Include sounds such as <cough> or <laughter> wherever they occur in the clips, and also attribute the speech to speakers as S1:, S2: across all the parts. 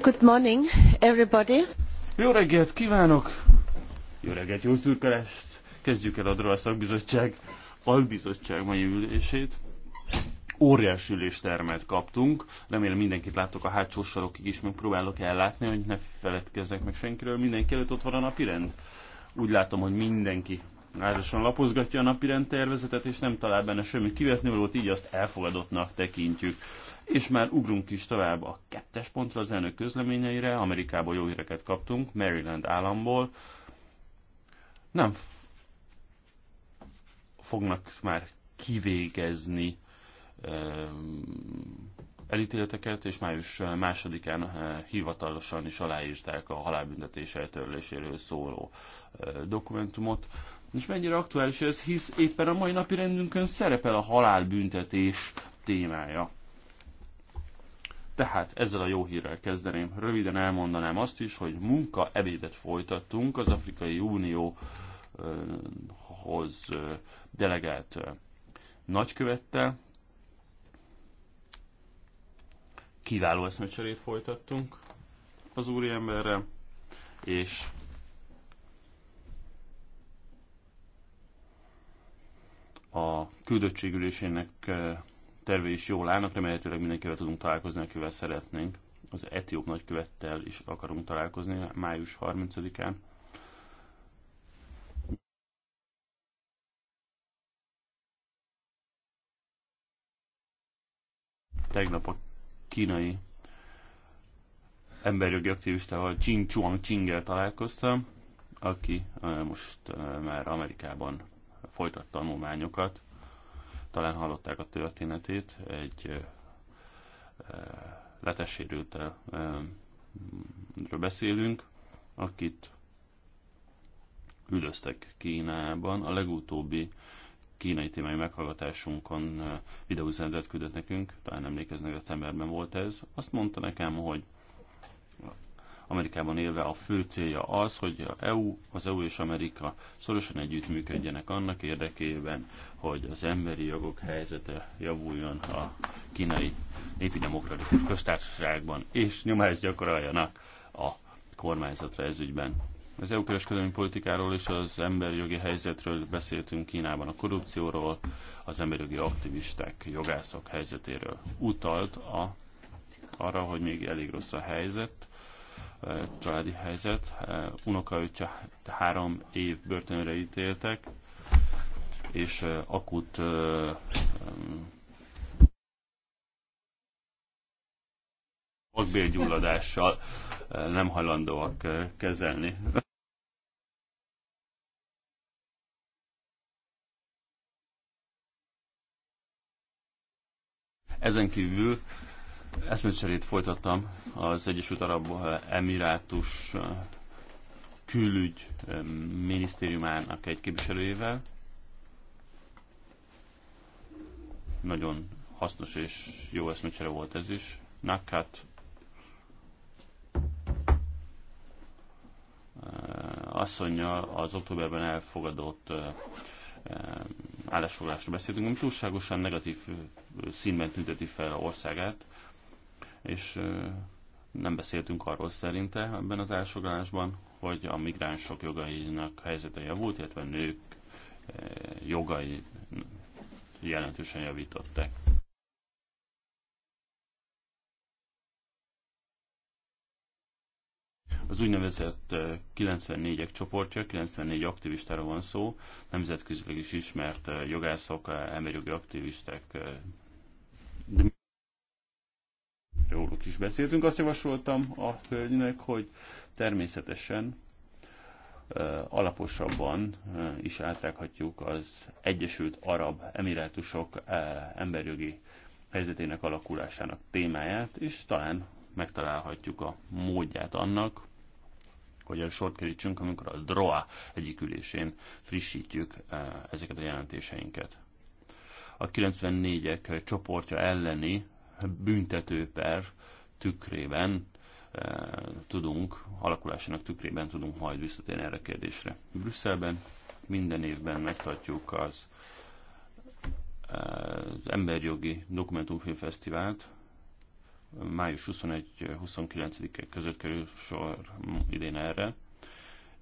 S1: good morning, everybody.
S2: Jó reggelt kívánok! Jó reggelt, jó szürkelest! Kezdjük el a Drola Szakbizottság albizottság mai ülését. Óriási üléstermet kaptunk. Remélem mindenkit láttok a hátsó sarokig is, megpróbálok ellátni, hogy ne feledkezzek meg senkiről. Mindenki előtt ott van a napirend. Úgy látom, hogy mindenki Házasan lapozgatja a napi rendtervezetet, és nem talál benne semmi kivetnivalót, így azt elfogadottnak tekintjük. És már ugrunk is tovább a kettes pontra az elnök közleményeire. Amerikából jó híreket kaptunk, Maryland államból. Nem fognak már kivégezni elítélteket, és május másodikán eh, hivatalosan is aláírták a halálbüntetés eltörléséről szóló eh, dokumentumot. És mennyire aktuális ez, hisz éppen a mai napi rendünkön szerepel a halálbüntetés témája. Tehát ezzel a jó hírrel kezdeném. Röviden elmondanám azt is, hogy munka ebédet folytattunk az Afrikai Unióhoz delegált nagykövettel. Kiváló eszmecserét folytattunk az úriemberre, és a küldöttségülésének eh, terve is jól állnak, remélhetőleg mindenkivel tudunk találkozni, akivel szeretnénk. Az etióp nagykövettel is akarunk találkozni május 30-án. Tegnap a kínai emberjogi aktivistával Ching Chuang Chingel találkoztam, aki eh, most eh, már Amerikában folytat tanulmányokat, talán hallották a történetét, egy letesérültel beszélünk, akit üldöztek Kínában. A legutóbbi kínai témai meghallgatásunkon videóüzenetet küldött nekünk, talán emlékeznek, decemberben volt ez. Azt mondta nekem, hogy Amerikában élve a fő célja az, hogy a EU, az EU és Amerika szorosan együttműködjenek annak érdekében, hogy az emberi jogok helyzete javuljon a kínai népi demokratikus köztársaságban, és nyomást gyakoroljanak a kormányzatra ezügyben. Az EU kereskedelmi politikáról és az emberi jogi helyzetről beszéltünk Kínában, a korrupcióról, az emberi jogi aktivisták, jogászok helyzetéről. Utalt a, arra, hogy még elég rossz a helyzet, családi helyzet. Unokaöccse három év börtönre ítéltek, és akut vakbélgyulladással nem hajlandóak kezelni. Ezen kívül eszmecserét folytattam az Egyesült Arab Emirátus eh, külügy eh, minisztériumának egy képviselőjével. Nagyon hasznos és jó eszmecsere volt ez is. Nakat eh, asszonynal az októberben elfogadott állásfoglásra beszéltünk, ami túlságosan negatív színben tünteti fel a országát és nem beszéltünk arról szerinte ebben az elsoglásban, hogy a migránsok jogainak helyzete javult, illetve nők jogai jelentősen javították. Az úgynevezett 94-ek csoportja, 94 aktivistára van szó, nemzetközileg is ismert jogászok, emberjogi aktivistek, de róluk is beszéltünk. Azt javasoltam a hölgynek, hogy természetesen alaposabban is átrághatjuk az Egyesült Arab Emirátusok emberjogi helyzetének alakulásának témáját, és talán megtalálhatjuk a módját annak, hogy a sort kerítsünk, amikor a DROA egyik ülésén frissítjük ezeket a jelentéseinket. A 94-ek csoportja elleni büntetőper tükrében eh, tudunk, alakulásának tükrében tudunk majd visszatérni erre a kérdésre. Brüsszelben minden évben megtartjuk az, eh, az Emberjogi Dokumentumfilmfesztivált, május 21-29-e között kerül sor idén erre.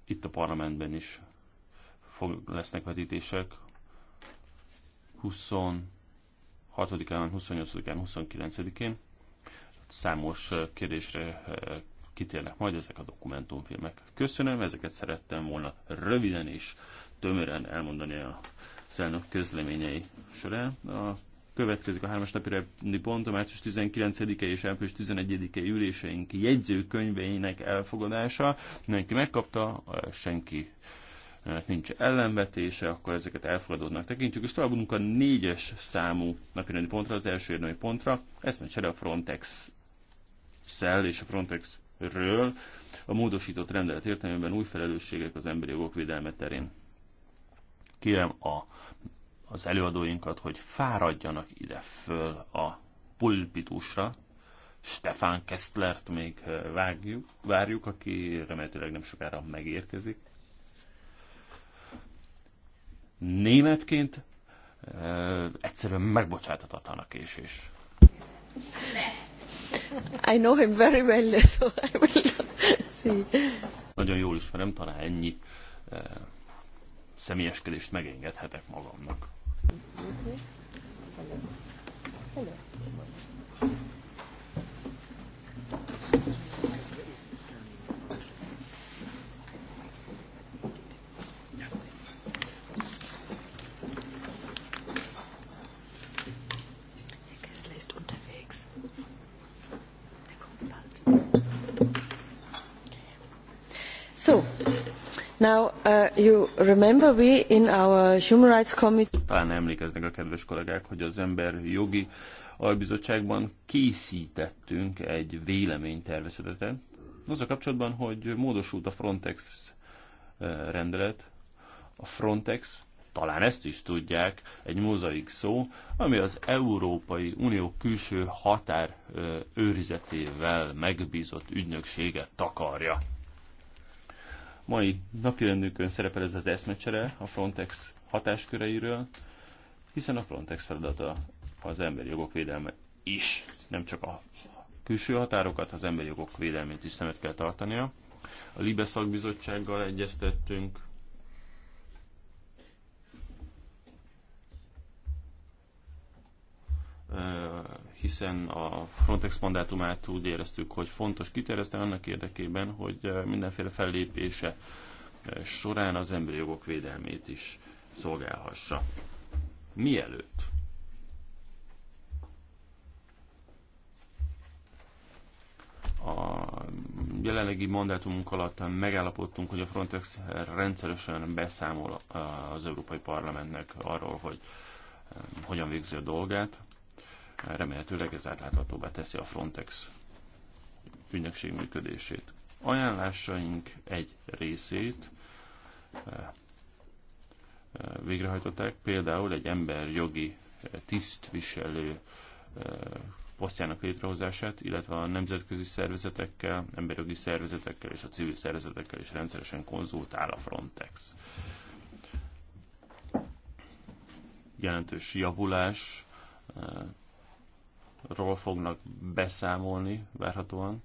S2: Itt a parlamentben is fog, lesznek vetítések. 20 6-án, 28-án, 29-én. Számos kérdésre kitérnek majd ezek a dokumentumfilmek. Köszönöm, ezeket szerettem volna röviden és tömören elmondani a szelnök közleményei során. A következik a hármas napi pont, a március 19-e és április 11-e üléseink jegyzőkönyveinek elfogadása. Mindenki megkapta, senki ennek nincs ellenvetése, akkor ezeket elfogadódnak tekintjük, és továbbunk a négyes számú napirendi pontra, az első érdemi pontra, ezt mert a Frontex szel és a Frontex ről a módosított rendelet értelmében új felelősségek az emberi jogok védelme terén. Kérem a, az előadóinkat, hogy fáradjanak ide föl a pulpitusra, Stefan Kesslert még eh, vágjuk, várjuk, aki remélhetőleg nem sokára megérkezik németként egyszerűen megbocsáthatatlanak és is.
S1: I know him very well, <laughs> so I will see.
S2: Nagyon jól ismerem, talán ennyi személyeskedést megengedhetek magamnak. Hello. Mhm. Hello.
S1: Now, uh, you remember we in our Human Rights Committee...
S2: Talán emlékeznek a kedves kollégák, hogy az ember jogi albizottságban készítettünk egy véleménytervezetet. Azzal a kapcsolatban, hogy módosult a Frontex uh, rendelet, a Frontex, talán ezt is tudják, egy mozaik szó, ami az Európai Unió külső határ uh, őrizetével megbízott ügynökséget takarja mai napirendünkön szerepel ez az eszmecsere a Frontex hatásköreiről, hiszen a Frontex feladata az emberi jogok védelme is, nem csak a külső határokat, az emberi jogok védelmét is szemet kell tartania. A Libe szakbizottsággal egyeztettünk, hiszen a Frontex mandátumát úgy éreztük, hogy fontos kiterjeszteni annak érdekében, hogy mindenféle fellépése során az emberi jogok védelmét is szolgálhassa. Mielőtt a jelenlegi mandátumunk alatt megállapodtunk, hogy a Frontex rendszeresen beszámol az Európai Parlamentnek arról, hogy hogyan végzi a dolgát remélhetőleg ez átláthatóbbá teszi a Frontex ügynökség működését. Ajánlásaink egy részét eh, eh, végrehajtották, például egy ember jogi eh, tisztviselő posztjának létrehozását, illetve a nemzetközi szervezetekkel, emberjogi szervezetekkel és a civil szervezetekkel is rendszeresen konzultál a Frontex. Jelentős javulás ról fognak beszámolni várhatóan.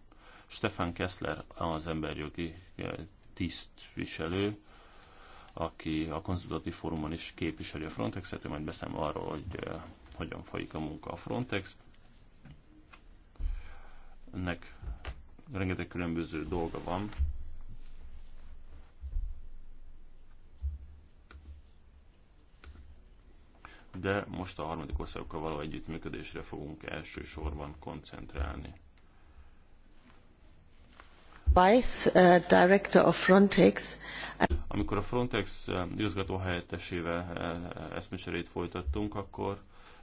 S2: Stefan Kessler az emberjogi eh, tisztviselő, aki a konzultatív fórumon is képviseli a Frontexet, ő majd beszámol arról, hogy eh, hogyan folyik a munka a Frontex. Ennek rengeteg különböző dolga van, de most a harmadik országokkal való együttműködésre fogunk elsősorban koncentrálni.
S1: Vice uh, Director of Frontex.
S2: Amikor a Frontex uh, igazgató uh, eszmecserét folytattunk, akkor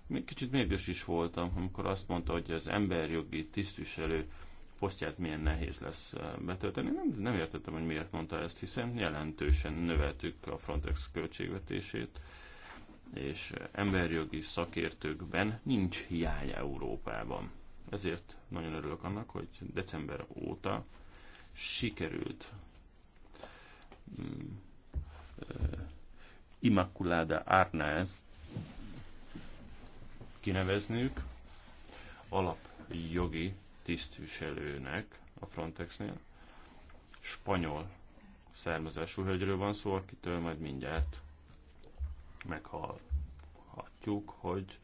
S2: még kicsit mérges is voltam, amikor azt mondta, hogy az emberjogi tisztviselő posztját milyen nehéz lesz uh, betölteni. Nem, nem értettem, hogy miért mondta ezt, hiszen jelentősen növeltük a Frontex költségvetését, és emberjogi szakértőkben nincs hiány Európában. Ezért nagyon örülök annak, hogy december óta sikerült mm, Immaculada Arnaez kineveznünk alapjogi tisztviselőnek a Frontexnél. Spanyol származású hölgyről van szó, akitől majd mindjárt meghallhatjuk, hogy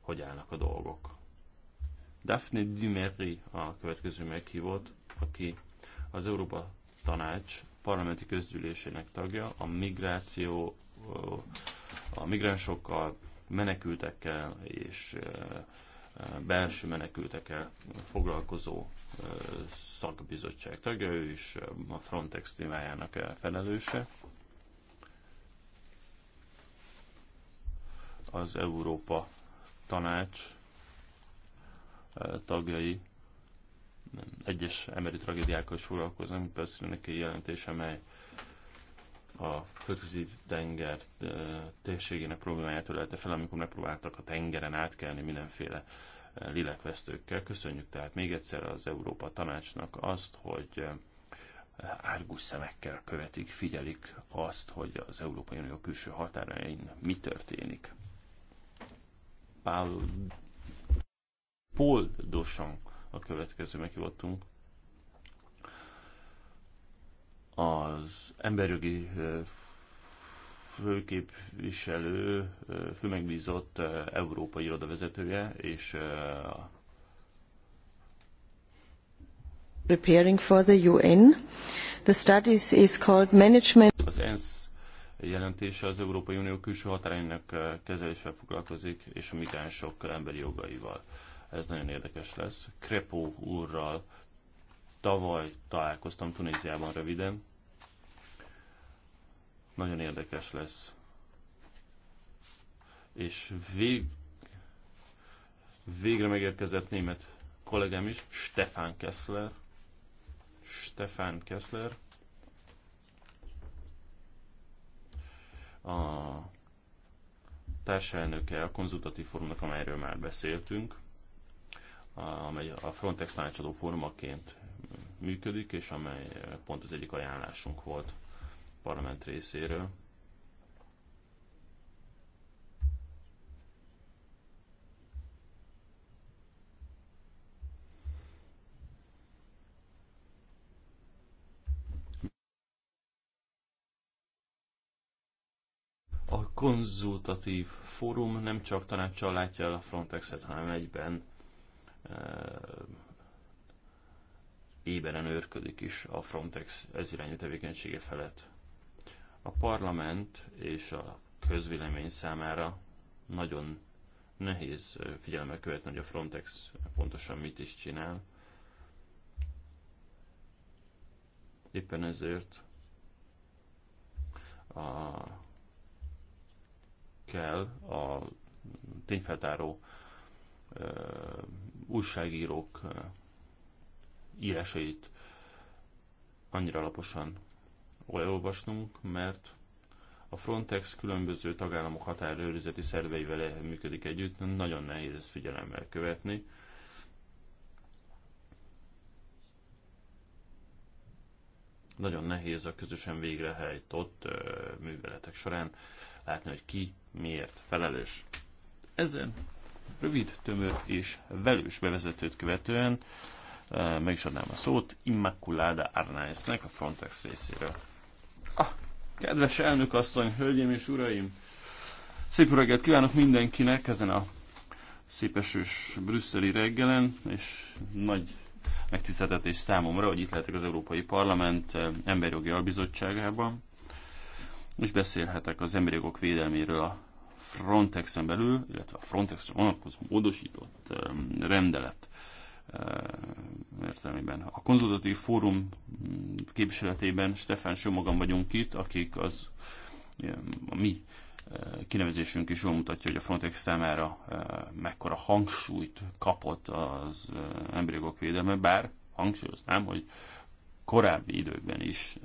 S2: hogy állnak a dolgok. Daphne Dumery a következő meghívott, aki az Európa Tanács parlamenti közgyűlésének tagja, a migráció, a migránsokkal, menekültekkel és belső menekültekkel foglalkozó szakbizottság tagja, ő is a Frontex témájának felelőse. Az Európa Tanács tagjai egyes emberi tragédiákkal is foglalkoznak, persze neki jelentése, amely a földközi tenger térségének problémáját ölelte fel, amikor megpróbáltak a tengeren átkelni mindenféle lélekvesztőkkel. Köszönjük tehát még egyszer az Európa Tanácsnak azt, hogy árgus szemekkel követik, figyelik azt, hogy az Európai Unió külső határain mi történik. Paul, Paul Dosan a következő meghívottunk az emberjogi főképviselő, főmegbízott európai irodavezetője, és
S1: preparing for the UN. The studies is called Management.
S2: Az ENSZ jelentése az Európai Unió külső határainak kezelésével foglalkozik, és a migránsok emberi jogaival. Ez nagyon érdekes lesz. Krepó úrral Tavaly találkoztam Tunéziában röviden. Nagyon érdekes lesz. És vég... végre megérkezett német kollégám is, Stefan Kessler. Stefan Kessler. A társelnöke a konzultatív fórumnak, amelyről már beszéltünk, amely a Frontex tanácsadó fórumaként működik, és amely pont az egyik ajánlásunk volt parlament részéről. A konzultatív fórum nem csak tanácsal látja el a Frontexet, hanem egyben eh, éberen őrködik is a Frontex ez irányú tevékenysége felett. A parlament és a közvélemény számára nagyon nehéz figyelme követni, hogy a Frontex pontosan mit is csinál. Éppen ezért a, kell a tényfeltáró ö, újságírók írásait annyira alaposan olvasnunk, mert a Frontex különböző tagállamok határőrizeti szerveivel működik együtt, nagyon nehéz ezt figyelemmel követni. Nagyon nehéz a közösen végrehajtott műveletek során látni, hogy ki miért felelős. Ezen rövid, tömör és velős bevezetőt követően meg is adnám a szót Immaculada Arnaisnek a Frontex részéről. Ah, kedves elnök asszony, hölgyeim és uraim! Szép reggelt kívánok mindenkinek ezen a szépesős brüsszeli reggelen, és nagy megtiszteltetés számomra, hogy itt lehetek az Európai Parlament Emberjogi Albizottságában, és beszélhetek az emberi jogok védelméről a Frontexen belül, illetve a Frontexre vonatkozó módosított rendelet értelmében. A konzultatív fórum képviseletében Stefan Somogan vagyunk itt, akik az eh, a mi eh, kinevezésünk is jól mutatja, hogy a Frontex számára eh, mekkora hangsúlyt kapott az emberi jogok védelme, bár hangsúlyoznám, hogy korábbi időkben is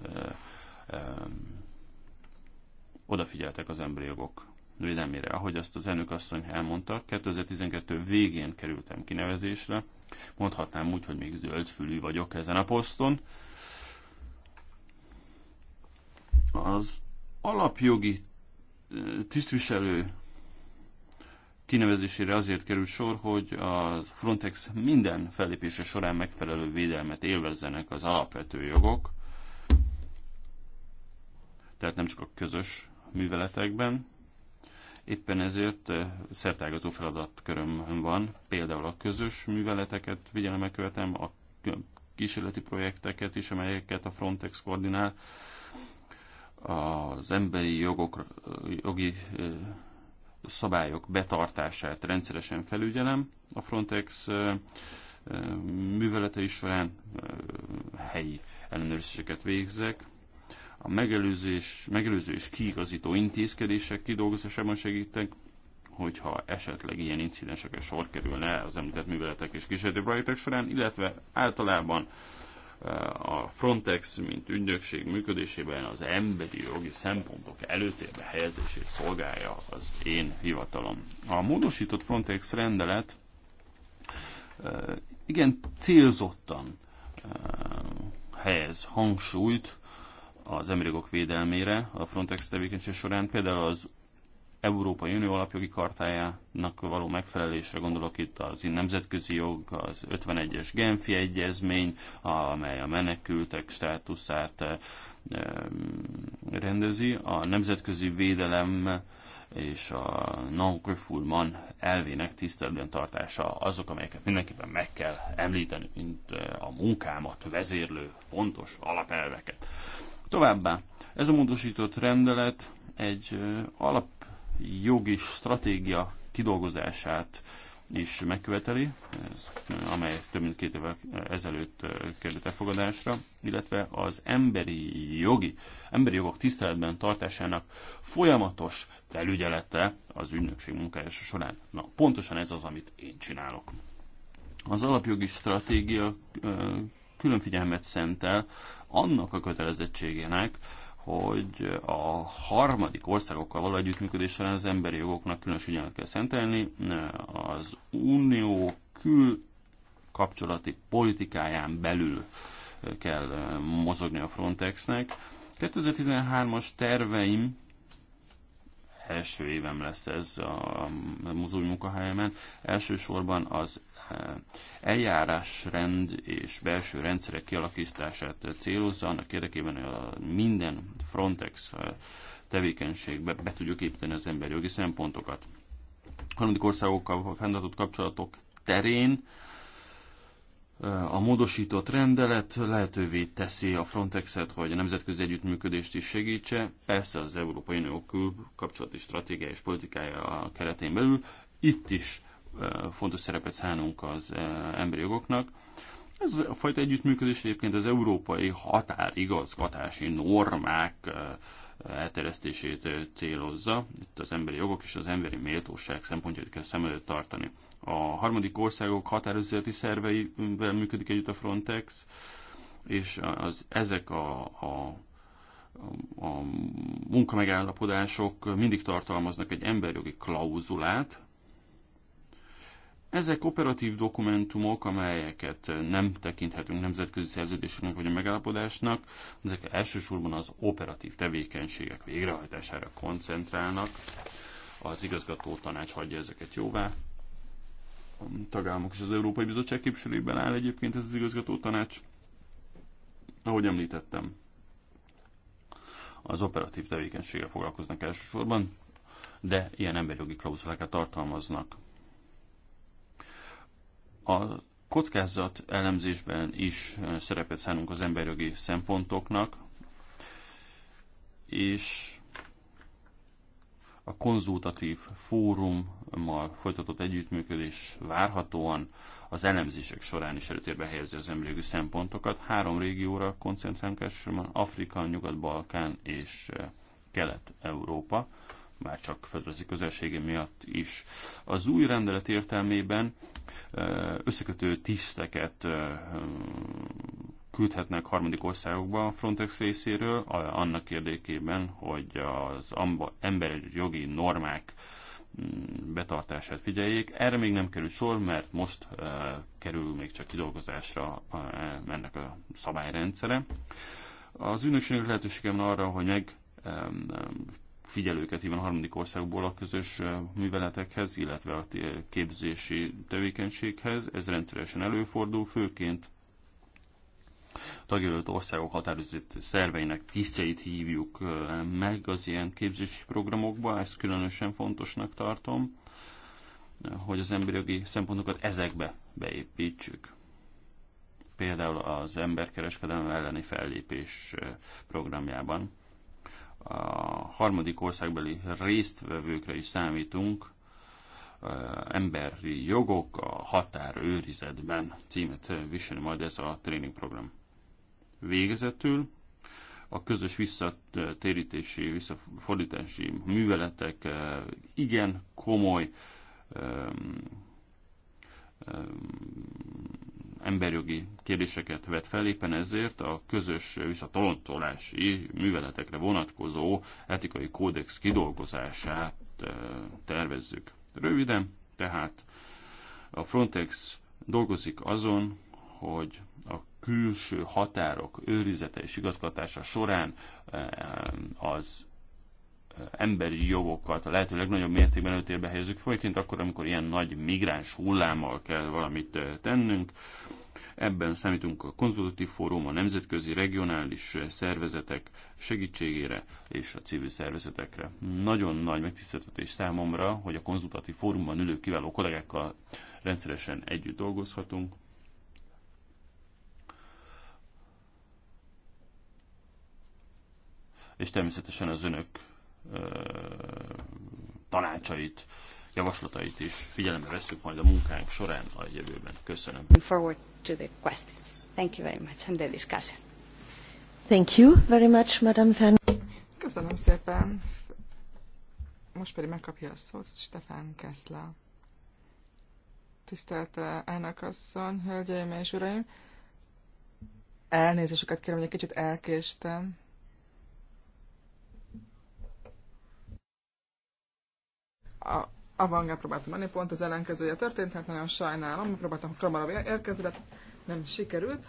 S2: odafigyeltek az emberi jogok védelmére. Ahogy azt az elnök asszony elmondta, 2012 végén kerültem kinevezésre, mondhatnám úgy, hogy még zöldfülű vagyok ezen a poszton. Az alapjogi eh, tisztviselő kinevezésére azért került sor, hogy a Frontex minden fellépése során megfelelő védelmet élvezzenek az alapvető jogok, tehát nem csak a közös műveletekben, Éppen ezért szertágazó feladatköröm van, például a közös műveleteket figyelembe követem, a kísérleti projekteket is, amelyeket a Frontex koordinál, az emberi jogok, jogi szabályok betartását rendszeresen felügyelem. A Frontex műveletei során helyi ellenőrzéseket végzek, a megelőzés, megelőző és kiigazító intézkedések kidolgozásában segítek, hogyha esetleg ilyen incidenseket sor kerülne az említett műveletek és kísérleti projektek során, illetve általában e, a Frontex, mint ügynökség működésében az emberi jogi szempontok előtérbe helyezését szolgálja az én hivatalom. A módosított Frontex rendelet e, igen célzottan e, helyez hangsúlyt az emberi jogok védelmére a Frontex tevékenység során, például az Európai Unió alapjogi kartájának való megfelelésre gondolok itt az nemzetközi jog, az 51-es Genfi egyezmény, amely a menekültek státuszát eh, rendezi, a nemzetközi védelem és a non-refoulement elvének tiszteletben tartása azok, amelyeket mindenképpen meg kell említeni, mint eh, a munkámat vezérlő fontos alapelveket. Továbbá, ez a módosított rendelet egy alapjogi stratégia kidolgozását is megköveteli, ez, amely több mint két évvel ezelőtt került elfogadásra, illetve az emberi jogi, emberi jogok tiszteletben tartásának folyamatos felügyelete az ügynökség munkája során. Na, pontosan ez az, amit én csinálok. Az alapjogi stratégia külön figyelmet szentel annak a kötelezettségének, hogy a harmadik országokkal való együttműködés során az emberi jogoknak különös figyelmet kell szentelni. Az unió kül kapcsolati politikáján belül kell mozogni a Frontexnek. 2013-as terveim első évem lesz ez a, a munkahelyemen. Elsősorban az eljárásrend és belső rendszerek kialakítását célozza, annak érdekében, hogy a minden Frontex uh, tevékenységbe be tudjuk építeni az emberi jogi szempontokat. Harmadik országokkal fenntartott kapcsolatok terén uh, a módosított rendelet lehetővé teszi a Frontexet, hogy a nemzetközi együttműködést is segítse, persze az Európai Unió külkapcsolati stratégia és politikája a keretén belül. Itt is fontos szerepet szánunk az emberi jogoknak. Ez a fajta együttműködés egyébként az európai határigazgatási normák elterjesztését célozza. Itt az emberi jogok és az emberi méltóság szempontjait kell szem előtt tartani. A harmadik országok határozati szerveivel működik együtt a Frontex, és az, ezek a, a a munkamegállapodások mindig tartalmaznak egy emberjogi klauzulát, ezek operatív dokumentumok, amelyeket nem tekinthetünk nemzetközi szerződésnek vagy a megállapodásnak, ezek elsősorban az operatív tevékenységek végrehajtására koncentrálnak. Az igazgató tanács hagyja ezeket jóvá. A tagállamok és az Európai Bizottság képviselőjében áll egyébként ez az igazgató tanács. Ahogy említettem, az operatív tevékenységgel foglalkoznak elsősorban, de ilyen emberjogi klauzulákat tartalmaznak a kockázat elemzésben is eh, szerepet szánunk az emberjogi szempontoknak, és a konzultatív fórummal folytatott együttműködés várhatóan az elemzések során is előtérbe helyezi az emberi szempontokat. Három régióra koncentrálunk elsősorban Afrika, Nyugat-Balkán és eh, Kelet-Európa már csak földrajzi közelsége miatt is. Az új rendelet értelmében összekötő tiszteket küldhetnek harmadik országokba a Frontex részéről, annak érdekében, hogy az emberi jogi normák mm, betartását figyeljék. Erre még nem került sor, mert most uh, kerül még csak kidolgozásra uh, ennek a szabályrendszere. Az ügynökségnek lehetőségem van arra, hogy meg um, figyelőket hívni a harmadik országból a közös műveletekhez, illetve a képzési tevékenységhez. Ez rendszeresen előfordul, főként tagjelölt országok határozott szerveinek tisztjeit hívjuk meg az ilyen képzési programokba, ezt különösen fontosnak tartom, hogy az emberi jogi szempontokat ezekbe beépítsük. Például az emberkereskedelem elleni fellépés programjában a harmadik országbeli résztvevőkre is számítunk, emberi jogok a határőrizetben címet viseli majd ez a tréningprogram. Végezetül a közös visszatérítési, visszafordítási műveletek igen komoly emberjogi kérdéseket vet fel, éppen ezért a közös visszatolontolási műveletekre vonatkozó etikai kódex kidolgozását eh, tervezzük. Röviden, tehát a Frontex dolgozik azon, hogy a külső határok őrizete és igazgatása során eh, az emberi jogokat a lehető legnagyobb mértékben előtérbe helyezzük, Folyként akkor, amikor ilyen nagy migráns hullámmal kell valamit tennünk. Ebben számítunk a konzultatív fórum, a nemzetközi regionális szervezetek segítségére és a civil szervezetekre. Nagyon nagy megtiszteltetés számomra, hogy a konzultatív fórumban ülő kiváló kollégákkal rendszeresen együtt dolgozhatunk. És természetesen az önök tanácsait, javaslatait is figyelembe veszük majd a munkánk során a jövőben. Köszönöm.
S1: Forward to the questions. Thank you very much and the discussion. Thank you very much, Madam Van.
S3: Köszönöm szépen. Most pedig megkapja a szót Stefan Kessler. Tisztelt eh, elnök asszony, hölgyeim és uraim! Elnézésüket kérem, hogy egy kicsit elkéstem. a avangá próbáltam menni, pont az ellenkezője történt, hát nagyon sajnálom, próbáltam hamarabb érkezni, de nem sikerült.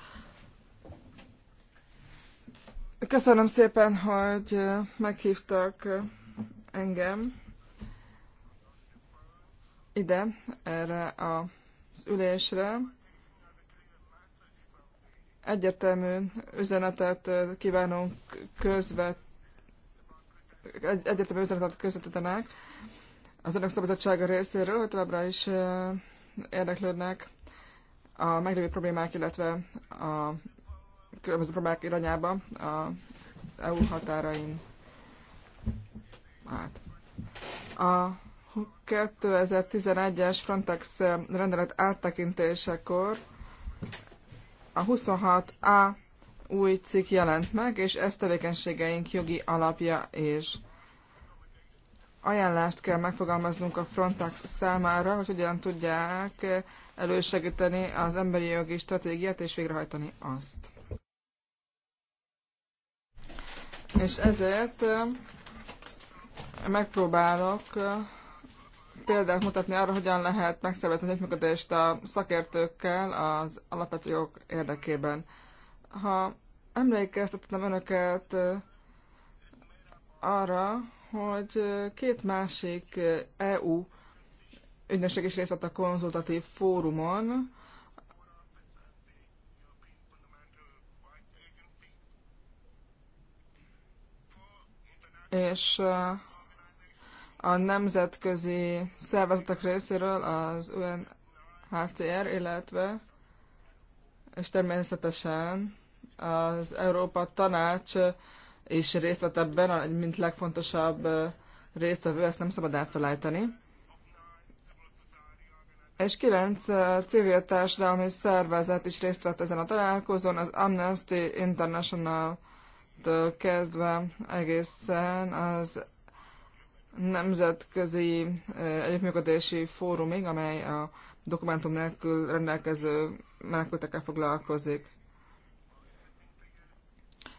S3: Köszönöm szépen, hogy meghívtak engem ide, erre az ülésre. Egyértelmű üzenetet kívánunk közvet, egyértelmű üzenetet közvetítenek az önök szabadsága részéről, hogy továbbra is érdeklődnek a meglévő problémák, illetve a különböző problémák irányába a EU határain át. A 2011-es Frontex rendelet áttekintésekor a 26A új cikk jelent meg, és ez tevékenységeink jogi alapja és ajánlást kell megfogalmaznunk a Frontex számára, hogy hogyan tudják elősegíteni az emberi jogi stratégiát és végrehajtani azt. És ezért eh, megpróbálok eh, példát mutatni arra, hogyan lehet megszervezni egy működést a szakértőkkel az alapvető jogok érdekében. Ha emlékeztetem önöket eh, arra, hogy két másik EU ügynökség is részt vett a konzultatív fórumon, és a nemzetközi szervezetek részéről az UNHCR, illetve és természetesen az Európa Tanács és részt ebben, mint legfontosabb résztvevő, ezt nem szabad elfelejteni. És kilenc civil társadalmi szervezet is részt vett ezen a találkozón, az Amnesty International től kezdve egészen az nemzetközi együttműködési fórumig, amely a dokumentum nélkül rendelkező menekültekkel foglalkozik.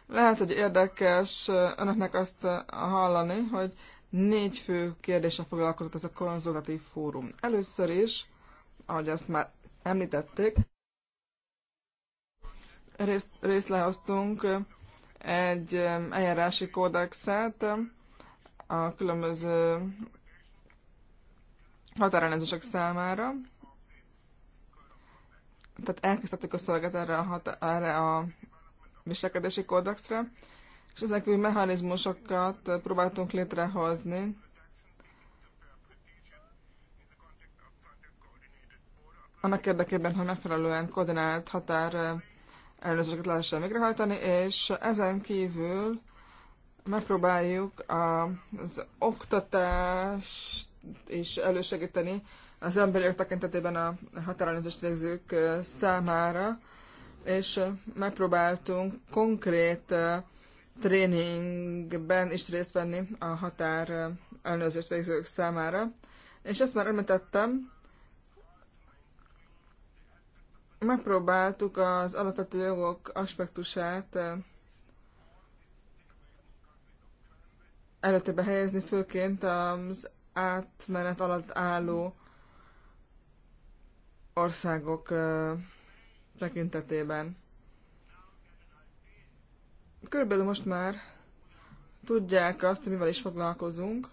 S3: Lehet, hogy érdekes önöknek azt hallani, hogy négy fő kérdése foglalkozott ez a konzultatív fórum. Először is, ahogy azt már említették, részt, részt lehoztunk egy eljárási kódexet a különböző határellenőrzések számára. Tehát elkészítettük a szöveget erre a, hat, erre a viselkedési kódexre, és ezek új mechanizmusokat próbáltunk létrehozni. Annak érdekében, hogy megfelelően koordinált határ ellenőrzőket lehessen végrehajtani, és ezen kívül megpróbáljuk az oktatást is elősegíteni az emberi tekintetében a határellenőrzést végzők számára és megpróbáltunk konkrét tréningben is részt venni a határ ellenőrzést végzők számára. És ezt már említettem, megpróbáltuk az alapvető jogok aspektusát előtte helyezni, főként az átmenet alatt álló országok tekintetében. Körülbelül most már tudják azt, hogy mivel is foglalkozunk,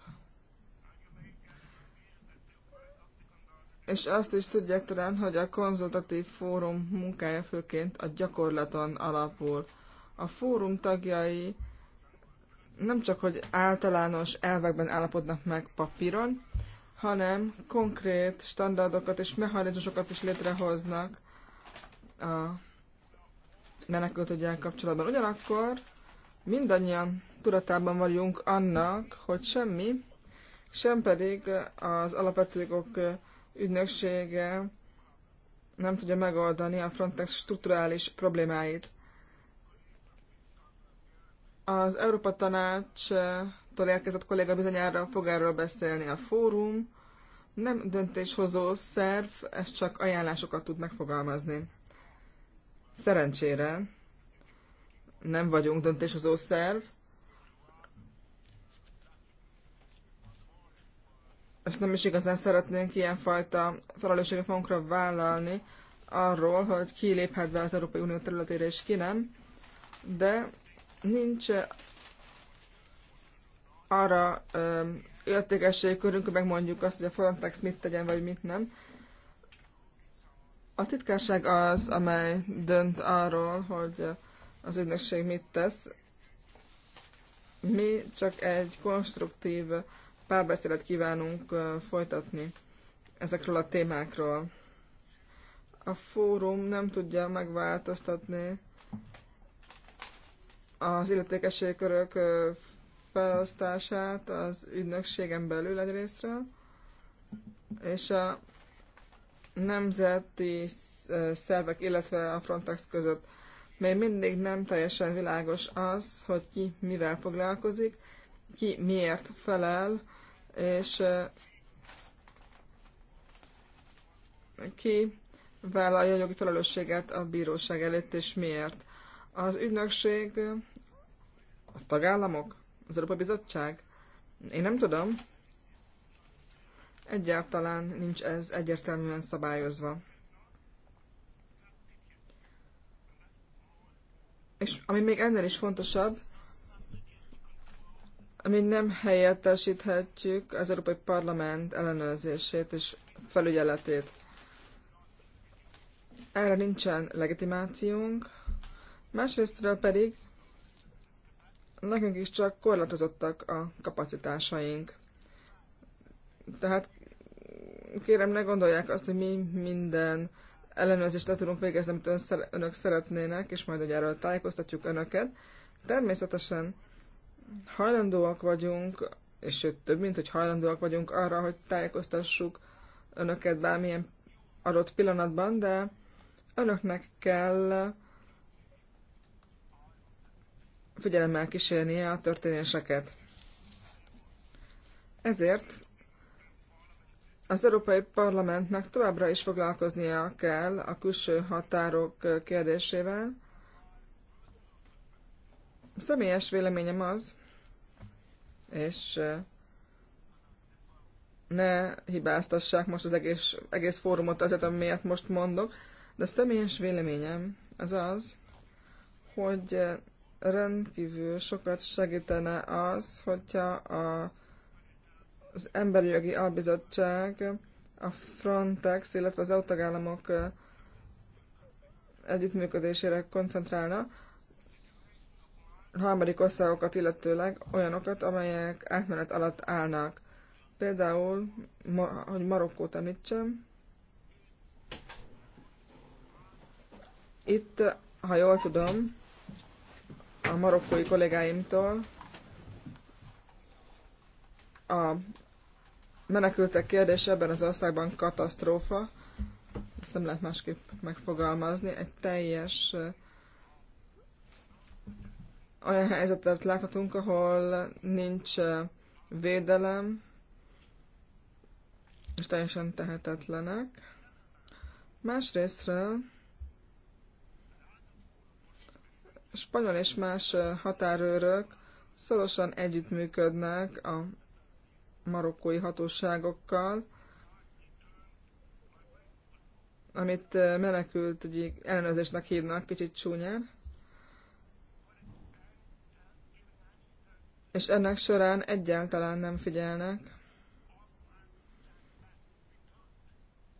S3: és azt is tudják talán, hogy a konzultatív fórum munkája főként a gyakorlaton alapul. A fórum tagjai nem csak, hogy általános elvekben állapodnak meg papíron, hanem konkrét standardokat és mechanizmusokat is létrehoznak a menekültügyel kapcsolatban. Ugyanakkor mindannyian tudatában vagyunk annak, hogy semmi, sem pedig az alapvető jogok ügynöksége nem tudja megoldani a Frontex strukturális problémáit. Az Európa Tanácstól érkezett kolléga bizonyára fog erről beszélni a fórum. Nem döntéshozó szerv, ez csak ajánlásokat tud megfogalmazni. Szerencsére nem vagyunk döntéshozó szerv, és nem is igazán szeretnénk ilyenfajta felelősséget magunkra vállalni arról, hogy ki léphet be az Európai Unió területére és ki nem, de nincs arra értékesség körünk, hogy megmondjuk azt, hogy a Frontex mit tegyen, vagy mit nem. A titkárság az, amely dönt arról, hogy az ügynökség mit tesz. Mi csak egy konstruktív párbeszédet kívánunk folytatni ezekről a témákról. A fórum nem tudja megváltoztatni az illetékességkörök felosztását az ügynökségen belül egyrésztről, és a nemzeti szervek, illetve a Frontex között. Még mindig nem teljesen világos az, hogy ki mivel foglalkozik, ki miért felel, és ki vállalja a jogi felelősséget a bíróság előtt, és miért. Az ügynökség, a tagállamok, az Európai Bizottság, én nem tudom, Egyáltalán nincs ez egyértelműen szabályozva. És ami még ennél is fontosabb, ami nem helyettesíthetjük az Európai Parlament ellenőrzését és felügyeletét. Erre nincsen legitimációnk, másrésztről pedig nekünk is csak korlátozottak a kapacitásaink. Tehát kérem, ne gondolják azt, hogy mi minden ellenőrzést le tudunk végezni, amit ön, önök szeretnének, és majd ugye erről tájékoztatjuk önöket. Természetesen hajlandóak vagyunk, és sőt, több mint, hogy hajlandóak vagyunk arra, hogy tájékoztassuk önöket bármilyen adott pillanatban, de önöknek kell figyelemmel kísérnie a történéseket. Ezért az Európai Parlamentnek továbbra is foglalkoznia kell a külső határok kérdésével. A személyes véleményem az, és ne hibáztassák most az egész, egész fórumot azért, amiért most mondok, de a személyes véleményem az az, hogy rendkívül sokat segítene az, hogyha a az Emberi Jogi Albizottság, a Frontex, illetve az EU tagállamok együttműködésére koncentrálna, harmadik országokat illetőleg olyanokat, amelyek átmenet alatt állnak. Például, hogy Marokkót említsem, itt, ha jól tudom, a marokkói kollégáimtól a menekültek kérdése ebben az országban katasztrófa, ezt nem lehet másképp megfogalmazni, egy teljes eh, olyan helyzetet láthatunk, ahol nincs eh, védelem, és teljesen tehetetlenek. Másrésztről spanyol és más eh, határőrök szorosan együttműködnek a marokkói hatóságokkal, amit eh, menekült, menekültügyi ellenőrzésnek hívnak, kicsit csúnyán. És ennek során egyáltalán nem figyelnek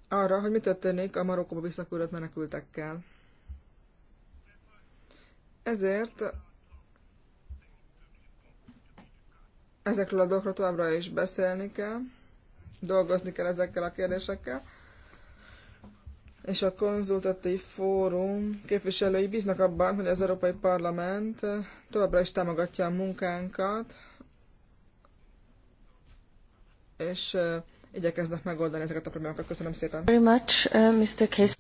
S3: arra, hogy mi történik a Marokkóba visszaküldött menekültekkel. Ezért Ezekről a dolgokról továbbra is beszélni kell, dolgozni kell ezekkel a kérdésekkel, és a konzultatív fórum képviselői bíznak abban, hogy az Európai Parlament továbbra is támogatja a munkánkat, és igyekeznek megoldani ezeket a problémákat. Köszönöm szépen.
S4: Very
S1: much, uh, Mr. Case.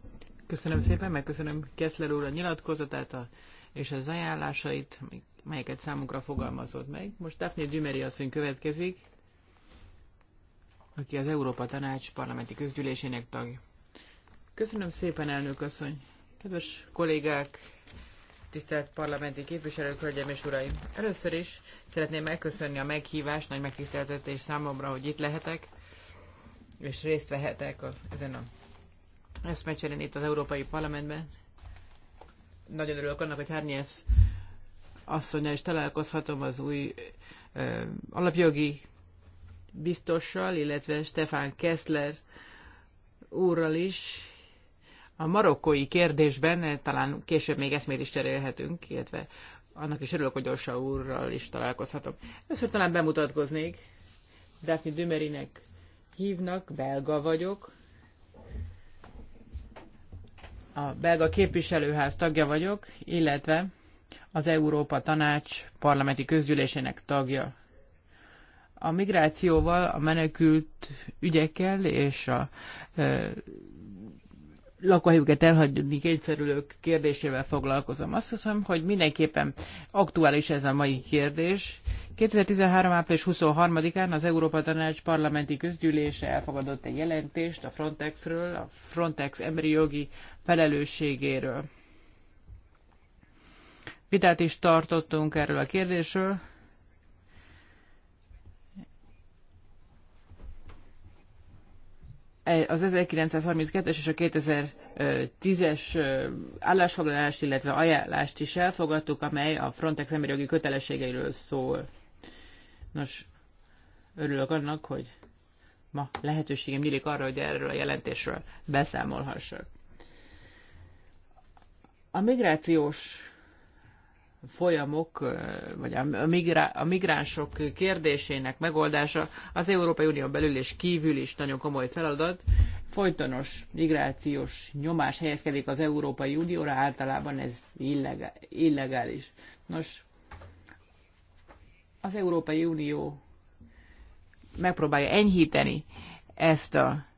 S4: Köszönöm szépen, megköszönöm Kessler úr a nyilatkozatát a, és az ajánlásait melyeket számunkra fogalmazott meg. Most Daphne Dümeri asszony következik, aki az Európa Tanács parlamenti közgyűlésének tagja. Köszönöm szépen, elnök asszony! Kedves kollégák, tisztelt parlamenti képviselők, hölgyeim és uraim! Először is szeretném megköszönni a meghívást, nagy megtiszteltetés számomra, hogy itt lehetek, és részt vehetek a, ezen a eszmecserén itt az Európai Parlamentben. Nagyon örülök annak, hogy Hárnyesz asszonya, és találkozhatom az új ö, alapjogi biztossal, illetve Stefan Kessler úrral is. A marokkói kérdésben eh, talán később még eszmét is cserélhetünk, illetve annak is örülök, hogy Orsa úrral is találkozhatok. Először talán bemutatkoznék. Daphne Dümerinek hívnak, belga vagyok. A belga képviselőház tagja vagyok, illetve az Európa Tanács parlamenti közgyűlésének tagja. A migrációval, a menekült ügyekkel és a e, lakóhelyüket elhagyni kényszerülők kérdésével foglalkozom. Azt hiszem, hogy mindenképpen aktuális ez a mai kérdés. 2013. április 23-án az Európa Tanács parlamenti közgyűlése elfogadott egy jelentést a Frontexről, a Frontex emberi jogi felelősségéről vitát is tartottunk erről a kérdésről. E, az 1932-es és a 2010-es állásfoglalást, illetve ajánlást is elfogadtuk, amely a Frontex emberi jogi kötelességeiről szól. Nos, örülök annak, hogy ma lehetőségem nyílik arra, hogy erről a jelentésről beszámolhassak. A migrációs folyamok, vagy a, migrá- a migránsok kérdésének megoldása az Európai Unió belül és kívül is nagyon komoly feladat. Folytonos migrációs nyomás helyezkedik az Európai Unióra, általában ez illegális. Nos, az Európai Unió megpróbálja enyhíteni ezt a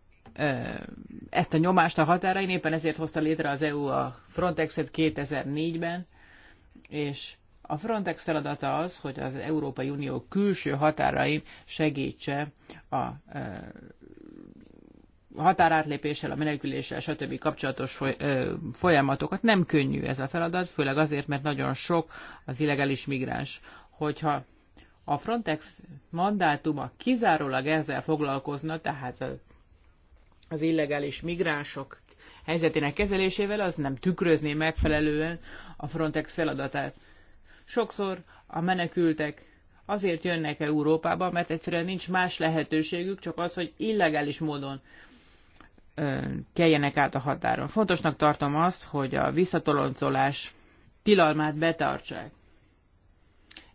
S4: ezt a nyomást a határain, éppen ezért hozta létre az EU a Frontexet 2004-ben, és a Frontex feladata az, hogy az Európai Unió külső határain segítse a határátlépéssel, a meneküléssel, stb. kapcsolatos folyamatokat. Nem könnyű ez a feladat, főleg azért, mert nagyon sok az illegális migráns. Hogyha a Frontex mandátuma kizárólag ezzel foglalkozna, tehát az illegális migránsok helyzetének kezelésével, az nem tükrözné megfelelően a Frontex feladatát. Sokszor a menekültek azért jönnek Európába, mert egyszerűen nincs más lehetőségük, csak az, hogy illegális módon ö, keljenek át a határon. Fontosnak tartom azt, hogy a visszatoloncolás tilalmát betartsák.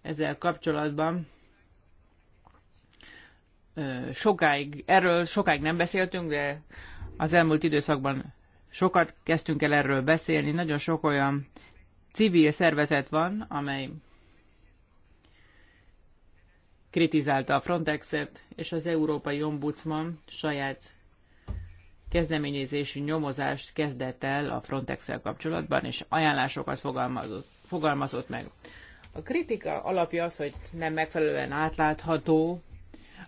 S4: Ezzel kapcsolatban ö, sokáig, erről sokáig nem beszéltünk, de az elmúlt időszakban Sokat kezdtünk el erről beszélni, nagyon sok olyan civil szervezet van, amely kritizálta a Frontexet, és az Európai Ombudsman saját kezdeményezésű nyomozást kezdett el a frontex kapcsolatban, és ajánlásokat fogalmazott, fogalmazott meg. A kritika alapja az, hogy nem megfelelően átlátható,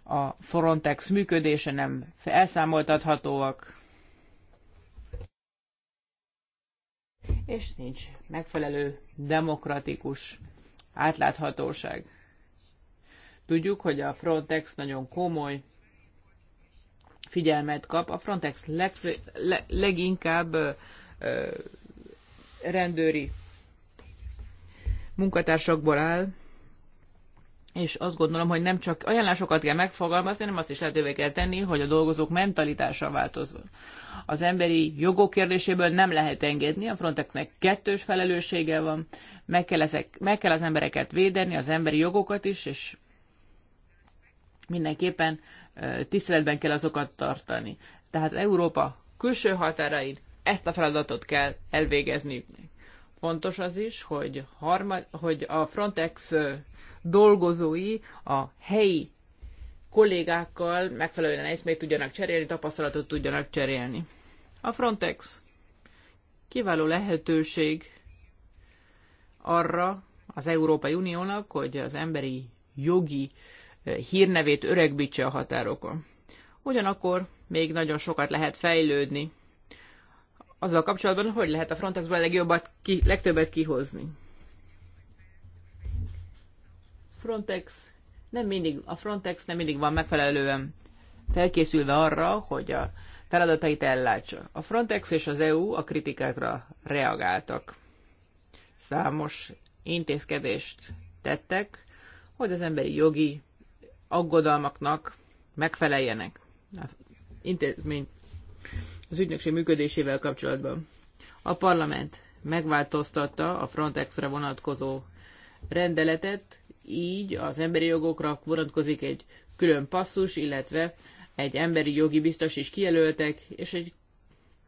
S4: a Frontex működése nem elszámoltathatóak, és nincs megfelelő demokratikus átláthatóság. Tudjuk, hogy a Frontex nagyon komoly figyelmet kap. A Frontex leg, le, leginkább ö, ö, rendőri munkatársakból áll, és azt gondolom, hogy nem csak ajánlásokat kell megfogalmazni, hanem azt is lehetővé kell tenni, hogy a dolgozók mentalitása változzon az emberi jogok kérdéséből nem lehet engedni. A Frontexnek kettős felelőssége van, meg kell, ezek, meg kell az embereket védeni, az emberi jogokat is, és mindenképpen tiszteletben kell azokat tartani. Tehát Európa külső határain ezt a feladatot kell elvégezni. Fontos az is, hogy, harma, hogy a Frontex dolgozói a helyi kollégákkal megfelelően eszmét tudjanak cserélni, tapasztalatot tudjanak cserélni. A Frontex kiváló lehetőség arra az Európai Uniónak, hogy az emberi jogi eh, hírnevét öregbítse a határokon. Ugyanakkor még nagyon sokat lehet fejlődni azzal kapcsolatban, hogy lehet a Frontexből a legjobbat, ki, legtöbbet kihozni. Frontex nem mindig, a Frontex nem mindig van megfelelően felkészülve arra, hogy a feladatait ellátsa. A Frontex és az EU a kritikákra reagáltak. Számos intézkedést tettek, hogy az emberi jogi aggodalmaknak megfeleljenek az intézmény az ügynökség működésével kapcsolatban. A parlament megváltoztatta a Frontexre vonatkozó rendeletet, így az emberi jogokra vonatkozik egy külön passzus, illetve egy emberi jogi biztos is kijelöltek, és egy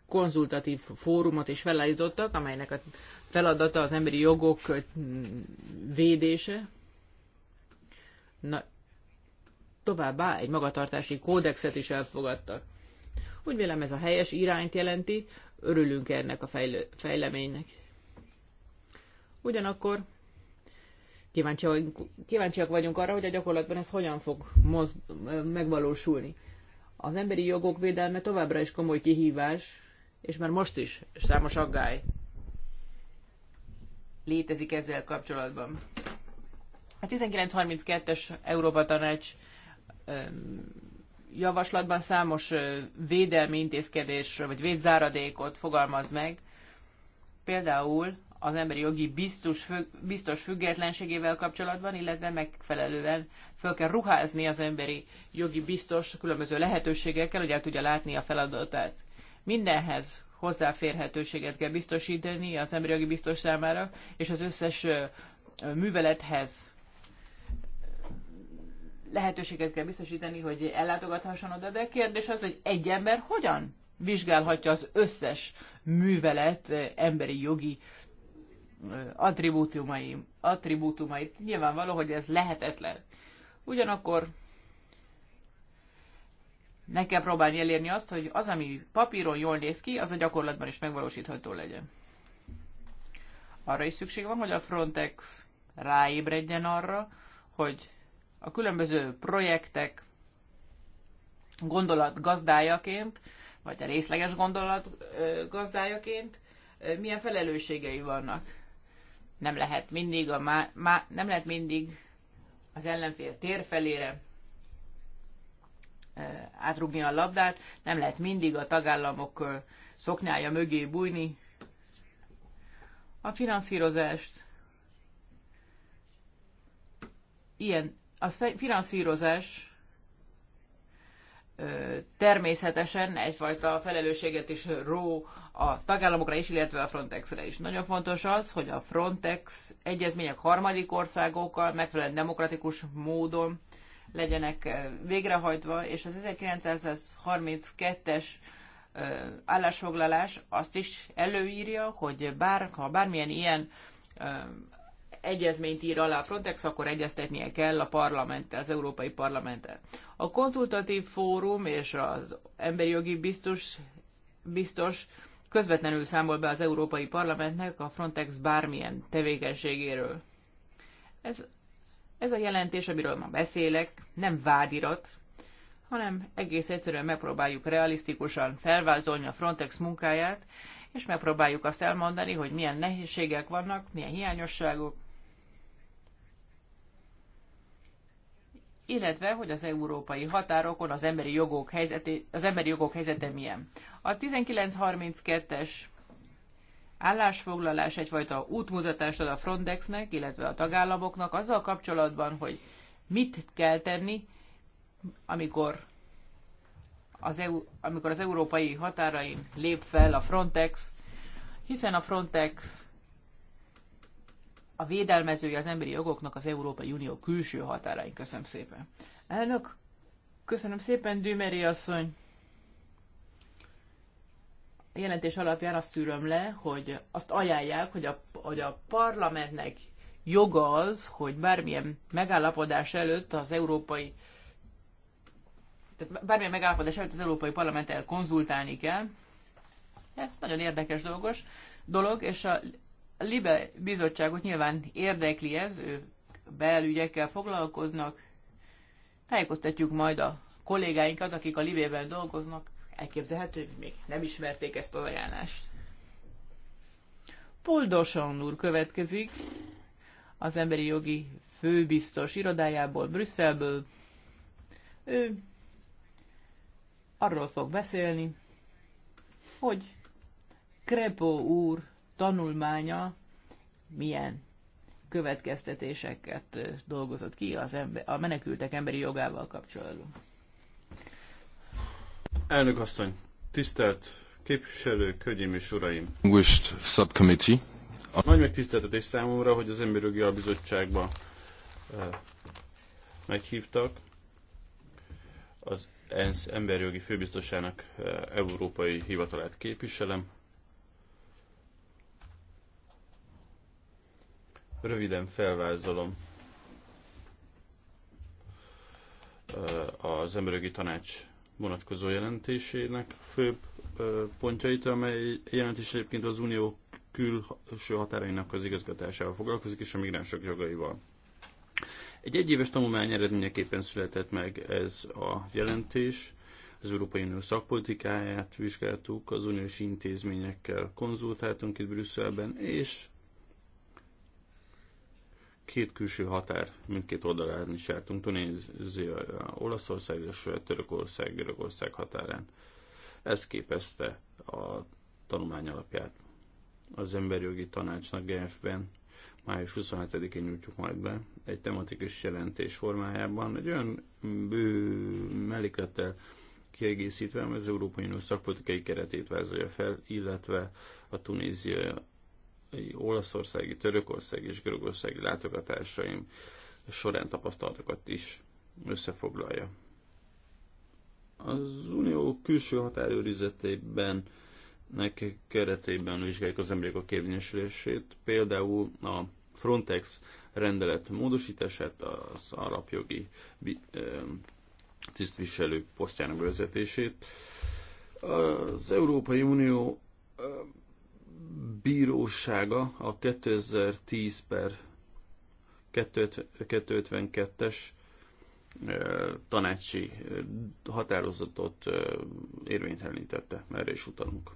S4: konzultatív fórumot is felállítottak, amelynek a feladata az emberi jogok védése. Na, továbbá egy magatartási kódexet is elfogadtak. Úgy vélem ez a helyes irányt jelenti, örülünk ennek a fejleménynek. Ugyanakkor Kíváncsiak, vagyunk arra, hogy a gyakorlatban ez hogyan fog mozd, megvalósulni. Az emberi jogok védelme továbbra is komoly kihívás, és már most is számos aggály létezik ezzel kapcsolatban. A 1932-es Európa Tanács javaslatban számos védelmi intézkedés vagy védzáradékot fogalmaz meg. Például az emberi jogi biztos, függ, biztos függetlenségével kapcsolatban, illetve megfelelően fel kell ruházni az emberi jogi biztos különböző lehetőségekkel, hogy el tudja látni a feladatát. Mindenhez hozzáférhetőséget kell biztosítani az emberi jogi biztos számára, és az összes művelethez lehetőséget kell biztosítani, hogy ellátogathasson oda, de kérdés az, hogy egy ember hogyan vizsgálhatja az összes művelet emberi jogi uh, attribútumai attribútumait. Nyilvánvaló, hogy ez lehetetlen. Ugyanakkor meg kell próbálni elérni azt, hogy az, ami papíron jól néz ki, az a gyakorlatban is megvalósítható legyen. Arra is szükség van, hogy a Frontex ráébredjen arra, hogy a különböző projektek gondolat gazdájaként, vagy a részleges gondolat gazdájaként milyen felelősségei vannak nem lehet mindig, a má, má, nem lehet mindig az ellenfél tér felére átrugni a labdát, nem lehet mindig a tagállamok szoknyája mögé bújni. A finanszírozást ilyen, a finanszírozás természetesen egyfajta felelősséget is ró a tagállamokra is, illetve a Frontexre is. Nagyon fontos az, hogy a Frontex egyezmények harmadik országokkal megfelelően demokratikus módon legyenek eh, végrehajtva, és az 1932-es eh, állásfoglalás azt is előírja, hogy bár, ha bármilyen ilyen eh, egyezményt ír alá a Frontex, akkor egyeztetnie kell a parlamenttel, az Európai Parlamenttel. A konzultatív fórum és az emberi jogi biztos, biztos közvetlenül számol be az Európai Parlamentnek a Frontex bármilyen tevékenységéről. Ez, ez a jelentés, amiről ma beszélek, nem vádirat, hanem egész egyszerűen megpróbáljuk realisztikusan felvázolni a Frontex munkáját, és megpróbáljuk azt elmondani, hogy milyen nehézségek vannak, milyen hiányosságok, illetve hogy az európai határokon az emberi jogok, helyzeti, az emberi jogok helyzete milyen. A 1932-es állásfoglalás egyfajta útmutatást ad a Frontexnek, illetve a tagállamoknak azzal kapcsolatban, hogy mit kell tenni, amikor az, EU, amikor az európai határain lép fel a Frontex, hiszen a Frontex a védelmezője az emberi jogoknak az Európai Unió külső határain. Köszönöm szépen. Elnök, köszönöm szépen, Dümeri asszony. A jelentés alapján azt szűröm le, hogy azt ajánlják, hogy a, hogy a parlamentnek joga az, hogy bármilyen megállapodás előtt az európai tehát bármilyen megállapodás előtt az Európai Parlamenttel konzultálni kell. Ez nagyon érdekes dolgos, dolog, és a a Libe bizottságot nyilván érdekli ez, ők belügyekkel foglalkoznak. Tájékoztatjuk majd a kollégáinkat, akik a Libében dolgoznak. Elképzelhető, hogy még nem ismerték ezt az ajánlást. Poldosan úr következik az emberi jogi főbiztos irodájából, Brüsszelből. Ő arról fog beszélni, hogy Krepo úr tanulmánya milyen következtetéseket dolgozott ki az ember, a menekültek emberi jogával kapcsolatban.
S2: Elnök asszony, tisztelt képviselő, hölgyeim és uraim!
S1: Most subcommittee.
S2: A... Nagy megtiszteltetés számomra, hogy az Emberi Jogi Albizottságba meghívtak. Az ENSZ emberi jogi főbiztosának európai hivatalát képviselem. Röviden felvázolom az emberögi tanács vonatkozó jelentésének főbb pontjait, amely jelentés egyébként az unió külső határainak az igazgatásával foglalkozik, és a migránsok jogaival. Egy egyéves tanulmány eredményeképpen született meg ez a jelentés. Az Európai Unió szakpolitikáját vizsgáltuk, az uniós intézményekkel konzultáltunk itt Brüsszelben, és Két külső határ mindkét oldalán is jártunk, Tunézia, Olaszország és Törökország, Görögország határán. Ez képezte a tanulmány alapját. Az emberjogi tanácsnak Genfben május 27-én nyújtjuk majd be egy tematikus jelentés formájában, egy olyan bő melléklettel kiegészítve, az Európai Unió szakpolitikai keretét vázolja fel, illetve a Tunézia olaszországi, törökországi és görögországi látogatásaim során tapasztalatokat is összefoglalja. Az unió külső határőrizetében nek keretében vizsgáljuk az emberek kérvényesülését, például a Frontex rendelet módosítását, az alapjogi tisztviselő posztjának vezetését. Az Európai Unió bírósága a 2010 per 252-es tanácsi határozatot érvénytelenítette, erre is utalunk.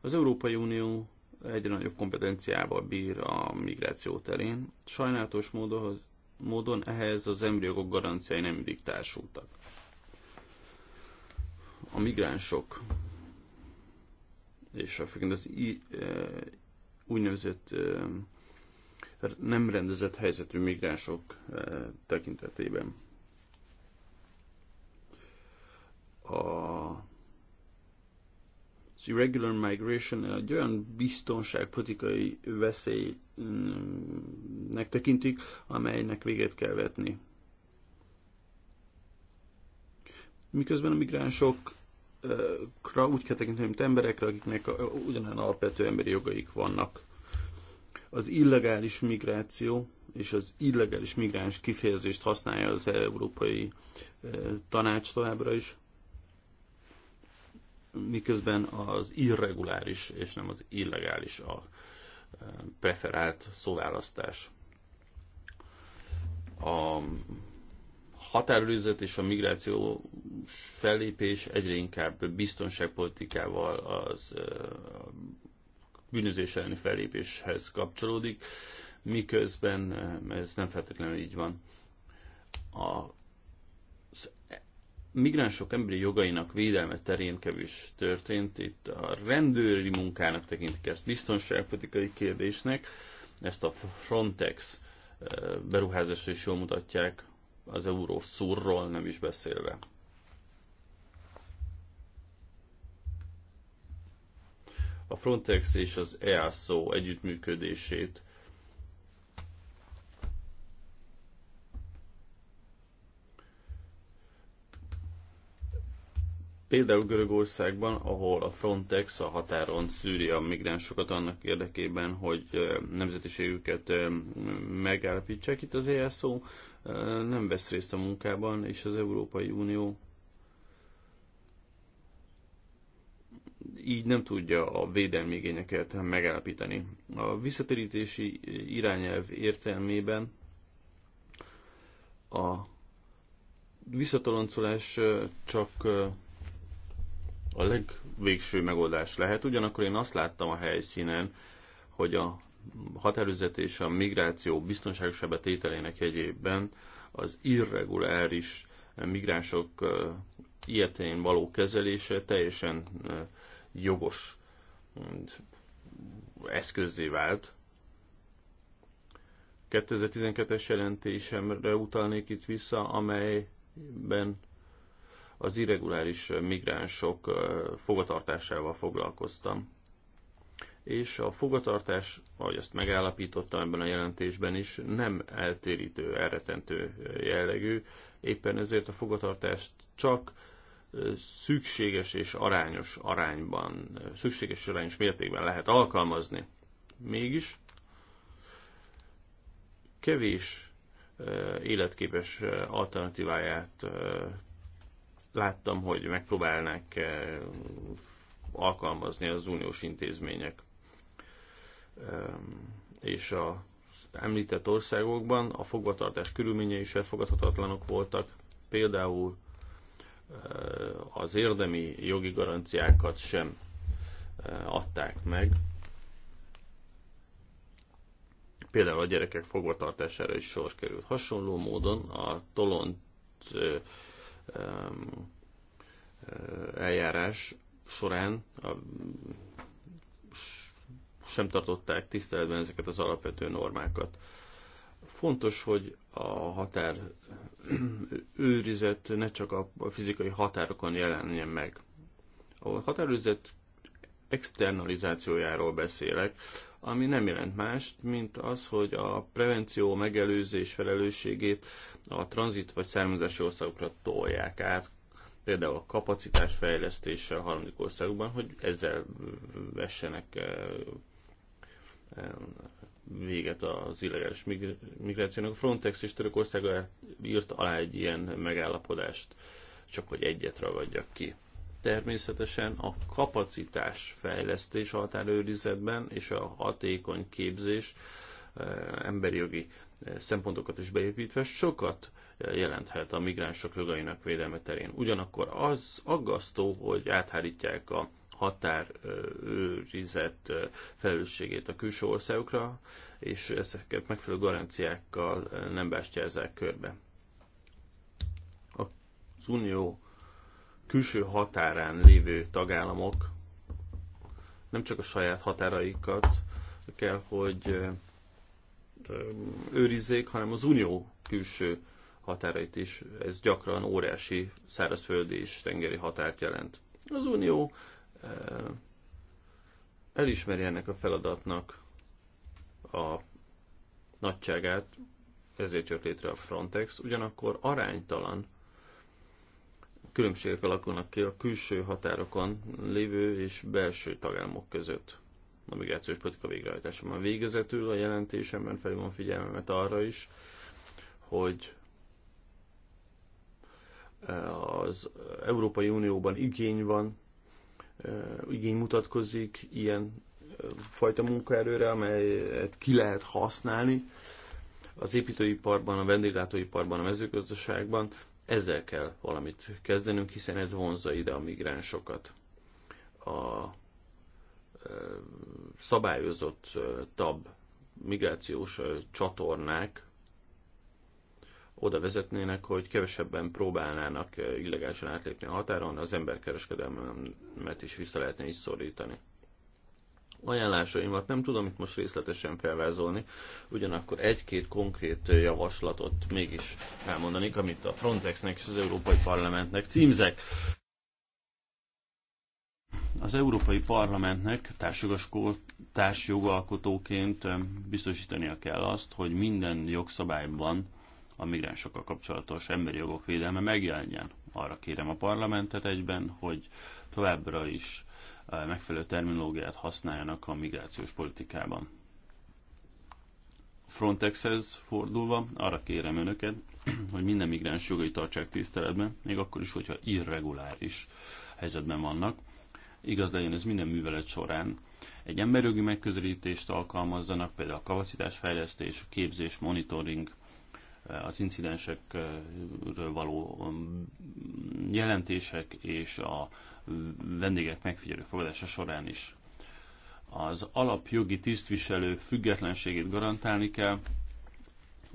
S2: Az Európai Unió egyre nagyobb kompetenciával bír a migráció terén. Sajnálatos módon, módon ehhez az embriók garanciái nem mindig társultak. A migránsok és főként az e, úgynevezett e, nem rendezett helyzetű migránsok e, tekintetében. a az irregular migration egy olyan biztonságpolitikai veszélynek tekintik, amelynek véget kell vetni. Miközben a migránsok úgy kell tekinteni, mint emberekre, akiknek ugyanolyan alapvető emberi jogaik vannak. Az illegális migráció és az illegális migráns kifejezést használja az Európai Tanács továbbra is, miközben az irreguláris és nem az illegális a preferált szóválasztás. A határőrizet és a migráció fellépés egyre inkább biztonságpolitikával az bűnözés elleni fellépéshez kapcsolódik, miközben ez nem feltétlenül így van. A migránsok emberi jogainak védelme terén kevés történt. Itt a rendőri munkának tekintik ezt biztonságpolitikai kérdésnek. Ezt a Frontex beruházást is jól mutatják az euró euró-szurról nem is beszélve. A Frontex és az EASO együttműködését Például Görögországban, ahol a Frontex a határon szűri a migránsokat annak érdekében, hogy nemzetiségüket megállapítsák. Itt az ESO nem vesz részt a munkában, és az Európai Unió így nem tudja a védelmi igényeket megállapítani. A visszatérítési irányelv értelmében a visszatoloncolás csak a legvégső megoldás lehet. Ugyanakkor én azt láttam a helyszínen, hogy a határőrzet és a migráció biztonságosabb tételének jegyében az irreguláris migránsok ilyetén való kezelése teljesen jogos eszközzé vált. 2012-es jelentésemre utalnék itt vissza, amelyben az irreguláris migránsok fogatartásával foglalkoztam és a fogatartás, ahogy azt megállapítottam ebben a jelentésben is, nem eltérítő, elretentő jellegű, éppen ezért a fogatartást csak szükséges és arányos arányban, szükséges és arányos mértékben lehet alkalmazni. Mégis kevés életképes alternatíváját láttam, hogy megpróbálnák alkalmazni az uniós intézmények és a említett országokban a fogvatartás körülményei is elfogadhatatlanok voltak, például az érdemi jogi garanciákat sem adták meg. Például a gyerekek fogvatartására is sor került. Hasonló módon a tolont eljárás során a sem tartották tiszteletben ezeket az alapvető normákat. Fontos, hogy a határ <clears throat> őrizet ne csak a fizikai határokon jelenjen meg. A határőrizet externalizációjáról beszélek, ami nem jelent mást, mint az, hogy a prevenció megelőzés felelősségét a tranzit vagy származási országokra tolják át, például a kapacitás fejlesztése a harmadik országokban, hogy ezzel vessenek eh, véget az illegális migrációnak. A Frontex és Törökország írt alá egy ilyen megállapodást, csak hogy egyet ragadjak ki. Természetesen a kapacitás fejlesztés határőrizetben és a hatékony képzés emberi jogi szempontokat is beépítve sokat jelenthet a migránsok jogainak védelme terén. Ugyanakkor az aggasztó, hogy áthárítják a határőrizet felelősségét a külső országokra, és ezeket megfelelő garanciákkal nem bástyázzák körbe. Az unió külső határán lévő tagállamok nem csak a saját határaikat kell, hogy őrizzék, hanem az unió külső határait is. Ez gyakran óriási szárazföldi és tengeri határt jelent. Az unió Eh, elismeri ennek a feladatnak a nagyságát, ezért jött létre a Frontex, ugyanakkor aránytalan különbségek alakulnak ki a külső határokon lévő és belső tagállamok között a migrációs politika végrehajtásában. Végezetül a jelentésemben felhívom figyelmemet arra is, hogy eh, az Európai Unióban igény van igény mutatkozik ilyen fajta munkaerőre, amelyet ki lehet használni az építőiparban, a vendéglátóiparban, a mezőgazdaságban. Ezzel kell valamit kezdenünk, hiszen ez vonzza ide a migránsokat. A szabályozott tab migrációs csatornák oda vezetnének, hogy kevesebben próbálnának eh, illegálisan átlépni a határon, az emberkereskedelmet is vissza lehetne is szorítani. Ajánlásaimat nem tudom itt most részletesen felvázolni, ugyanakkor egy-két konkrét javaslatot mégis elmondanék, amit a Frontexnek és az Európai Parlamentnek címzek. Az Európai Parlamentnek társjogalkotóként eh, biztosítania kell azt, hogy minden jogszabályban a migránsokkal kapcsolatos emberi jogok védelme megjelenjen. Arra kérem a parlamentet egyben, hogy továbbra is megfelelő terminológiát használjanak a migrációs politikában. Frontexhez fordulva arra kérem önöket, <clears throat> hogy minden migráns jogai tartsák tiszteletben, még akkor is, hogyha irreguláris helyzetben vannak. Igaz legyen ez minden művelet során. Egy emberjogi megközelítést alkalmazzanak, például a kapacitásfejlesztés, képzés, monitoring, az incidensekről való um, jelentések és a vendégek megfigyelő fogadása során is. Az alapjogi tisztviselő függetlenségét garantálni kell,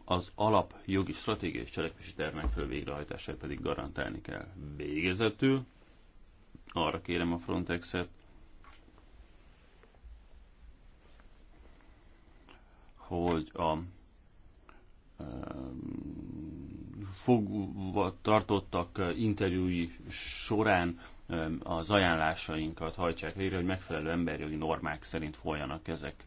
S2: az alapjogi stratégia és cselekvési tervnek fő végrehajtását pedig garantálni kell. Végezetül arra kérem a Frontexet, hogy a fogva tartottak interjúi során az ajánlásainkat hajtsák végre, hogy megfelelő emberjogi normák szerint folyanak ezek.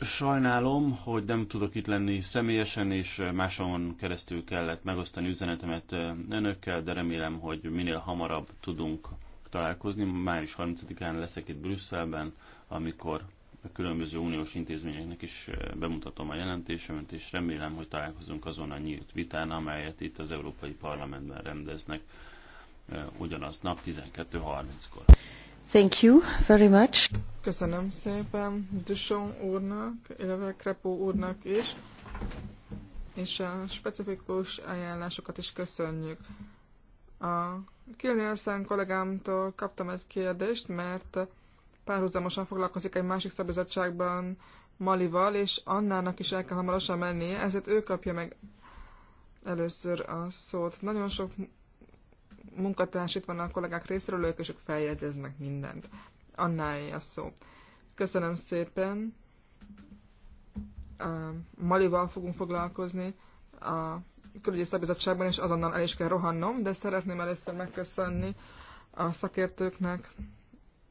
S2: Sajnálom, hogy nem tudok itt lenni személyesen, és máson keresztül kellett megosztani üzenetemet önökkel, de remélem, hogy minél hamarabb tudunk találkozni. Május 30-án leszek itt Brüsszelben, amikor a különböző uniós intézményeknek is eh, bemutatom a jelentésemet, és remélem, hogy találkozunk azon a nyílt vitán, amelyet itt az Európai Parlamentben rendeznek eh, ugyanaznap 12.30-kor.
S3: Thank you very much. Köszönöm szépen Duson úrnak, illetve Krepó úrnak is, és a specifikus ajánlásokat is köszönjük. A Kilnielsen kollégámtól kaptam egy kérdést, mert párhuzamosan foglalkozik egy másik szabizottságban Malival, és Annának is el kell hamarosan mennie, ezért ő kapja meg először a szót. Nagyon sok munkatárs itt van a kollégák részéről, ők és ők feljegyeznek mindent. Annáé a szó. Köszönöm szépen. Malival fogunk foglalkozni a külügyi szabizottságban, és azonnal el is kell rohannom, de szeretném először megköszönni a szakértőknek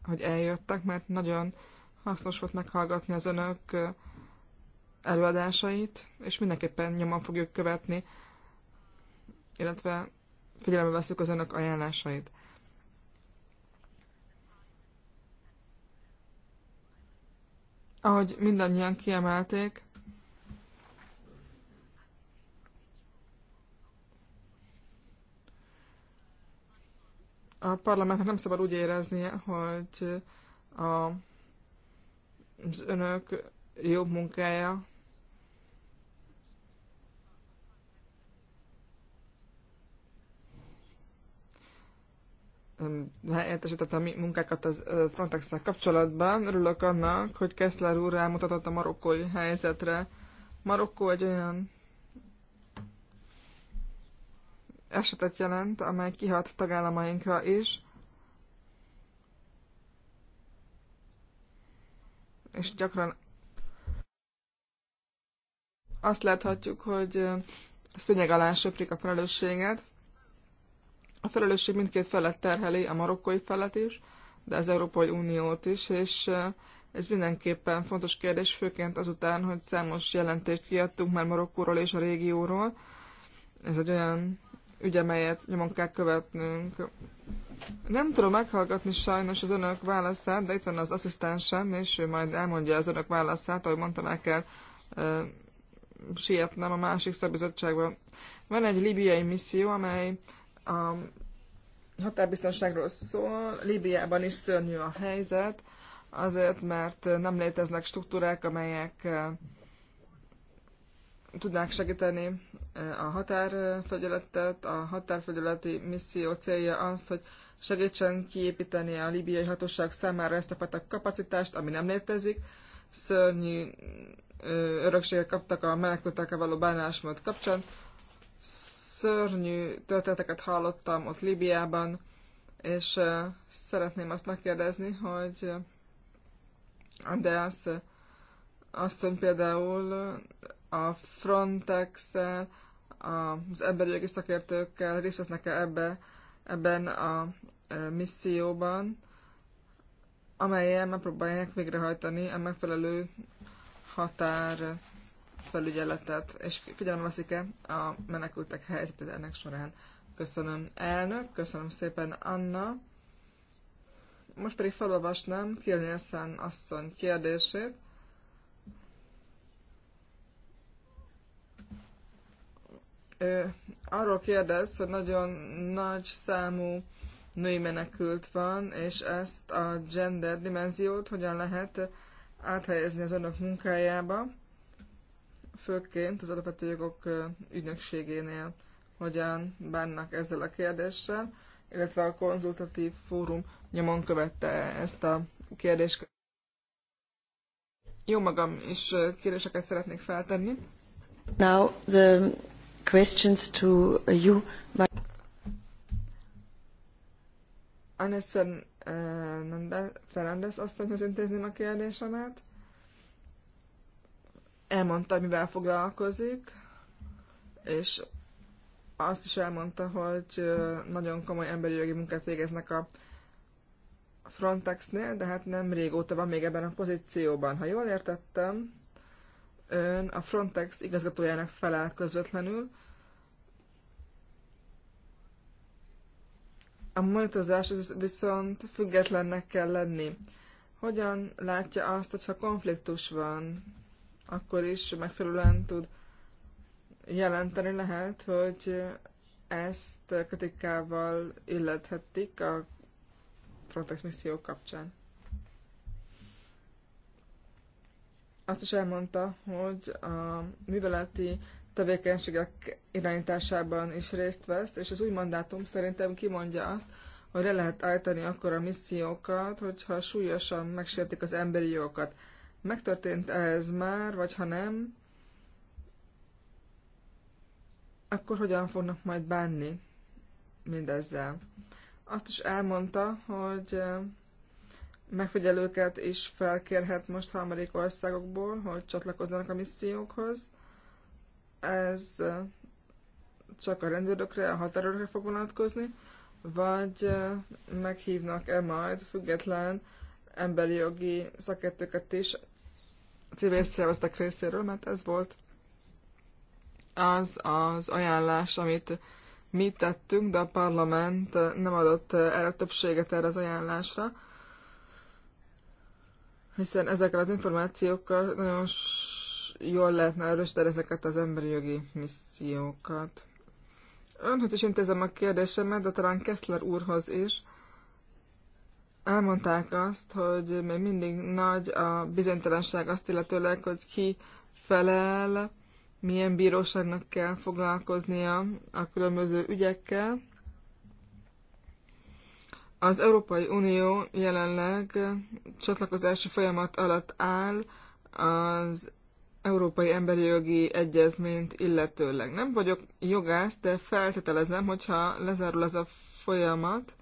S3: hogy eljöttek, mert nagyon hasznos volt meghallgatni az önök előadásait, és mindenképpen nyomon fogjuk követni, illetve figyelembe veszük az önök ajánlásait. Ahogy mindannyian kiemelték, a parlamentnek nem szabad úgy éreznie, hogy a, az önök jobb munkája helyettesített a mi munkákat az frontex kapcsolatban. Örülök annak, hogy Kessler úr rámutatott a marokkói helyzetre. Marokkó egy olyan esetet jelent, amely kihat tagállamainkra is, és gyakran azt láthatjuk, hogy szönyeg alá söprik a felelősséget. A felelősség mindkét felett terheli, a marokkói felet is, de az Európai Uniót is, és ez mindenképpen fontos kérdés, főként azután, hogy számos jelentést kiadtunk már Marokkóról és a régióról. Ez egy olyan ügy, amelyet nyomon kell követnünk. Nem tudom meghallgatni sajnos az önök válaszát, de itt van az asszisztensem, és ő majd elmondja az önök válaszát, ahogy mondtam, el kell ö, sietnem a másik szabizottságban. Van egy libiai misszió, amely a határbiztonságról szól. Libiában is szörnyű a helyzet, azért, mert nem léteznek struktúrák, amelyek tudnák segíteni e, a határfegyeletet. A határfegyeleti misszió célja az, hogy segítsen kiépíteni a libiai hatóság számára ezt a fajta kapacitást, ami nem létezik. Szörnyű e, örökséget kaptak a menekültekkel való bánásmód kapcsán. Szörnyű történeteket hallottam ott Libiában, és e, szeretném azt megkérdezni, hogy Andreas asszony például a frontex az emberi jogi szakértőkkel részt vesznek -e ebbe, ebben a e, misszióban, amelyen megpróbálják végrehajtani a megfelelő határ felügyeletet, és figyelembe veszik-e a menekültek helyzetét ennek során. Köszönöm elnök, köszönöm szépen Anna. Most pedig felolvasnám Kirnészen asszony kérdését. Ő arról kérdez, hogy nagyon nagy számú női menekült van, és ezt a gender dimenziót hogyan lehet áthelyezni az önök munkájába, főként az alapvető jogok ügynökségénél, hogyan bánnak ezzel a kérdéssel, illetve a konzultatív fórum nyomon követte ezt a kérdést. Jó magam is kérdéseket szeretnék feltenni.
S1: Now the questions to you. But...
S3: Agnes eh, asszonyhoz intézném a kérdésemet. Elmondta, mivel foglalkozik, és azt is elmondta, hogy eh, nagyon komoly emberi jogi munkát végeznek a Frontexnél, de hát nem régóta van még ebben a pozícióban. Ha jól értettem, ön a Frontex igazgatójának felel közvetlenül. A monitorozás viszont függetlennek kell lenni. Hogyan látja azt, hogyha konfliktus van, akkor is megfelelően tud jelenteni lehet, hogy ezt kritikával illethetik a Frontex misszió kapcsán. azt is elmondta, hogy a műveleti tevékenységek irányításában is részt vesz, és az új mandátum szerintem kimondja azt, hogy le lehet állítani akkor a missziókat, hogyha súlyosan megsértik az emberi jogokat. Megtörtént ez már, vagy ha nem, akkor hogyan fognak majd bánni mindezzel? Azt is elmondta, hogy megfigyelőket is felkérhet most harmadik országokból, hogy csatlakozzanak a missziókhoz. Ez csak a rendőrökre, a határőrökre fog vonatkozni, vagy meghívnak-e majd független emberi jogi szakértőket is civil szervezetek részéről, mert ez volt az az ajánlás, amit mi tettünk, de a parlament nem adott erre többséget erre az ajánlásra hiszen ezekkel az információkkal nagyon jól lehetne erősíteni ezeket az emberi jogi missziókat. Önhöz is intézem a kérdésemet, de talán Kessler úrhoz is. Elmondták azt, hogy még mindig nagy a bizonytalanság azt illetőleg, hogy ki felel, milyen bíróságnak kell foglalkoznia a különböző ügyekkel. Az Európai Unió jelenleg csatlakozási folyamat alatt áll az Európai Emberi Jogi Egyezményt illetőleg. Nem vagyok jogász, de feltételezem, hogyha lezárul ez a folyamat,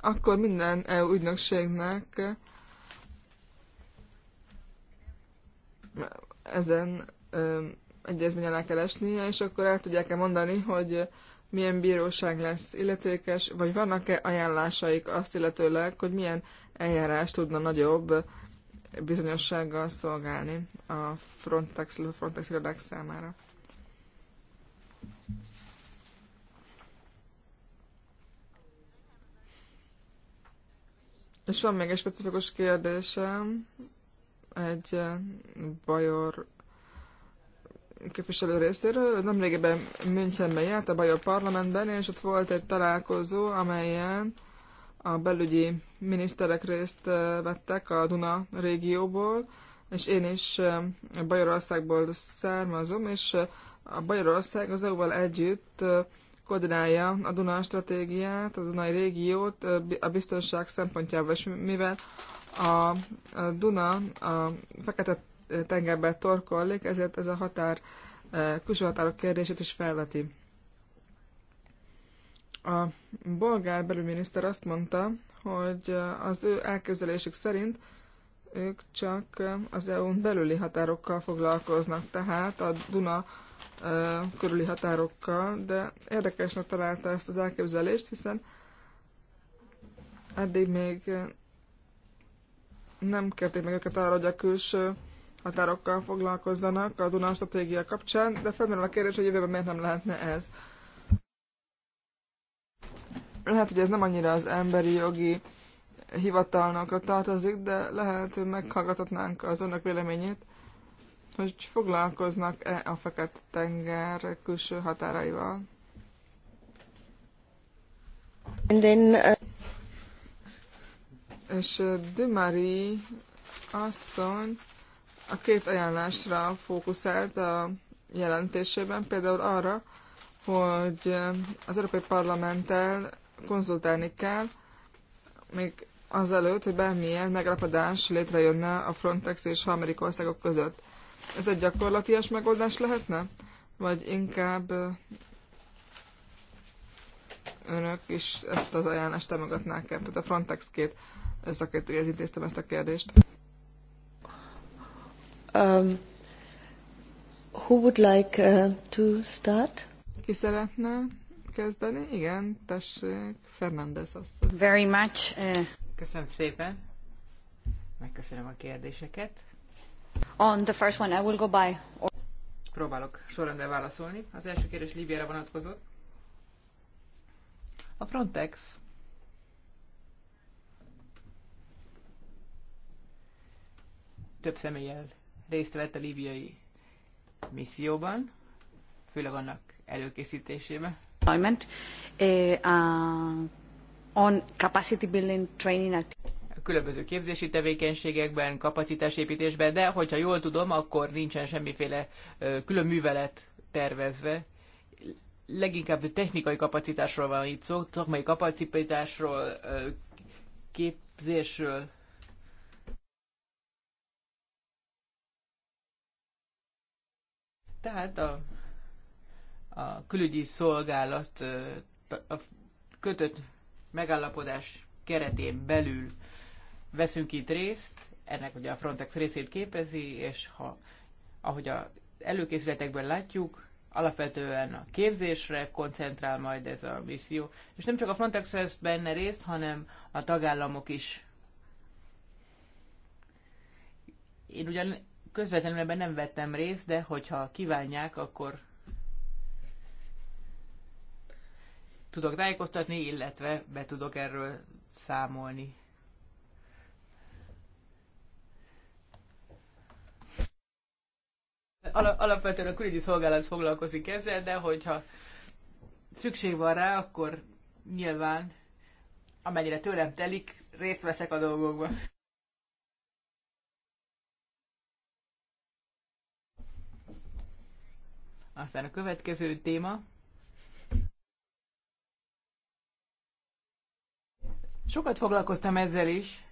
S3: akkor minden EU ügynökségnek ezen egyezmény alá kell esnie, és akkor el tudják-e mondani, hogy milyen bíróság lesz illetékes, vagy vannak-e ajánlásaik azt illetőleg, hogy milyen eljárás tudna nagyobb bizonyossággal szolgálni a Frontex, Frontex irodák számára. És van még egy specifikus kérdésem egy bajor képviselő részéről. Nemrégiben Münchenben járt a Bajor Parlamentben, és ott volt egy találkozó, amelyen a belügyi miniszterek részt vettek a Duna régióból, és én is Bajorországból származom, és a Bajorország az EU-val együtt koordinálja a Duna stratégiát, a Dunai régiót a biztonság szempontjából, és mivel a Duna a fekete tengerbe torkollik, ezért ez a határ, eh, külső határok kérdését is felveti. A bolgár belügyminiszter azt mondta, hogy az ő elképzelésük szerint ők csak az EU-n belüli határokkal foglalkoznak, tehát a Duna eh, körüli határokkal, de érdekesnek találta ezt az elképzelést, hiszen eddig még nem kérték meg őket arra, hogy a külső határokkal foglalkozzanak a Duna stratégia kapcsán, de felmerül a kérdés, hogy jövőben miért nem lehetne ez. Lehet, hogy ez nem annyira az emberi jogi hivatalnokra tartozik, de lehet, hogy meghallgatnánk az önök véleményét, hogy foglalkoznak-e a Fekete-tenger külső határaival. And then, uh... És uh, Dümari asszony a két ajánlásra fókuszált a jelentésében, például arra, hogy az Európai Parlamenttel konzultálni kell, még azelőtt, hogy bármilyen megalapodás létrejönne a Frontex és a Amerikai országok között. Ez egy gyakorlatias megoldás lehetne? Vagy inkább önök is ezt az ajánlást támogatnák-e? Tehát a Frontex két szakértője intéztem ezt a kérdést. Um, who would like uh, to start? Ki szeretne kezdeni? Igen, tessék,
S4: Fernández asszony. Very much. Uh... Köszönöm szépen. Megköszönöm a kérdéseket. On the first one, I will go by. Próbálok sorrendben válaszolni. Az első kérdés Libyára vonatkozott. A Frontex több személlyel részt vett a libiai misszióban, főleg annak előkészítésében.
S1: Eh, on capacity building training
S4: különböző képzési tevékenységekben, kapacitásépítésben, de hogyha jól tudom, akkor nincsen semmiféle külön művelet tervezve. Leginkább technikai kapacitásról van itt szó, szakmai kapacitásról, képzésről, Tehát a, a külügyi szolgálat a kötött megállapodás keretén belül veszünk itt részt, ennek ugye a Frontex részét képezi, és ha, ahogy a előkészületekben látjuk, alapvetően a képzésre koncentrál majd ez a misszió. És nem csak a Frontex vesz benne részt, hanem a tagállamok is. Én ugyan közvetlenül ebben nem vettem részt, de hogyha kívánják, akkor tudok tájékoztatni, illetve be tudok erről számolni. Alapvetően a külügyi szolgálat foglalkozik ezzel, de hogyha szükség van rá, akkor nyilván amennyire tőlem telik, részt veszek a dolgokban. Aztán a következő téma. Sokat foglalkoztam ezzel is.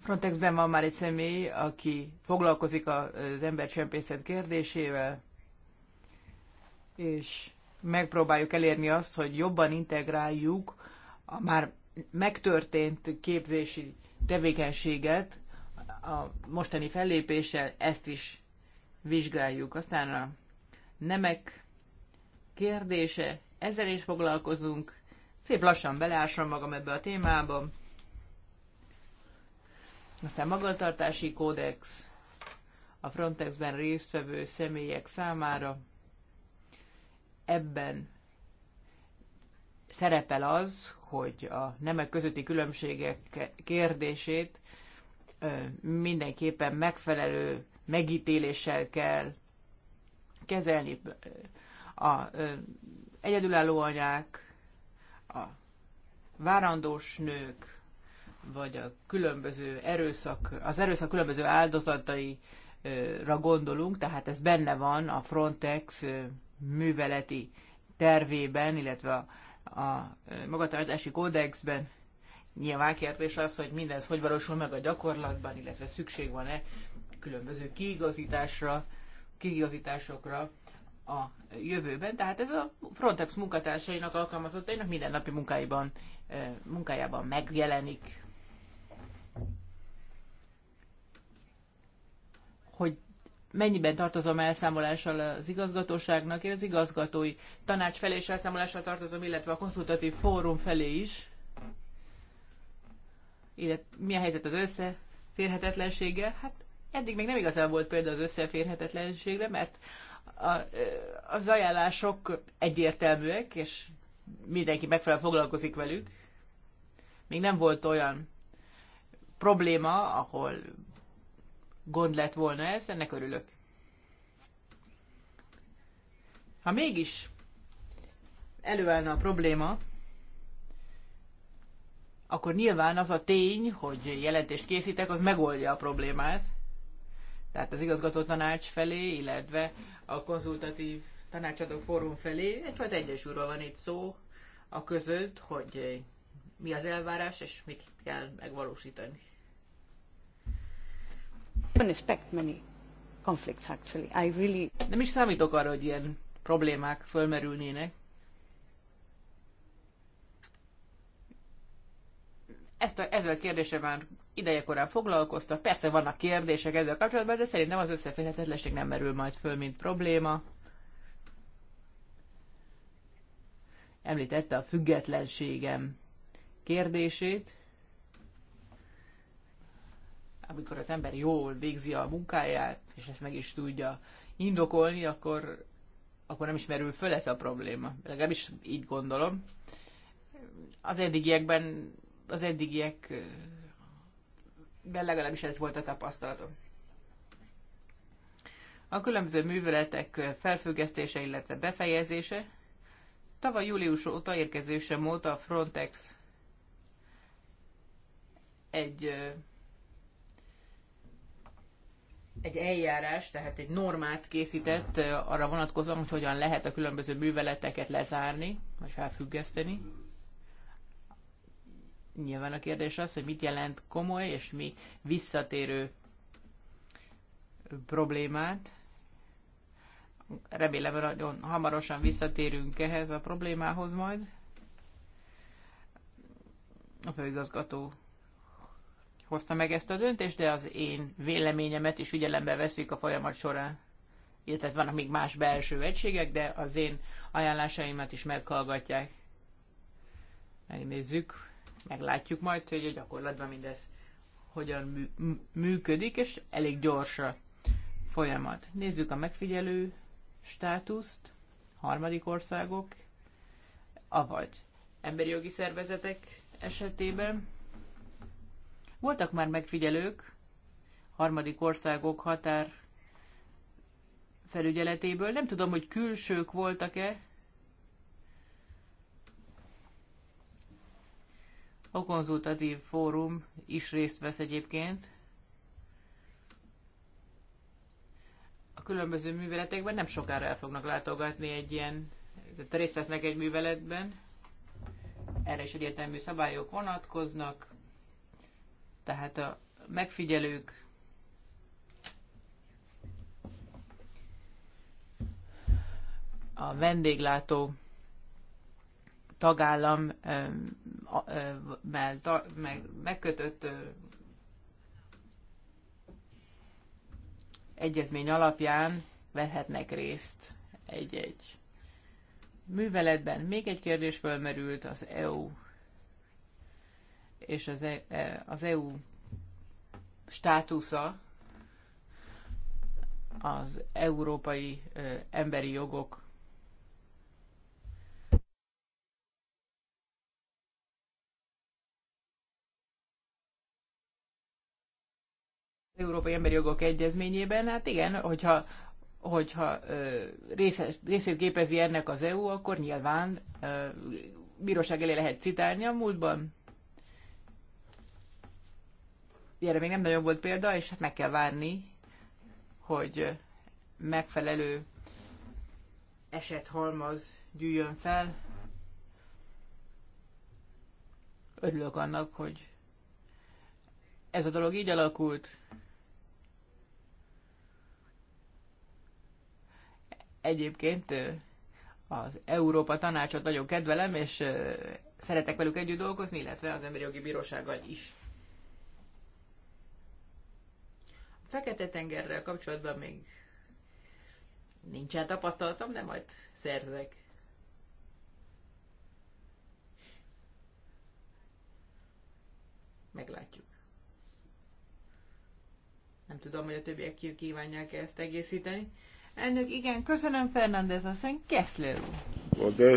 S4: Frontexben van már egy személy, aki foglalkozik az embercsempészet kérdésével, és megpróbáljuk elérni azt, hogy jobban integráljuk a már megtörtént képzési tevékenységet a mostani fellépéssel, ezt is vizsgáljuk. Aztán a nemek kérdése, ezzel is foglalkozunk. Szép lassan beleásom magam ebbe a témába. Aztán magatartási kódex a Frontexben résztvevő személyek számára. Ebben szerepel az, hogy a nemek közötti különbségek kérdését mindenképpen megfelelő megítéléssel kell kezelni a egyedülálló anyák, a várandós nők, vagy a különböző erőszak, az erőszak különböző áldozataira gondolunk, tehát ez benne van a Frontex műveleti tervében, illetve a, a magatartási kódexben. Nyilván kérdés az, hogy mindez hogy valósul meg a gyakorlatban, illetve szükség van-e különböző kiigazításra, kigazításokra a jövőben. Tehát ez a Frontex munkatársainak, alkalmazottainak mindennapi munkáiban, eh, munkájában megjelenik. Hogy mennyiben tartozom elszámolással az igazgatóságnak, én az igazgatói tanács felé is elszámolással tartozom, illetve a konzultatív fórum felé is. Illetve mi a helyzet az összeférhetetlensége, Hát Eddig még nem igazán volt példa az összeférhetetlenségre, mert a, az ajánlások egyértelműek, és mindenki megfelelően foglalkozik velük. Még nem volt olyan probléma, ahol gond lett volna ez, ennek örülök. Ha mégis előállna a probléma, akkor nyilván az a tény, hogy jelentést készítek, az megoldja a problémát tehát az igazgató tanács felé, illetve a konzultatív tanácsadó fórum felé. Egyfajta egyesülről van itt szó a között, hogy mi az elvárás, és mit kell megvalósítani. many conflicts, actually. I really... Nem is számítok arra, hogy ilyen problémák fölmerülnének. ezt a, ezzel a kérdéssel már idejekorán foglalkoztak. Persze vannak kérdések ezzel kapcsolatban, de szerintem az összeférhetetlenség nem merül majd föl, mint probléma. Említette a függetlenségem kérdését. Amikor az ember jól végzi a munkáját, és ezt meg is tudja indokolni, akkor, akkor nem is merül föl ez a probléma. Legalábbis így gondolom. Az eddigiekben az eddigiek legalábbis ez volt a tapasztalatom. A különböző műveletek felfüggesztése, illetve befejezése tavaly július óta érkezése óta a Frontex egy egy eljárás, tehát egy normát készített arra vonatkozóan, hogy hogyan lehet a különböző műveleteket lezárni, vagy felfüggeszteni. Nyilván a kérdés az, hogy mit jelent komoly és mi visszatérő problémát. Remélem, nagyon hamarosan visszatérünk ehhez a problémához majd. A főigazgató hozta meg ezt a döntést, de az én véleményemet is figyelembe veszik a folyamat során. Illetve vannak még más belső egységek, de az én ajánlásaimat is meghallgatják. Megnézzük, meglátjuk majd, hogy a gyakorlatban mindez hogyan működik, és elég gyors a folyamat. Nézzük a megfigyelő státuszt, harmadik országok, avagy emberi jogi szervezetek esetében. Voltak már megfigyelők harmadik országok határ felügyeletéből. Nem tudom, hogy külsők voltak-e, A konzultatív fórum is részt vesz egyébként a különböző műveletekben, nem sokára el fognak látogatni egy ilyen, tehát részt vesznek egy műveletben, erre is egyértelmű szabályok vonatkoznak, tehát a megfigyelők a vendéglátó tagállam megkötött egyezmény alapján vehetnek részt egy-egy műveletben. Még egy kérdés fölmerült az EU és az, e, e az EU státusza az európai e, emberi jogok Európai Emberi Jogok Egyezményében. Hát igen, hogyha, hogyha részes, részét képezi ennek az EU, akkor nyilván bíróság elé lehet citálni a múltban. Erre még nem nagyon volt példa, és hát meg kell várni, hogy megfelelő esethalmaz gyűjjön fel. Örülök annak, hogy ez a dolog így alakult. Egyébként az Európa Tanácsot nagyon kedvelem, és szeretek velük együtt dolgozni, illetve az Emberi Jogi Bírósággal is. A Fekete-tengerrel kapcsolatban még nincsen tapasztalatom, de majd szerzek. Meglátjuk. Nem tudom, hogy a többiek kívánják ezt egészíteni. Elnök, igen, köszönöm Fernández asszony, Kessler úr. Well,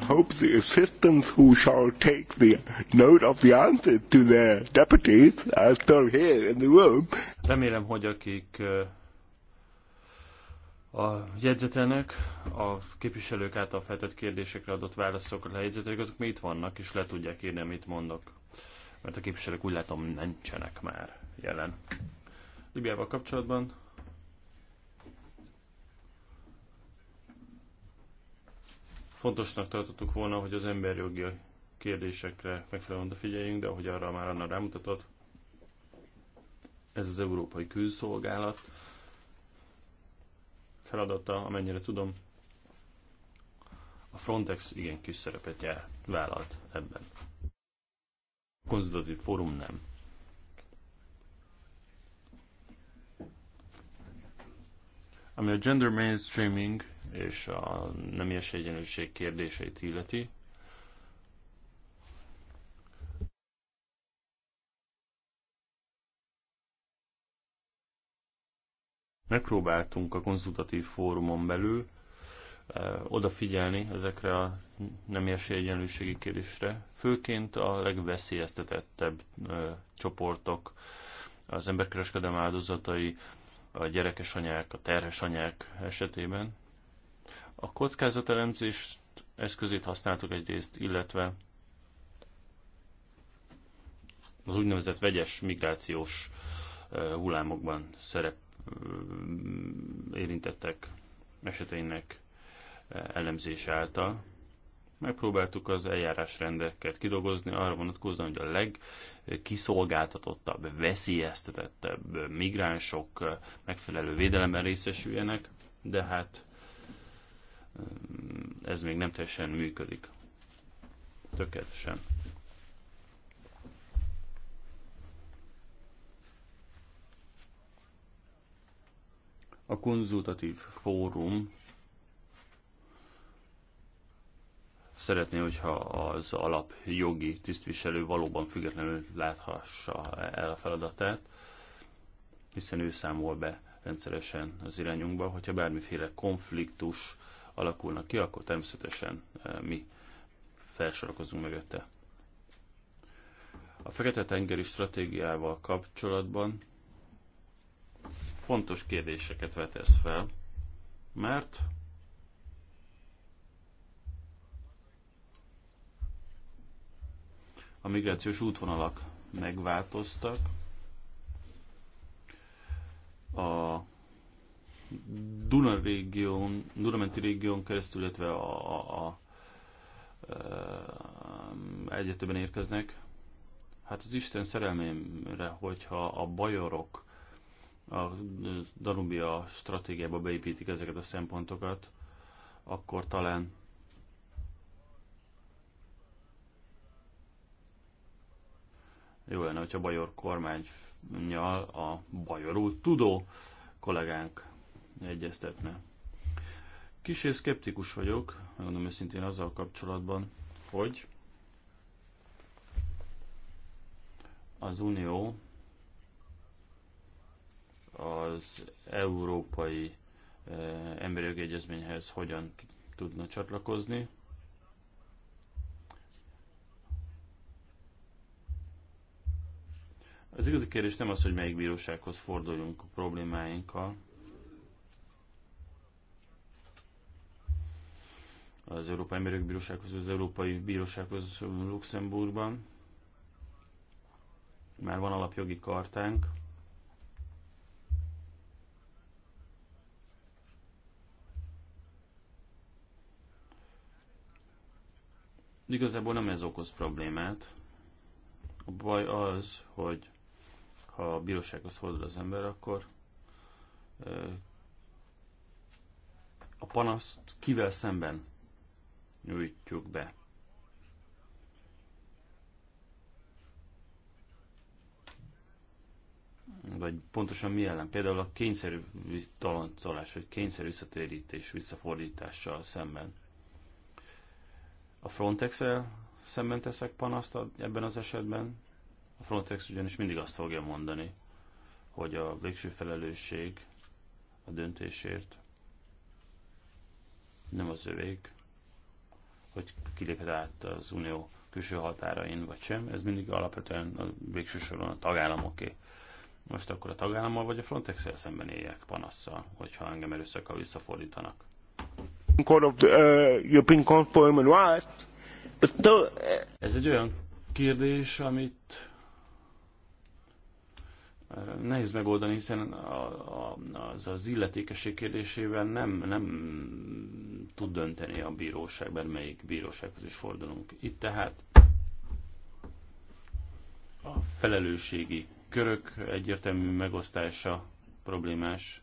S4: I hope the assistants who shall take the note of the answer to their deputies are still here in the room.
S2: Remélem, hogy akik a jegyzetelnök, a képviselők által feltett kérdésekre adott a jegyzetelők, azok még itt vannak, és le tudják írni, amit mondok. Mert a képviselők úgy látom nincsenek már jelen. Libiával kapcsolatban Fontosnak tartottuk volna, hogy az emberjogi kérdésekre megfelelően odafigyeljünk, de ahogy arra már Anna rámutatott, ez az Európai Külszolgálat feladata, amennyire tudom, a Frontex igen kis szerepet jár, vállalt ebben. A konzultatív fórum nem. Ami a gender mainstreaming és a nemies egyenlőség kérdéseit illeti. Megpróbáltunk a konzultatív fórumon belül eh, odafigyelni ezekre a nem egyenlőségi kérdésre, főként a legveszélyeztetettebb eh, csoportok, az emberkereskedelem áldozatai, a gyerekes anyák, a terhes anyák esetében. A kockázatelemzés eszközét használtuk egyrészt, illetve az úgynevezett vegyes migrációs hullámokban szerep érintettek eseteinek elemzése által. Megpróbáltuk az eljárásrendeket kidolgozni arra vonatkozóan, hogy a legkiszolgáltatottabb, veszélyeztetettebb migránsok megfelelő védelemben részesüljenek, de hát ez még nem teljesen működik. Tökéletesen. A konzultatív fórum szeretné, hogyha az alap jogi tisztviselő valóban függetlenül láthassa el a feladatát, hiszen ő számol be rendszeresen az irányunkba, hogyha bármiféle konfliktus alakulnak ki, akkor természetesen e, mi felsorakozunk mögötte. A Fekete-tengeri stratégiával kapcsolatban fontos kérdéseket vetesz fel, mert a migrációs útvonalak megváltoztak, a Duna régión, Dunamenti régión keresztül, illetve a, a, a, a e, egyetőben érkeznek. Hát az Isten szerelmémre, hogyha a bajorok a Danubia stratégiába beépítik ezeket a szempontokat, akkor talán jó lenne, hogyha a bajor kormányjal a bajorul tudó kollégánk egyeztetne. Kicsi szkeptikus vagyok, megmondom őszintén azzal kapcsolatban, hogy az Unió az Európai eh, Emberi Jogi Egyezményhez hogyan tudna csatlakozni. Az igazi kérdés nem az, hogy melyik bírósághoz forduljunk a problémáinkkal, az Európai Emberi Bírósághoz, az Európai Bírósághoz Luxemburgban. Már van alapjogi kartánk. Igazából nem ez okoz problémát. A baj az, hogy ha a bírósághoz fordul az ember, akkor a panaszt kivel szemben nyújtjuk be. Vagy pontosan mi ellen? Például a kényszerű taloncolás, vagy kényszerű visszatérítés, visszafordítással szemben. A frontex el szemben teszek panaszt ebben az esetben. A Frontex ugyanis mindig azt fogja mondani, hogy a végső felelősség a döntésért nem az övék, hogy kiléphet át az unió külső határain, vagy sem. Ez mindig alapvetően a végső soron a tagállamoké. Most akkor a tagállammal vagy a frontex szemben éljek panasszal, hogyha engem erőszakkal visszafordítanak. Uh, uh, Ez egy olyan kérdés, amit nehéz megoldani, hiszen a, az az illetékesség kérdésével nem, nem tud dönteni a bíróság, mert melyik bírósághoz is fordulunk. Itt tehát a felelősségi körök egyértelmű megosztása problémás.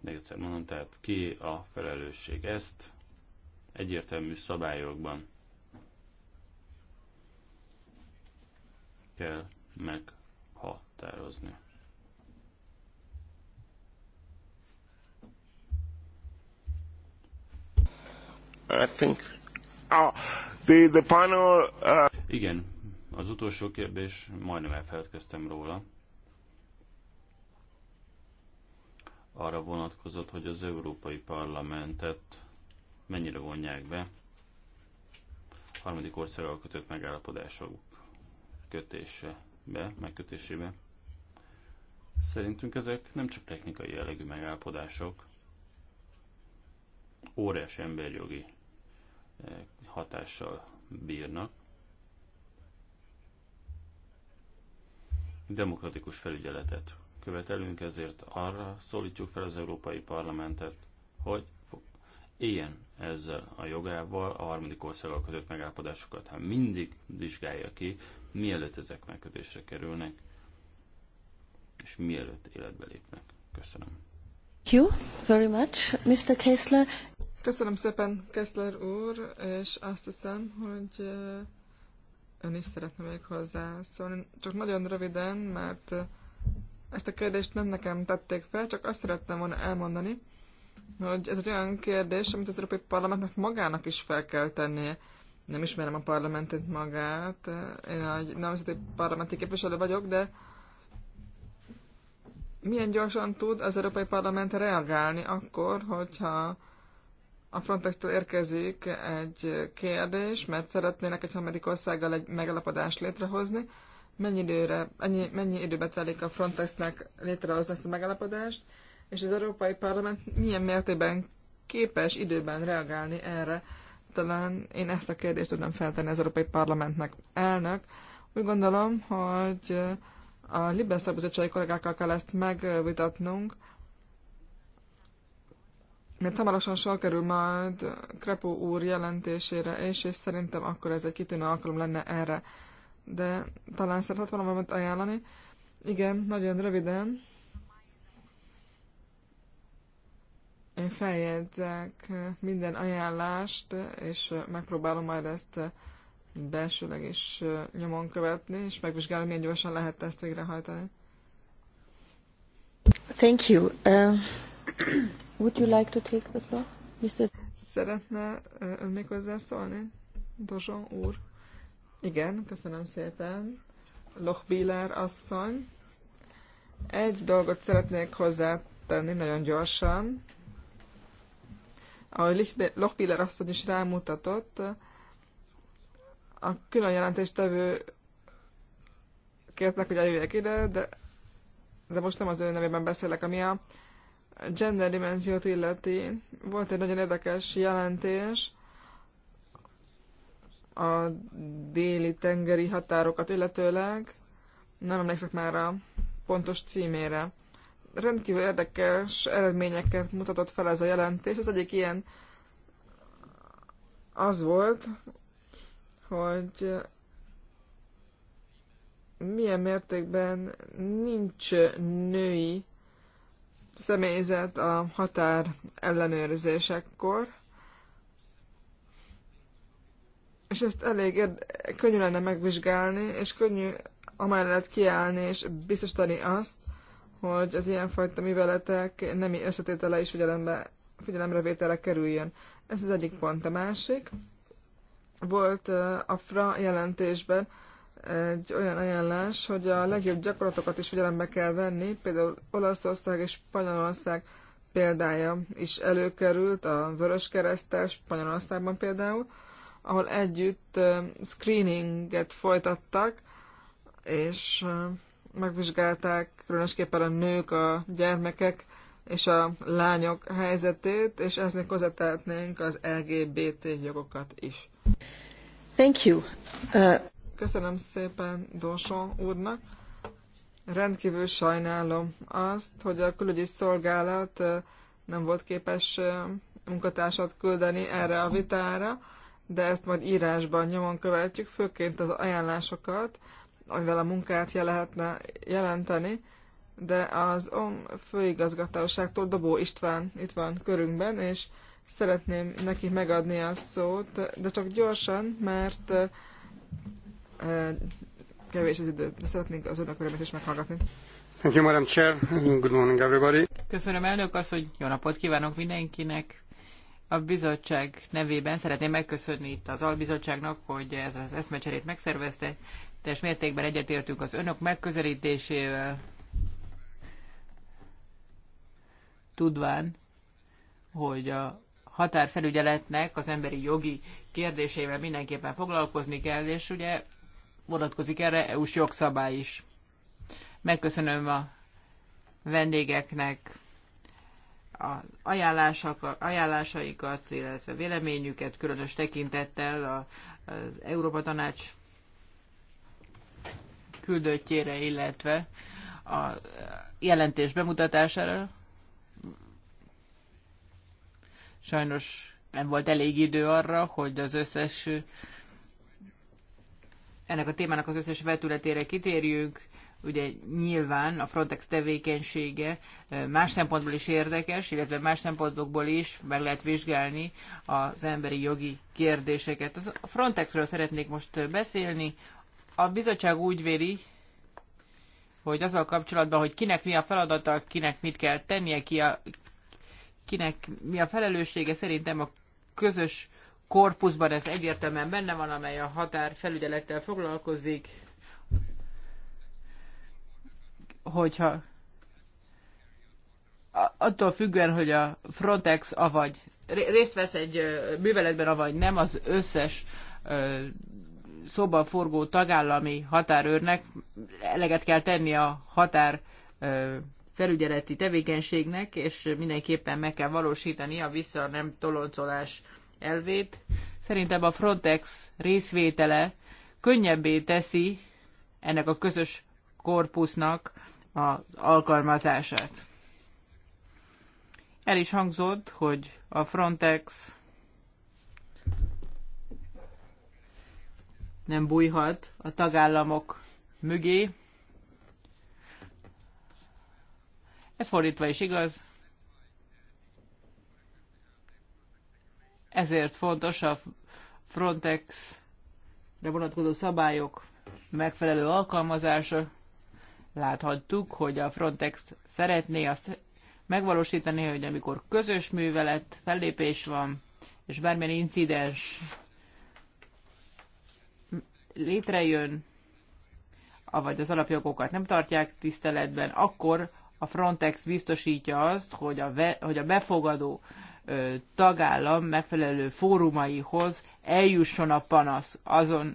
S2: Még egyszer mondom, tehát ki a felelősség ezt egyértelmű szabályokban kell meghatározni. I think oh, the, the final, uh... Igen, az utolsó kérdés, majdnem elfeledkeztem róla. Arra vonatkozott, hogy az Európai Parlamentet mennyire vonják be harmadik országgal kötött megállapodásokba be, megkötésébe. Szerintünk ezek nem csak technikai jellegű megállapodások, óriási emberjogi eh, hatással bírnak. Demokratikus felügyeletet követelünk, ezért arra szólítjuk fel az Európai Parlamentet, hogy éljen ezzel a jogával a harmadik országgal kötött megállapodásokat, hát mindig vizsgálja ki, mielőtt ezek megkötésre kerülnek, és mielőtt életbe lépnek. Köszönöm.
S1: Thank you very much, Mr. Kessler.
S3: Köszönöm szépen, Kessler úr, és azt hiszem, hogy ön is szeretne még hozzászólni. Csak nagyon röviden, mert ezt a kérdést nem nekem tették fel, csak azt szerettem volna elmondani, hogy ez egy olyan kérdés, amit az Európai Parlamentnek magának is fel kell tennie. Nem ismerem a parlamentet magát, én egy nemzeti parlamenti képviselő vagyok, de milyen gyorsan tud az Európai Parlament reagálni akkor, hogyha a frontex érkezik egy kérdés, mert szeretnének egy harmadik országgal egy megalapodást létrehozni. Mennyi, időre, ennyi, mennyi időbe telik a Frontexnek létrehozni ezt a megalapodást, és az Európai Parlament milyen mértékben képes időben reagálni erre. Talán én ezt a kérdést tudom feltenni az Európai Parlamentnek. Elnök, úgy gondolom, hogy a Libes Szabadságbizottsági kollégákkal kell ezt megvitatnunk, mert hamarosan sor kerül majd Krepó úr jelentésére, és, és szerintem akkor ez egy kitűnő alkalom lenne erre. De talán szeretett valamit ajánlani. Igen, nagyon röviden. Én feljegyzek minden ajánlást, és megpróbálom majd ezt belsőleg is nyomon követni, és megvizsgálom, milyen gyorsan lehet ezt végrehajtani.
S1: Thank you. Uh, would you like to take the floor, Mr.
S3: Szeretne uh, ön még hozzászólni, Dozson úr? Igen, köszönöm szépen. Bieler asszony. Egy dolgot szeretnék hozzátenni nagyon gyorsan ahogy Lochbiller asszony is rámutatott, a külön jelentéstevő kértek, hogy eljöjjek ide, de, de most nem az ő nevében beszélek, ami a gender dimenziót illeti. Volt egy nagyon érdekes jelentés a déli tengeri határokat illetőleg, nem emlékszek már a pontos címére rendkívül érdekes eredményeket mutatott fel ez a jelentés. Az egyik ilyen az volt, hogy milyen mértékben nincs női személyzet a határ ellenőrzésekkor, és ezt elég érde- könnyű lenne megvizsgálni, és könnyű amellett kiállni és biztosítani azt, hogy az ilyenfajta műveletek nemi összetétele is figyelembe, figyelemre vételek kerüljön. Ez az egyik pont. A másik volt a FRA jelentésben egy olyan ajánlás, hogy a legjobb gyakorlatokat is figyelembe kell venni, például Olaszország és Spanyolország példája is előkerült, a Vörös Keresztel Spanyolországban például, ahol együtt screeninget folytattak, és megvizsgálták különösképpen a nők, a gyermekek és a lányok helyzetét, és ezt még hozzátehetnénk az LGBT jogokat is. Thank you. Uh... Köszönöm szépen Dorsó úrnak. Rendkívül sajnálom azt, hogy a külügyi szolgálat uh, nem volt képes uh, munkatársat küldeni erre a vitára, de ezt majd írásban nyomon követjük, főként az ajánlásokat, amivel a munkát lehetne jelenteni, de az OM főigazgatóságtól Dobó István itt van körünkben, és szeretném neki megadni a szót, de csak gyorsan, mert kevés
S4: az idő, de szeretnénk az önök örömet is meghallgatni. Thank you, Madam Chair. Good morning, everybody. Köszönöm, elnök azt, hogy jó napot kívánok mindenkinek. A bizottság nevében szeretném megköszönni itt az albizottságnak, hogy ez az eszmecserét megszervezte teljes mértékben egyetértünk az önök megközelítésével, tudván, hogy a határfelügyeletnek az emberi jogi kérdésével mindenképpen foglalkozni kell, és ugye vonatkozik erre EU-s jogszabály is. Megköszönöm a vendégeknek az ajánlásaikat, illetve véleményüket, különös tekintettel az Európa Tanács küldöttjére, illetve a jelentés bemutatására. Sajnos nem volt elég idő arra, hogy az összes ennek a témának az összes vetületére kitérjünk. Ugye nyilván a Frontex tevékenysége más szempontból is érdekes, illetve más szempontokból is meg lehet vizsgálni az emberi jogi kérdéseket. A Frontexről szeretnék most beszélni, a bizottság úgy véli, hogy azzal kapcsolatban, hogy kinek mi a feladata, kinek mit kell tennie, ki a, kinek mi a felelőssége, szerintem a közös korpuszban ez egyértelműen benne van, amely a határ felügyelettel foglalkozik, hogyha attól függően, hogy a Frontex avagy részt vesz egy műveletben, avagy nem, az összes szóban forgó tagállami határőrnek eleget kell tenni a határ felügyeleti tevékenységnek, és mindenképpen meg kell valósítani a vissza nem toloncolás elvét. Szerintem a Frontex részvétele könnyebbé teszi ennek a közös korpusznak az alkalmazását. El is hangzott, hogy a Frontex nem bújhat a tagállamok mögé. Ez fordítva is igaz. Ezért fontos a Frontex-re vonatkozó szabályok megfelelő alkalmazása. Láthattuk, hogy a Frontex szeretné azt megvalósítani, hogy amikor közös művelet, fellépés van, és bármilyen incidens létrejön, vagy az alapjogokat nem tartják tiszteletben, akkor a Frontex biztosítja azt, hogy a, ve, hogy a befogadó ö, tagállam megfelelő fórumaihoz eljusson a panasz azon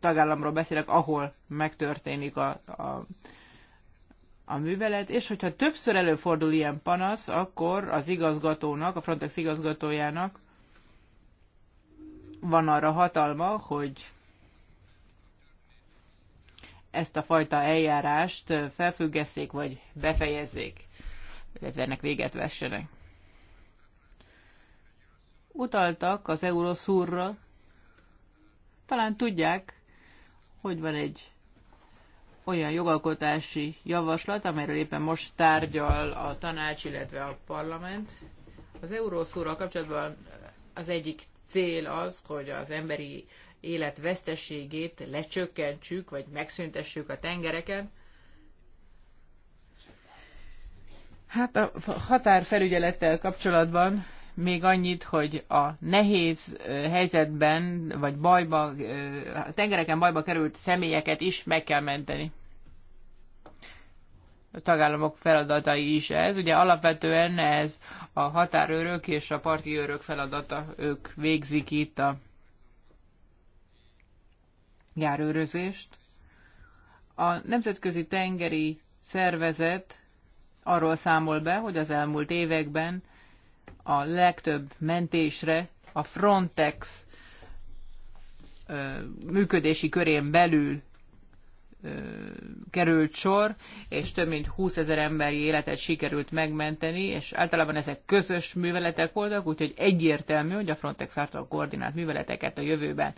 S4: tagállamról beszélek, ahol megtörténik a, a, a művelet, és hogyha többször előfordul ilyen panasz, akkor az igazgatónak, a Frontex igazgatójának van arra hatalma, hogy ezt a fajta eljárást felfüggesszék, vagy befejezzék, illetve ennek véget vessenek. Utaltak az Euroszurra, talán tudják, hogy van egy olyan jogalkotási javaslat, amelyről éppen most tárgyal a tanács, illetve a parlament. Az Euroszurral kapcsolatban az egyik cél az, hogy az emberi veszteségét lecsökkentsük, vagy megszüntessük a tengereken. Hát a határfelügyelettel kapcsolatban még annyit, hogy a nehéz helyzetben, vagy bajba, a tengereken bajba került személyeket is meg kell menteni. A tagállamok feladatai is ez. Ugye alapvetően ez a határőrök és a parti őrök feladata, ők végzik itt a járőrözést. A Nemzetközi Tengeri Szervezet arról számol be, hogy az elmúlt években a legtöbb mentésre a Frontex működési körén belül került sor, és több mint 20 ezer emberi életet sikerült megmenteni, és általában ezek közös műveletek voltak, úgyhogy egyértelmű, hogy a Frontex által koordinált műveleteket a jövőben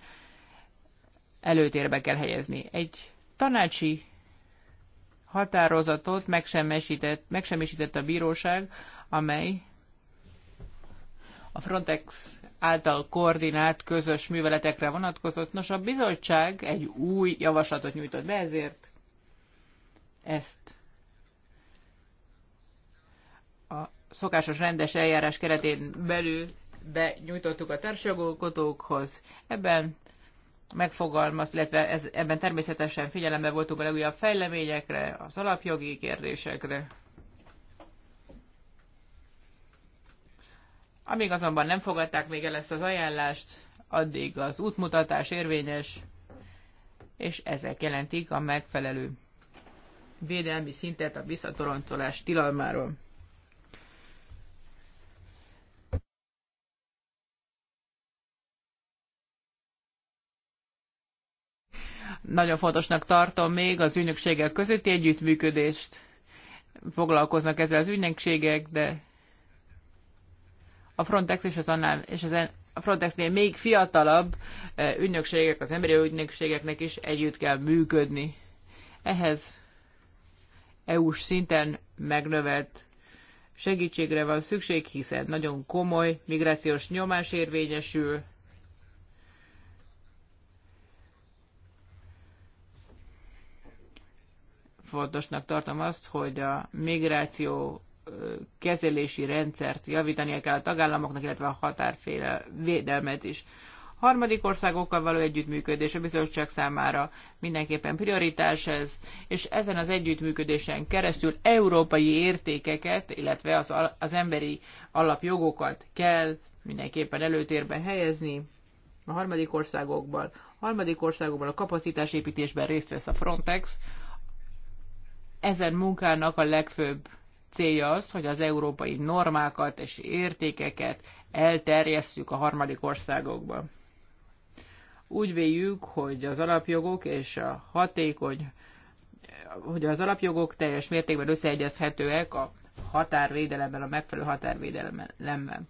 S4: előtérbe kell helyezni. Egy tanácsi határozatot megsemmisített, megsemmisített a bíróság, amely a Frontex által koordinált közös műveletekre vonatkozott. Nos, a bizottság egy új javaslatot nyújtott be, ezért ezt a szokásos rendes eljárás keretén belül benyújtottuk a társjogalkotókhoz. Ebben megfogalmaz, illetve ez, ebben természetesen figyelembe voltunk a legújabb fejleményekre, az alapjogi kérdésekre. Amíg azonban nem fogadták még el ezt az ajánlást, addig az útmutatás érvényes, és ezek jelentik a megfelelő védelmi szintet a visszatorontolás tilalmáról. Nagyon fontosnak tartom még az ügynökségek közötti együttműködést. Foglalkoznak ezzel az ügynökségek, de a Frontex és az, annál, és az en a Frontexnél még fiatalabb eh, ügynökségek, az emberi ügynökségeknek is együtt kell működni. Ehhez EU-s szinten megnövelt segítségre van szükség, hiszen nagyon komoly migrációs nyomás érvényesül, fontosnak tartom azt, hogy a migráció kezelési rendszert javítania kell a tagállamoknak, illetve a határféle védelmet is. harmadik országokkal való együttműködés a bizottság számára mindenképpen prioritás ez, és ezen az együttműködésen keresztül európai értékeket, illetve az, az emberi alapjogokat kell mindenképpen előtérbe helyezni a harmadik országokban. A harmadik országokban a kapacitásépítésben részt vesz a Frontex, ezen munkának a legfőbb célja az, hogy az európai normákat és értékeket elterjesszük a harmadik országokba. Úgy véljük, hogy az alapjogok és a hatékony, hogy az alapjogok teljes mértékben összeegyezhetőek a határvédelemmel, a megfelelő határvédelemmel.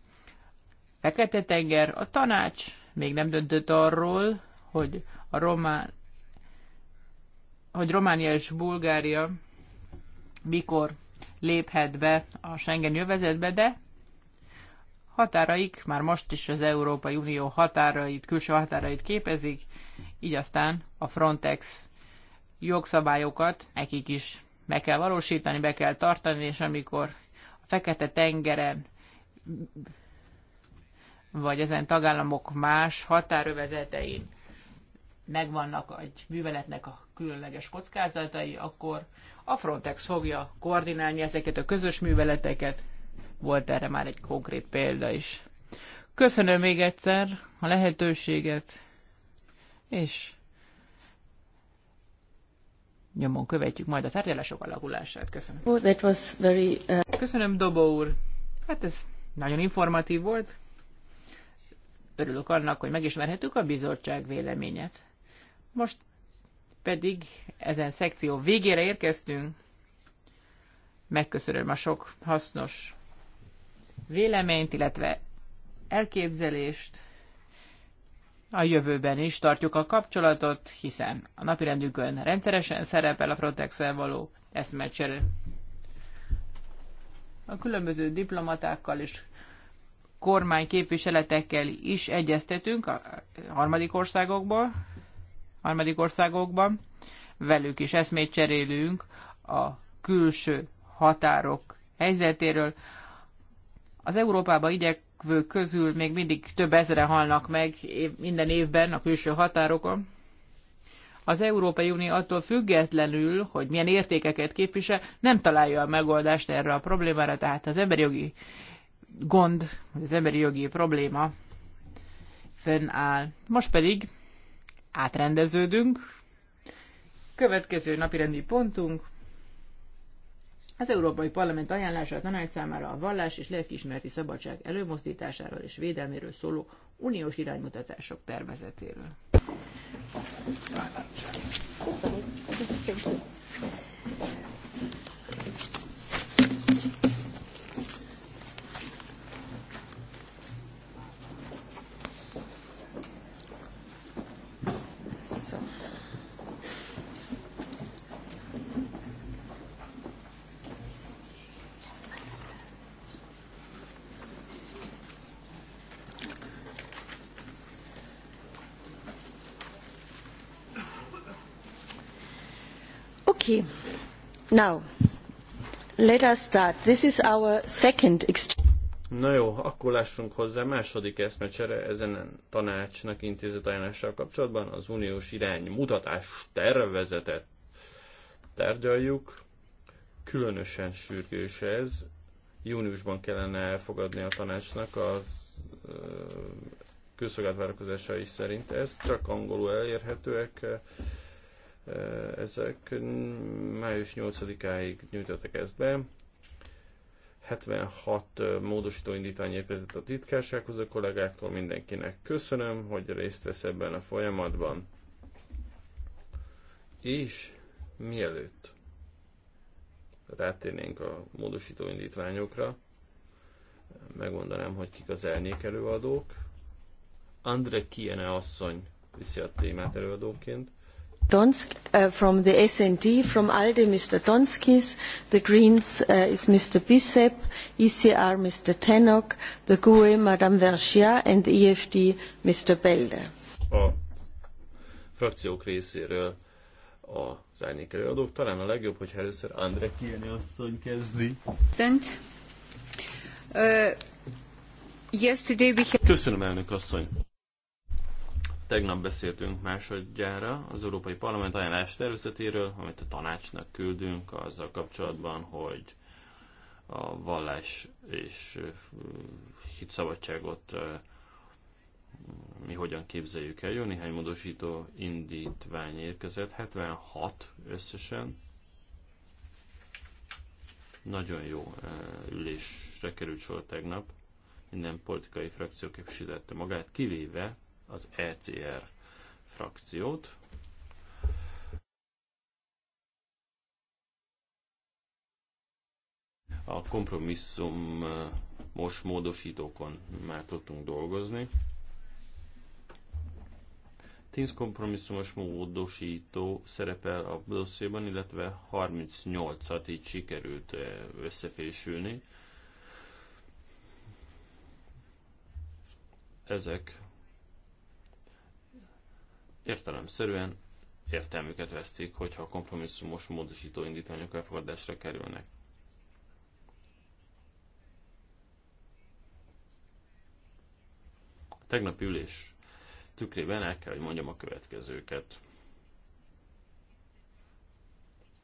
S4: Fekete-tenger, a tanács még nem döntött arról, hogy a román, hogy Románia és Bulgária mikor léphet be a Schengen jövezetbe, de határaik már most is az Európai Unió határait, külső határait képezik, így aztán a Frontex jogszabályokat nekik is meg kell valósítani, be kell tartani, és amikor a Fekete tengeren vagy ezen tagállamok más határövezetein megvannak egy műveletnek a különleges kockázatai, akkor a Frontex fogja koordinálni ezeket a közös műveleteket. Volt erre már egy konkrét példa is. Köszönöm még egyszer a lehetőséget, és nyomon követjük majd a tárgyalások alakulását. Köszönöm. Oh, that was very, uh... Köszönöm, Dobó úr. Hát ez nagyon informatív volt. Örülök annak, hogy megismerhetük a bizottság véleményet. Most pedig ezen szekció végére érkeztünk. Megköszönöm a sok hasznos véleményt, illetve elképzelést. A jövőben is tartjuk a kapcsolatot, hiszen a napirendünkön rendszeresen szerepel a frontex való eszmecserő. A különböző diplomatákkal és kormányképviseletekkel is egyeztetünk a harmadik országokból, harmadik országokban. Velük is eszmét cserélünk a külső határok helyzetéről. Az Európába igyekvő közül még mindig több ezre halnak meg minden évben a külső határokon. Az Európai Unió attól függetlenül, hogy milyen értékeket képvisel, nem találja a megoldást erre a problémára, tehát az emberi jogi gond, az emberi jogi probléma fennáll. Most pedig átrendeződünk. Következő napirendi pontunk az Európai Parlament ajánlása a tanács számára a vallás és lelkiismereti szabadság előmozdításáról és védelméről szóló uniós iránymutatások tervezetéről. Köszönöm.
S2: Na jó, akkor lássunk hozzá második eszmecsere ezen a tanácsnak intézett ajánlással kapcsolatban. Az uniós irány mutatás tervezetet tárgyaljuk. Különösen sürgős ez. Júniusban kellene elfogadni a tanácsnak a közszolgált várakozásai szerint. Ez csak angolul elérhetőek Eh, ezek. Május 8-áig nyújtottak ezt be. 76 eh, módosító indítvány érkezett a titkársághoz a kollégáktól, mindenkinek köszönöm, hogy részt vesz ebben a folyamatban. És mielőtt rátérnénk a módosító indítványokra, megmondanám, hogy kik az elnék előadók. Andre Kiene asszony viszi a témát előadóként.
S1: Donsk uh, from the SND, from ALDE, Mr. Donskis, the Greens uh, is Mr. Bissep, ECR, Mr. Tannock, the GUE, Madame Vergia, and the EFD, Mr. Belde. A
S2: frakciók részéről a az árnyékelőadók talán a legjobb, hogyha először André Kieni asszony kezdi. Uh, Köszönöm, elnök asszony. Tegnap beszéltünk másodjára az Európai Parlament ajánlás tervezetéről, amit a tanácsnak küldünk azzal kapcsolatban, hogy a vallás és hitszabadságot mi hogyan képzeljük el. Jó néhány módosító indítvány érkezett, 76 összesen. Nagyon jó ülésre került sor tegnap. Minden politikai frakció képviselte magát, kivéve az ECR frakciót. A kompromisszum eh, most módosítókon már tudtunk dolgozni. Tíz kompromisszumos módosító szerepel a dossziéban, illetve 38-at így sikerült eh, összefésülni. Ezek értelemszerűen értelmüket vesztik, hogyha a kompromisszumos módosító indítványok elfogadásra kerülnek. A tegnapi ülés tükrében el kell, hogy mondjam a következőket.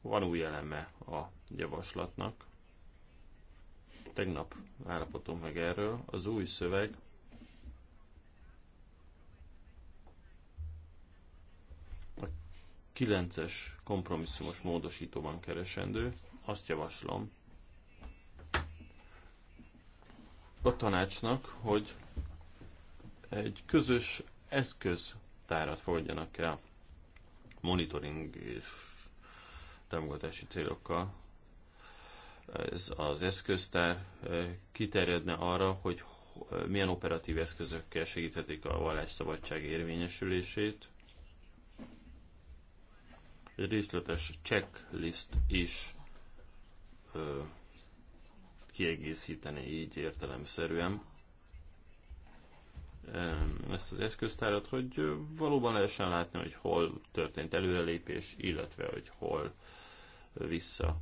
S2: Van új eleme a javaslatnak. Tegnap állapotom meg erről. Az új szöveg 9-es kompromisszumos módosítóban keresendő. Azt javaslom a tanácsnak, hogy egy közös eszköztárat fogadjanak el monitoring és támogatási célokkal. Ez az eszköztár eh, kiterjedne arra, hogy eh, milyen operatív eszközökkel segíthetik a vallásszabadság érvényesülését, egy részletes checklist is ö, kiegészíteni így értelemszerűen ezt az eszköztárat, hogy valóban lehessen látni, hogy hol történt előrelépés, illetve hogy hol vissza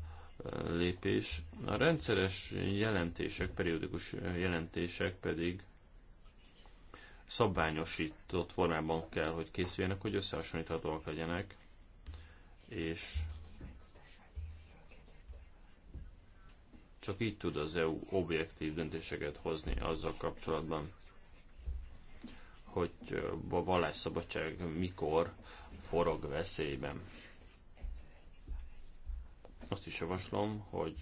S2: lépés. A rendszeres jelentések, periódikus jelentések pedig szabványosított formában kell, hogy készüljenek, hogy összehasonlíthatóak legyenek és csak így tud az EU objektív döntéseket hozni azzal kapcsolatban, hogy a vallásszabadság mikor forog veszélyben. Azt is javaslom, hogy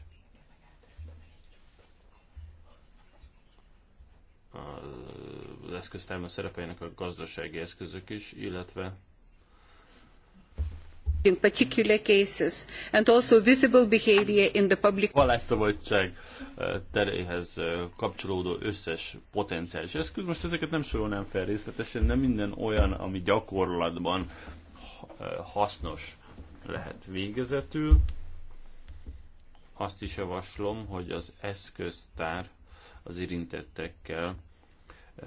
S2: az eszköztárma szerepeljenek a gazdasági eszközök is, illetve
S4: in particular cases, and also visible behavior in the public.
S2: Vallásszabadság eh, teréhez eh, kapcsolódó összes potenciális eszköz. Most ezeket nem sorolnám fel részletesen, nem minden olyan, ami gyakorlatban eh, hasznos lehet végezetül. Azt is javaslom, hogy az eszköztár az érintettekkel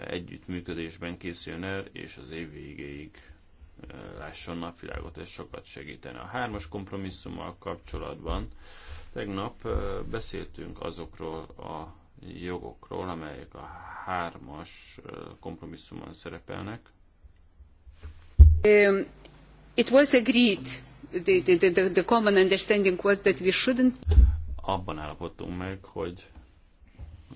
S2: együttműködésben készüljön el, és az év végéig lásson napvilágot, és sokat segítene. A hármas kompromisszummal kapcsolatban tegnap beszéltünk azokról a jogokról, amelyek a hármas kompromisszumon szerepelnek.
S4: Um, it was agreed, the, the, the, the common understanding was that we shouldn't...
S2: Abban állapodtunk meg, hogy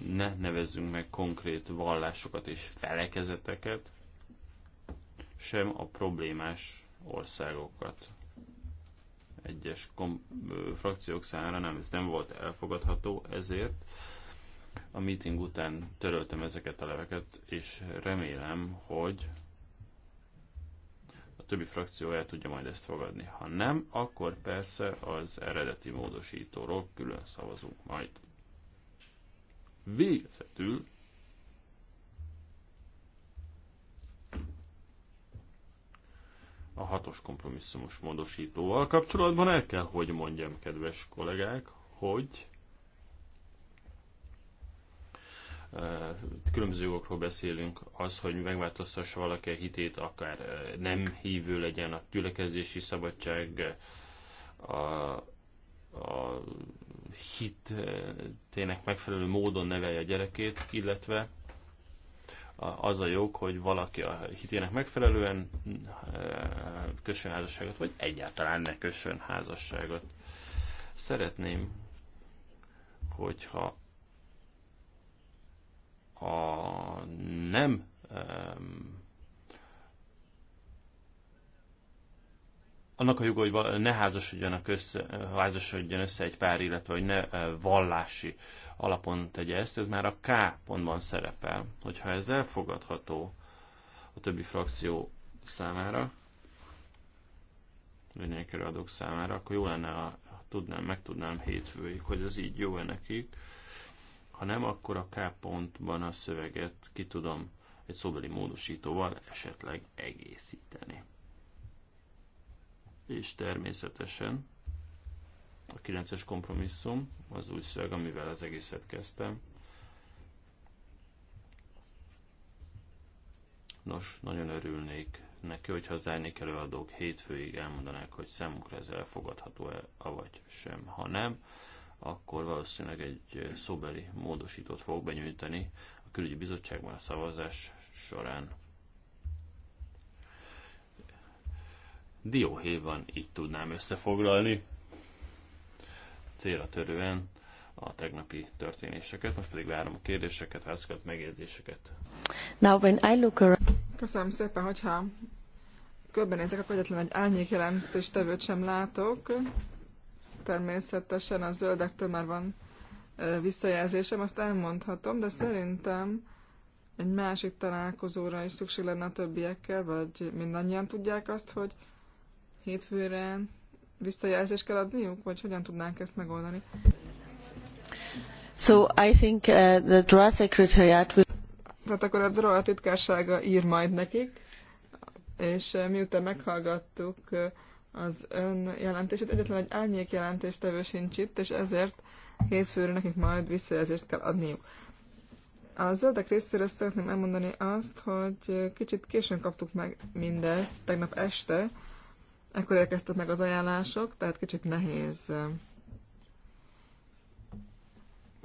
S2: ne nevezzünk meg konkrét vallásokat és felekezeteket, sem a problémás országokat. Egyes kom- frakciók számára nem, ez nem volt elfogadható, ezért a meeting után töröltem ezeket a leveket, és remélem, hogy a többi frakció el tudja majd ezt fogadni. Ha nem, akkor persze az eredeti módosítóról külön szavazunk majd. Végezetül a hatos kompromisszumos módosítóval kapcsolatban el kell, hogy mondjam, kedves kollégák, hogy e, különböző jogokról beszélünk, az, hogy megváltoztassa valaki a hitét, akár e, nem hívő legyen a gyülekezési szabadság, e, a, a hitének megfelelő módon nevelje a gyerekét, illetve az a jog, hogy valaki a hitének megfelelően eh, kössön házasságot, vagy egyáltalán ne kössön házasságot. Szeretném, hogyha a nem annak a joga, hogy ne házasodjanak össze, házasodjon össze egy pár, illetve hogy ne eh, vallási alapon tegye ezt, ez már a K pontban szerepel. Hogyha ez elfogadható a többi frakció számára, lényeg előadók számára, akkor jó lenne, ha tudnám, meg tudnám hétfőig, hogy ez így jó-e nekik. Ha nem, akkor a K pontban a szöveget ki tudom egy szóbeli módosítóval esetleg egészíteni. És természetesen a 9-es kompromisszum, az új szöveg, amivel az egészet kezdtem. Nos, nagyon örülnék neki, hogy az árnyék előadók hétfőig elmondanák, hogy számukra ez elfogadható-e, avagy sem. Ha nem, akkor valószínűleg egy szóbeli módosítót fog benyújtani a külügyi bizottságban a szavazás során. van így tudnám összefoglalni célra törően a tegnapi történéseket. Most pedig várom a kérdéseket, válaszokat, megjegyzéseket.
S1: Now when I look around...
S3: Köszönöm szépen, hogyha körbenézek, akkor egyetlen egy árnyék tevőt sem látok. Természetesen a zöldektől már van visszajelzésem, azt elmondhatom, de szerintem egy másik találkozóra is szükség lenne a többiekkel, vagy mindannyian tudják azt, hogy hétfőre visszajelzést kell adniuk, vagy hogyan tudnánk ezt megoldani?
S1: So I think uh, the DRA secretariat will...
S3: Tehát akkor a DRA titkársága ír majd nekik, és uh, miután meghallgattuk uh, az ön jelentését, egyetlen egy árnyék jelentéstevő sincs itt, és ezért hétfőre nekik majd visszajelzést kell adniuk. A zöldek részére szeretném elmondani azt, hogy uh, kicsit későn kaptuk meg mindezt, tegnap este, Ekkor érkeztek meg az ajánlások, tehát kicsit nehéz eh,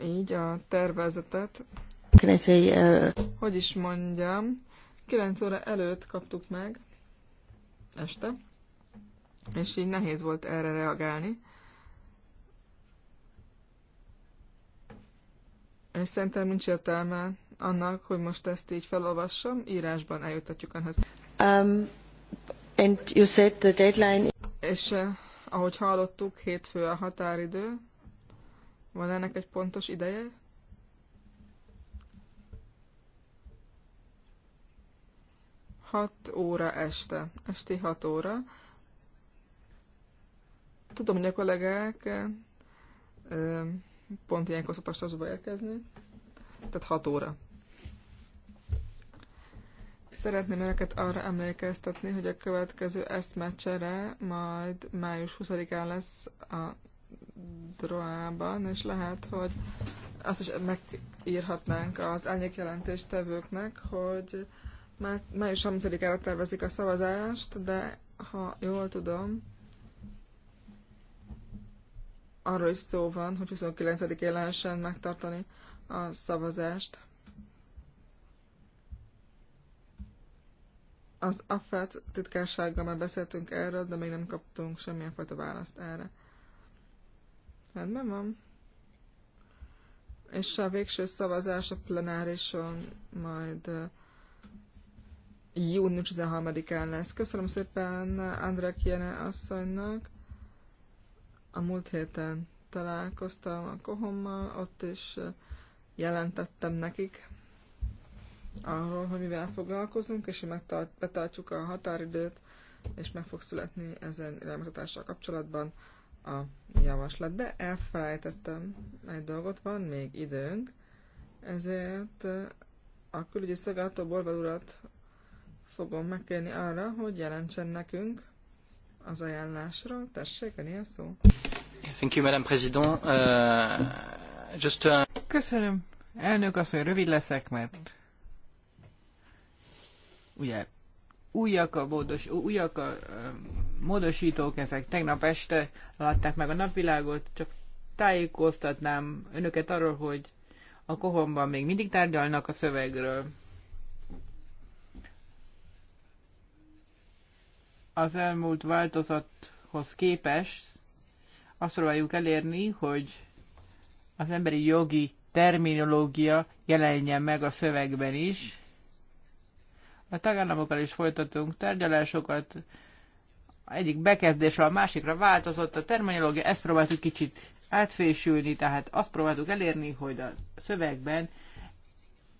S3: így a tervezetet.
S1: Eh,
S3: hogy is mondjam, 9 óra előtt kaptuk meg, este, és így nehéz volt erre reagálni. És szerintem nincs értelme annak, hogy most ezt így felolvassam, írásban eljutatjuk önhez.
S1: Um, And you said the deadline...
S3: És eh, ahogy hallottuk, hétfő a határidő. Van ennek egy pontos ideje? Hat óra este. Esti hat óra. Tudom, hogy a kollégák eh, eh, pont ilyenkor szoktak érkezni. Tehát hat óra szeretném önöket arra emlékeztetni, hogy a következő eszmecsere majd május 20-án lesz a Droában, és lehet, hogy azt is megírhatnánk az elnyék jelentéstevőknek, hogy május 30-ára tervezik a szavazást, de ha jól tudom, arról is szó van, hogy 29-én lehessen megtartani a szavazást. Az AFET titkársággal már beszéltünk erről, de még nem kaptunk semmilyen fajta választ erre. Rendben van. És a végső szavazás a plenárison majd június 13-án lesz. Köszönöm szépen Andrea Kiene asszonynak. A múlt héten találkoztam a Kohommal, ott is jelentettem nekik arról, hogy mivel foglalkozunk, és hogy megtart, betartjuk a határidőt, és meg fog születni ezen iránymutatással kapcsolatban a javaslat. De elfelejtettem egy dolgot, van még időnk, ezért a külügyi szolgálató Borvel urat fogom megkérni arra, hogy jelentsen nekünk az ajánlásról. Tessék, a szó.
S4: Thank you, Madame President. Uh, just to... Köszönöm. Elnök azt, hogy rövid leszek, mert Ugye újak a, módos, újak a módosítók, ezek tegnap este látták meg a napvilágot, csak tájékoztatnám önöket arról, hogy a kohomban még mindig tárgyalnak a szövegről. Az elmúlt változathoz képest azt próbáljuk elérni, hogy az emberi jogi terminológia jelenjen meg a szövegben is, a tagállamokkal is folytatunk tárgyalásokat, egyik bekezdésre a másikra változott a terminológia, ezt próbáltuk kicsit átfésülni, tehát azt próbáltuk elérni, hogy a szövegben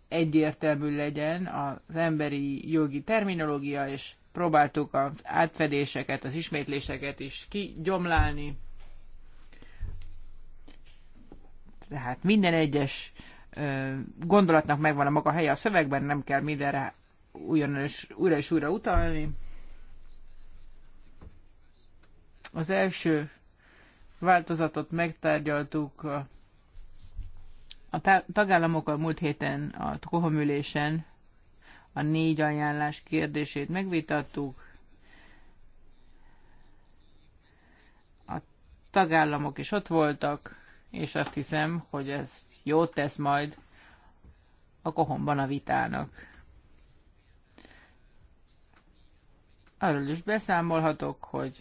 S4: egyértelmű legyen az emberi jogi terminológia, és próbáltuk az átfedéseket, az ismétléseket is kigyomlálni. Tehát minden egyes gondolatnak megvan a maga helye a szövegben, nem kell mindenre ugyanis újra és újra utalni. Az első változatot megtárgyaltuk a, a tagállamokkal múlt héten a kohomülésen a négy ajánlás kérdését megvitattuk. A tagállamok is ott voltak, és azt hiszem, hogy ez jót tesz majd a kohomban a vitának. arról is beszámolhatok, hogy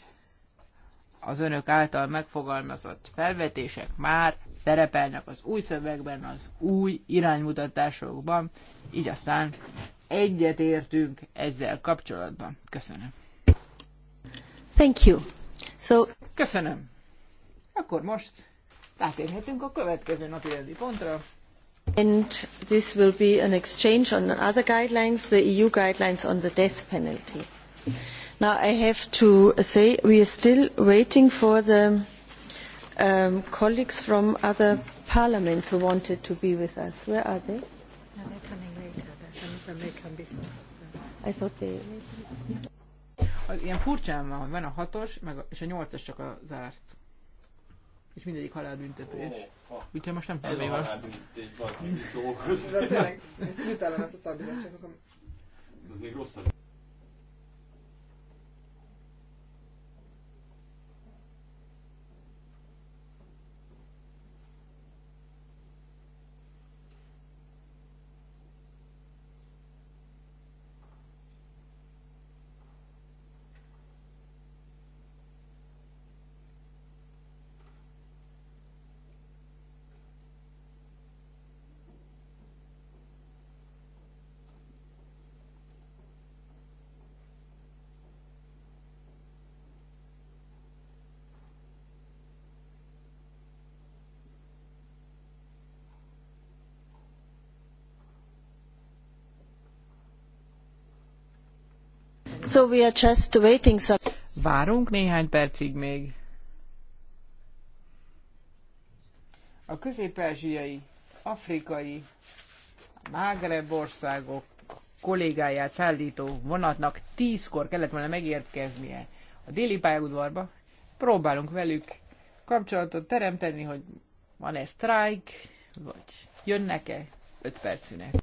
S4: az önök által megfogalmazott felvetések már szerepelnek az új szövegben, az új iránymutatásokban, így aztán egyetértünk ezzel kapcsolatban. Köszönöm.
S1: Thank you. So...
S4: Köszönöm. Akkor most átérhetünk a következő napi pontra.
S1: And this will be an exchange on other guidelines, the EU guidelines on the death penalty. Now I have to say we are still waiting for the um, colleagues from other parliaments who wanted to be with us. Where are they? No, they're coming later. Some of them may come before. So. I thought they...
S4: Az ilyen furcsán van, hogy van a hatos, meg a, és a nyolcas csak a zárt. És mindegyik halálbüntetés. Úgyhogy most nem tudom, mi van. Ez a halálbüntetés, valaki dolgozik. Ez tényleg, ezt utálom ezt a szakbizottságnak. Ez még rosszabb. So we are just waiting Várunk néhány percig még. A közép-ázsiai, afrikai, Mágreb országok kollégáját szállító vonatnak tízkor kellett volna megérkeznie a déli pályaudvarba. Próbálunk velük kapcsolatot teremteni, hogy van-e sztrájk, vagy jönnek-e 5 perc szünet.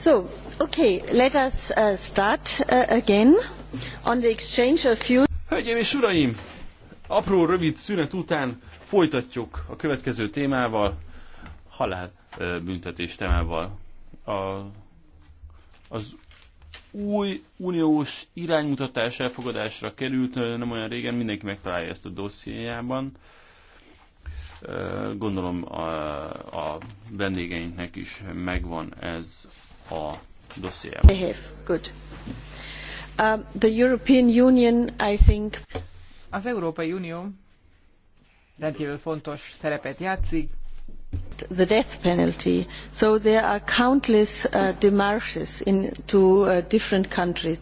S1: So, okay, let us uh, start uh, again on the exchange of
S2: Hölgyeim és uraim, apró rövid szünet után folytatjuk a következő témával, halálbüntetés uh, témával. A, az új uniós iránymutatás elfogadásra került, uh, nem olyan régen, mindenki megtalálja ezt a dossziéjában. Gondolom a, a vendégeinknek is megvan ez a dosszié. They have.
S1: Good. Uh, the European Union, I think...
S4: Az Európai Unió rendkívül fontos szerepet játszik.
S1: The death penalty. So there are countless uh, demarches in, to uh, different countries,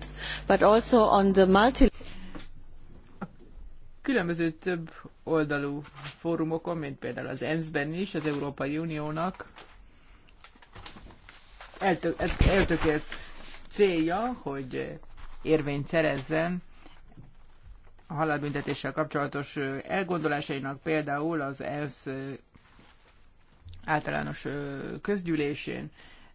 S1: but also on the multi
S4: különböző több oldalú fórumokon, mint például az ENSZ-ben is, az Európai Uniónak eltök, eltökélt célja, hogy érvényt szerezzen a halálbüntetéssel kapcsolatos elgondolásainak, például az ENSZ általános közgyűlésén,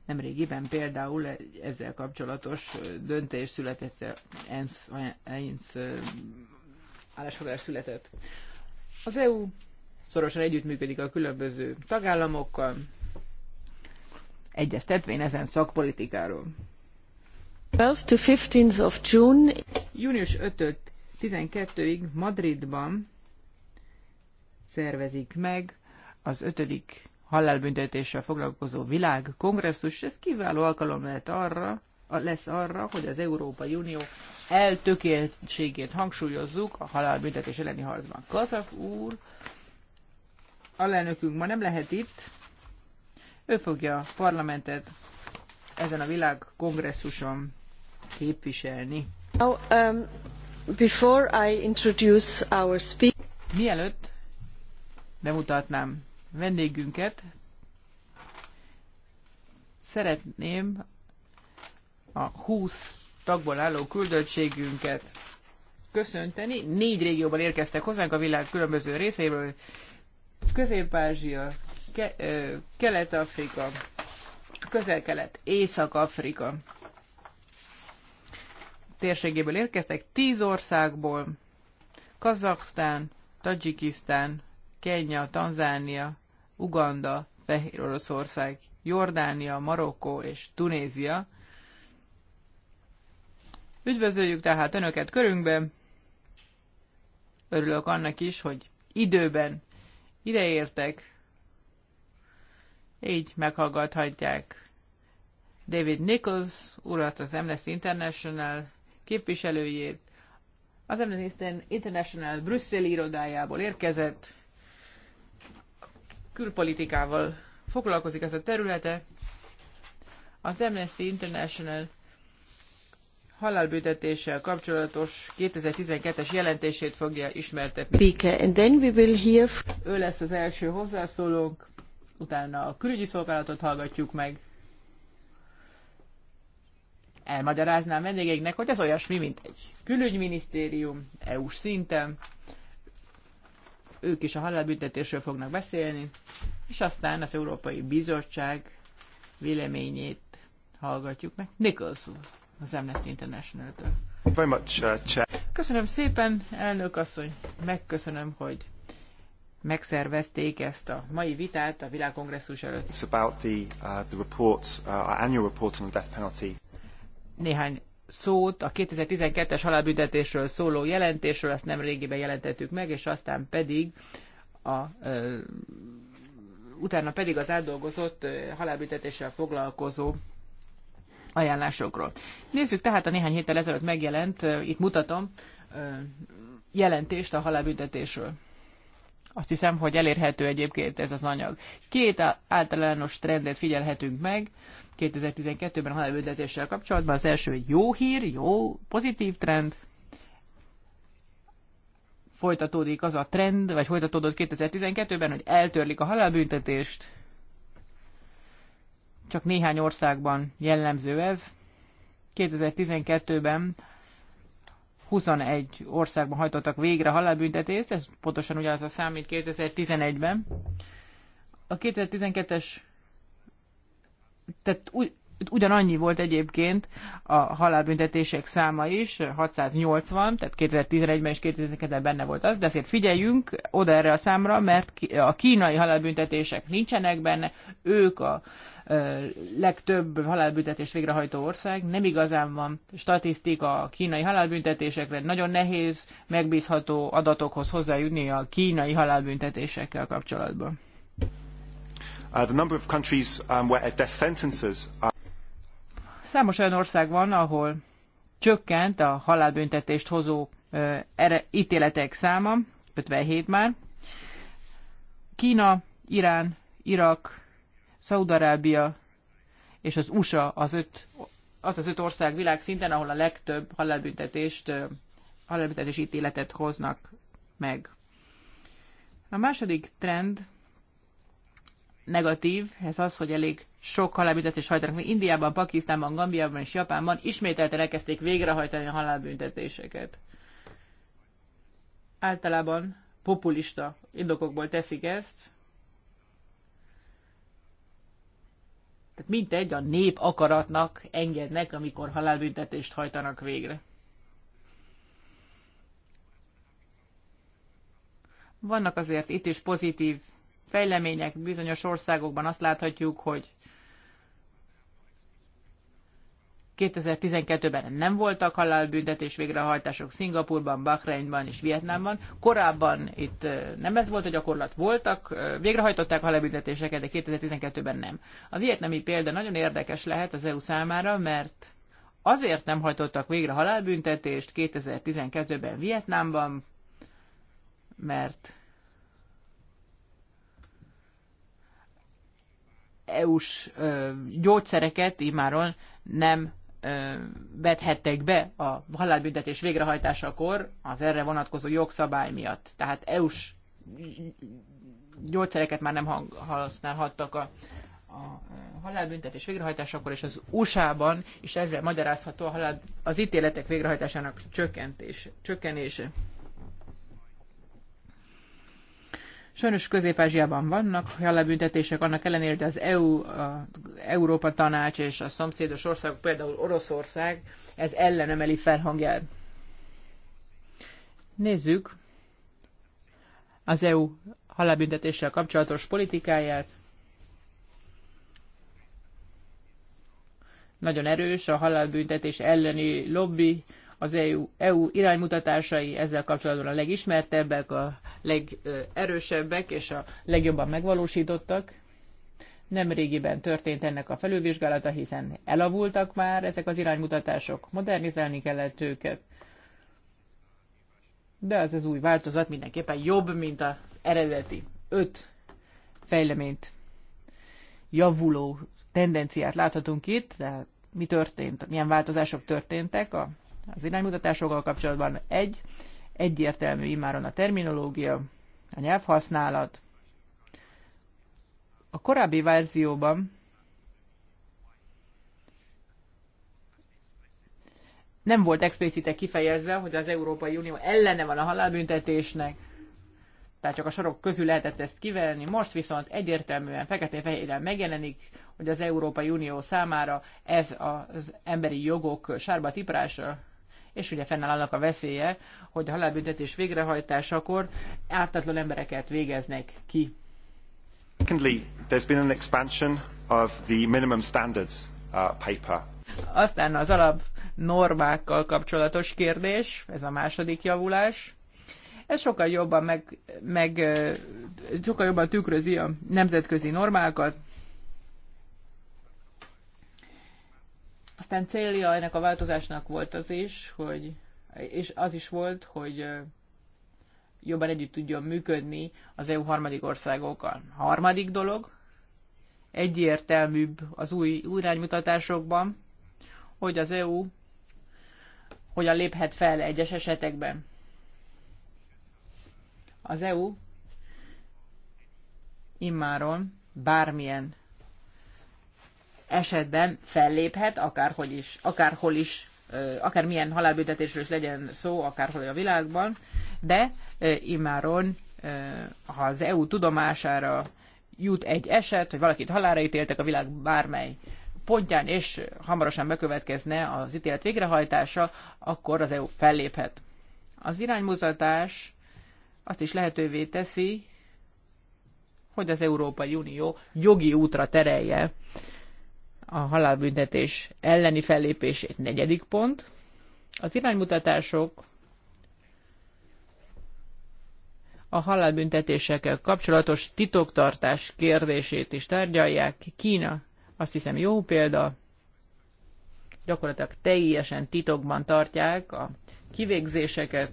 S4: nemrégiben például ezzel kapcsolatos döntés született ENSZ, ENSZ állásfoglalás született. Az EU szorosan együttműködik a különböző tagállamokkal, egyeztetvén ezen szakpolitikáról.
S1: 12 of June.
S4: Június 5 12-ig Madridban szervezik meg az ötödik halálbüntetéssel foglalkozó világkongresszus. Ez kiváló alkalom lehet arra, lesz arra, hogy az Európai Unió eltökéltségét hangsúlyozzuk a halálbüntetés elleni harcban. Kazak úr, lelnökünk ma nem lehet itt, ő fogja a parlamentet ezen a világ kongresszuson képviselni. Now, um, before I introduce our speak... Mielőtt bemutatnám vendégünket, szeretném a 20 tagból álló küldöttségünket köszönteni. Négy régióban érkeztek hozzánk a világ különböző részéről. Közép-Ázsia, Ke Kelet-Afrika, Közel-Kelet, Észak-Afrika térségéből érkeztek, tíz országból, Kazaksztán, Tadzsikisztán, Kenya, Tanzánia, Uganda, Fehér Oroszország, Jordánia, Marokkó és Tunézia Üdvözöljük tehát Önöket körünkben. Örülök annak is, hogy időben ideértek. Így meghallgathatják David Nichols urat, az Amnesty International képviselőjét. Az Amnesty International brüsszeli irodájából érkezett. Külpolitikával foglalkozik ez a területe. Az Amnesty International halálbüntetéssel kapcsolatos 2012-es jelentését fogja ismertetni. And then we will hear... Ő lesz az első hozzászólónk, utána a külügyi szolgálatot hallgatjuk meg. Elmagyaráznám vendégeknek, hogy ez olyasmi, mint egy külügyminisztérium, EU-s szinten. Ők is a halálbüntetésről fognak beszélni, és aztán az Európai Bizottság véleményét hallgatjuk meg. Nicholson az Amnesty International-től.
S1: Very much, uh,
S4: Köszönöm szépen, elnök asszony. Megköszönöm, hogy megszervezték ezt a mai vitát a világkongresszus előtt.
S1: It's about the, uh, the report, uh, our annual report on the death penalty.
S4: Néhány szót a 2012-es halálbüntetésről szóló jelentésről, ezt nem régiben jelentettük meg, és aztán pedig a, uh, utána pedig az átdolgozott uh, halálbüntetéssel foglalkozó ajánlásokról. Nézzük tehát a néhány héttel ezelőtt megjelent, itt mutatom, jelentést a halálbüntetésről. Azt hiszem, hogy elérhető egyébként ez az anyag. Két általános trendet figyelhetünk meg 2012-ben a halálbüntetéssel kapcsolatban. Az első egy jó hír, jó, pozitív trend. Folytatódik az a trend, vagy folytatódott 2012-ben, hogy eltörlik a halálbüntetést, csak néhány országban jellemző ez. 2012-ben 21 országban hajtottak végre halálbüntetést, ez pontosan ugyanaz a szám, mint 2011-ben. A 2012-es, tehát úgy, ugyanannyi volt egyébként a halálbüntetések száma is, 680, tehát 2011-ben és 2012-ben benne volt az, de azért figyeljünk oda erre a számra, mert a kínai halálbüntetések nincsenek benne, ők a legtöbb halálbüntetést végrehajtó ország, nem igazán van statisztika a kínai halálbüntetésekre, nagyon nehéz megbízható adatokhoz hozzájutni a kínai halálbüntetésekkel kapcsolatban.
S1: Uh, the number of countries um, where death sentences are
S4: Számos olyan ország van, ahol csökkent a halálbüntetést hozó ítéletek száma, 57 már. Kína, Irán, Irak, Szaudarábia és az USA az, öt, az az öt ország világszinten, ahol a legtöbb halálbüntetést, halálbüntetés ítéletet hoznak meg. A második trend negatív, ez az, hogy elég sok halálbüntetés hajtanak még Indiában, Pakisztánban, Gambiában és Japánban ismételten elkezdték végrehajtani a halálbüntetéseket. Általában populista indokokból teszik ezt. Tehát mintegy a nép akaratnak engednek, amikor halálbüntetést hajtanak végre. Vannak azért itt is pozitív fejlemények bizonyos országokban azt láthatjuk, hogy 2012-ben nem voltak halálbüntetés végrehajtások Szingapurban, Bahreinban és Vietnámban. Korábban itt nem ez volt a gyakorlat, voltak, végrehajtották halálbüntetéseket, de 2012-ben nem. A vietnami példa nagyon érdekes lehet az EU számára, mert azért nem hajtottak végre halálbüntetést 2012-ben Vietnámban, mert EU-s gyógyszereket imáron nem vethettek be a halálbüntetés végrehajtásakor az erre vonatkozó jogszabály miatt. Tehát EU-s gyógyszereket már nem használhattak a, a halálbüntetés végrehajtásakor, és az USA-ban is ezzel magyarázható a halál, az ítéletek végrehajtásának csökkentés, csökkenése. Sajnos Közép-Ázsiában vannak halálbüntetések, annak ellenére, hogy az EU, a Európa Tanács és a szomszédos országok, például Oroszország, ez ellen emeli felhangját. Nézzük az EU halálbüntetéssel kapcsolatos politikáját. Nagyon erős a halálbüntetés elleni lobby, az EU, EU iránymutatásai ezzel kapcsolatban a legismertebbek, a legerősebbek és a legjobban megvalósítottak. Nem régiben történt ennek a felülvizsgálata, hiszen elavultak már ezek az iránymutatások, modernizálni kellett őket. De az az új változat mindenképpen jobb, mint az eredeti. Öt fejleményt javuló tendenciát láthatunk itt, de mi történt, milyen változások történtek a az iránymutatásokkal kapcsolatban. Egy, egyértelmű imáron a terminológia, a nyelvhasználat. A korábbi verzióban nem volt explicite kifejezve, hogy az Európai Unió ellene van a halálbüntetésnek, tehát csak a sorok közül lehetett ezt kivenni, most viszont egyértelműen feketén-fehéren megjelenik, hogy az Európai Unió számára ez az emberi jogok sárba tiprása, és ugye fennáll annak a veszélye, hogy a halálbüntetés végrehajtásakor ártatlan embereket végeznek ki.
S1: Secondly, there's been an expansion of the minimum standards uh, paper.
S4: Aztán az alap normákkal kapcsolatos kérdés, ez a második javulás. Ez sokkal jobban, meg, meg, sokkal jobban tükrözi a nemzetközi normákat, Aztán célja ennek a változásnak volt az is, hogy, és az is volt, hogy jobban együtt tudjon működni az EU harmadik országokkal. Harmadik dolog, egyértelműbb az új iránymutatásokban, hogy az EU hogyan léphet fel egyes esetekben. Az EU immáron bármilyen esetben felléphet, akárhogy is, akárhol is, akármilyen halálbüntetésről is legyen szó, akárhol a világban, de imáron, ha az EU tudomására jut egy eset, hogy valakit halára ítéltek a világ bármely pontján, és hamarosan bekövetkezne az ítélet végrehajtása, akkor az EU felléphet. Az iránymutatás azt is lehetővé teszi, hogy az Európai Unió jogi útra terelje a halálbüntetés elleni fellépését. Negyedik pont. Az iránymutatások a halálbüntetésekkel kapcsolatos titoktartás kérdését is tárgyalják. Kína azt hiszem jó példa, gyakorlatilag teljesen titokban tartják a kivégzéseket,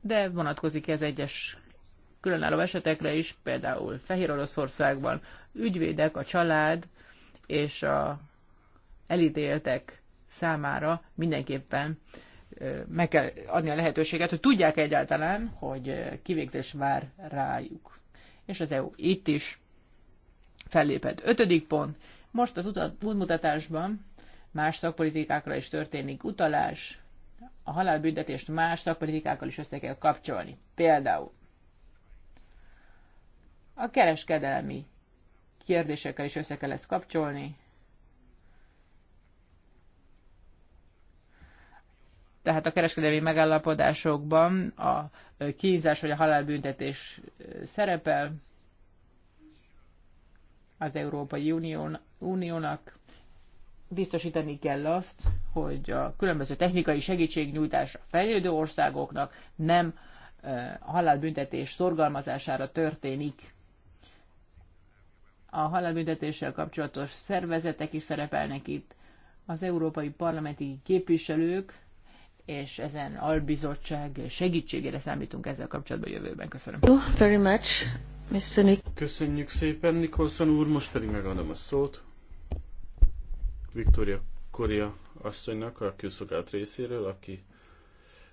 S4: de vonatkozik ez egyes különálló esetekre is, például Fehér Oroszországban ügyvédek, a család és a elítéltek számára mindenképpen meg kell adni a lehetőséget, hogy tudják egyáltalán, hogy kivégzés vár rájuk. És az EU itt is fellépett. Ötödik pont. Most az útmutatásban más szakpolitikákra is történik utalás, a halálbüntetést más szakpolitikákkal is össze kell kapcsolni. Például a kereskedelmi kérdésekkel is össze kell ezt kapcsolni. Tehát a kereskedelmi megállapodásokban a kínzás vagy a halálbüntetés szerepel az Európai Unión, Uniónak. Biztosítani kell azt, hogy a különböző technikai segítségnyújtás a fejlődő országoknak nem halálbüntetés szorgalmazására történik a halálbüntetéssel kapcsolatos szervezetek is szerepelnek itt, az európai parlamenti képviselők, és ezen albizottság segítségére számítunk ezzel kapcsolatban jövőben. Köszönöm. Very much, Mr. Nick.
S2: Köszönjük szépen, Nikolson úr, most pedig megadom a szót. Viktória Korea asszonynak a külszolgált részéről, aki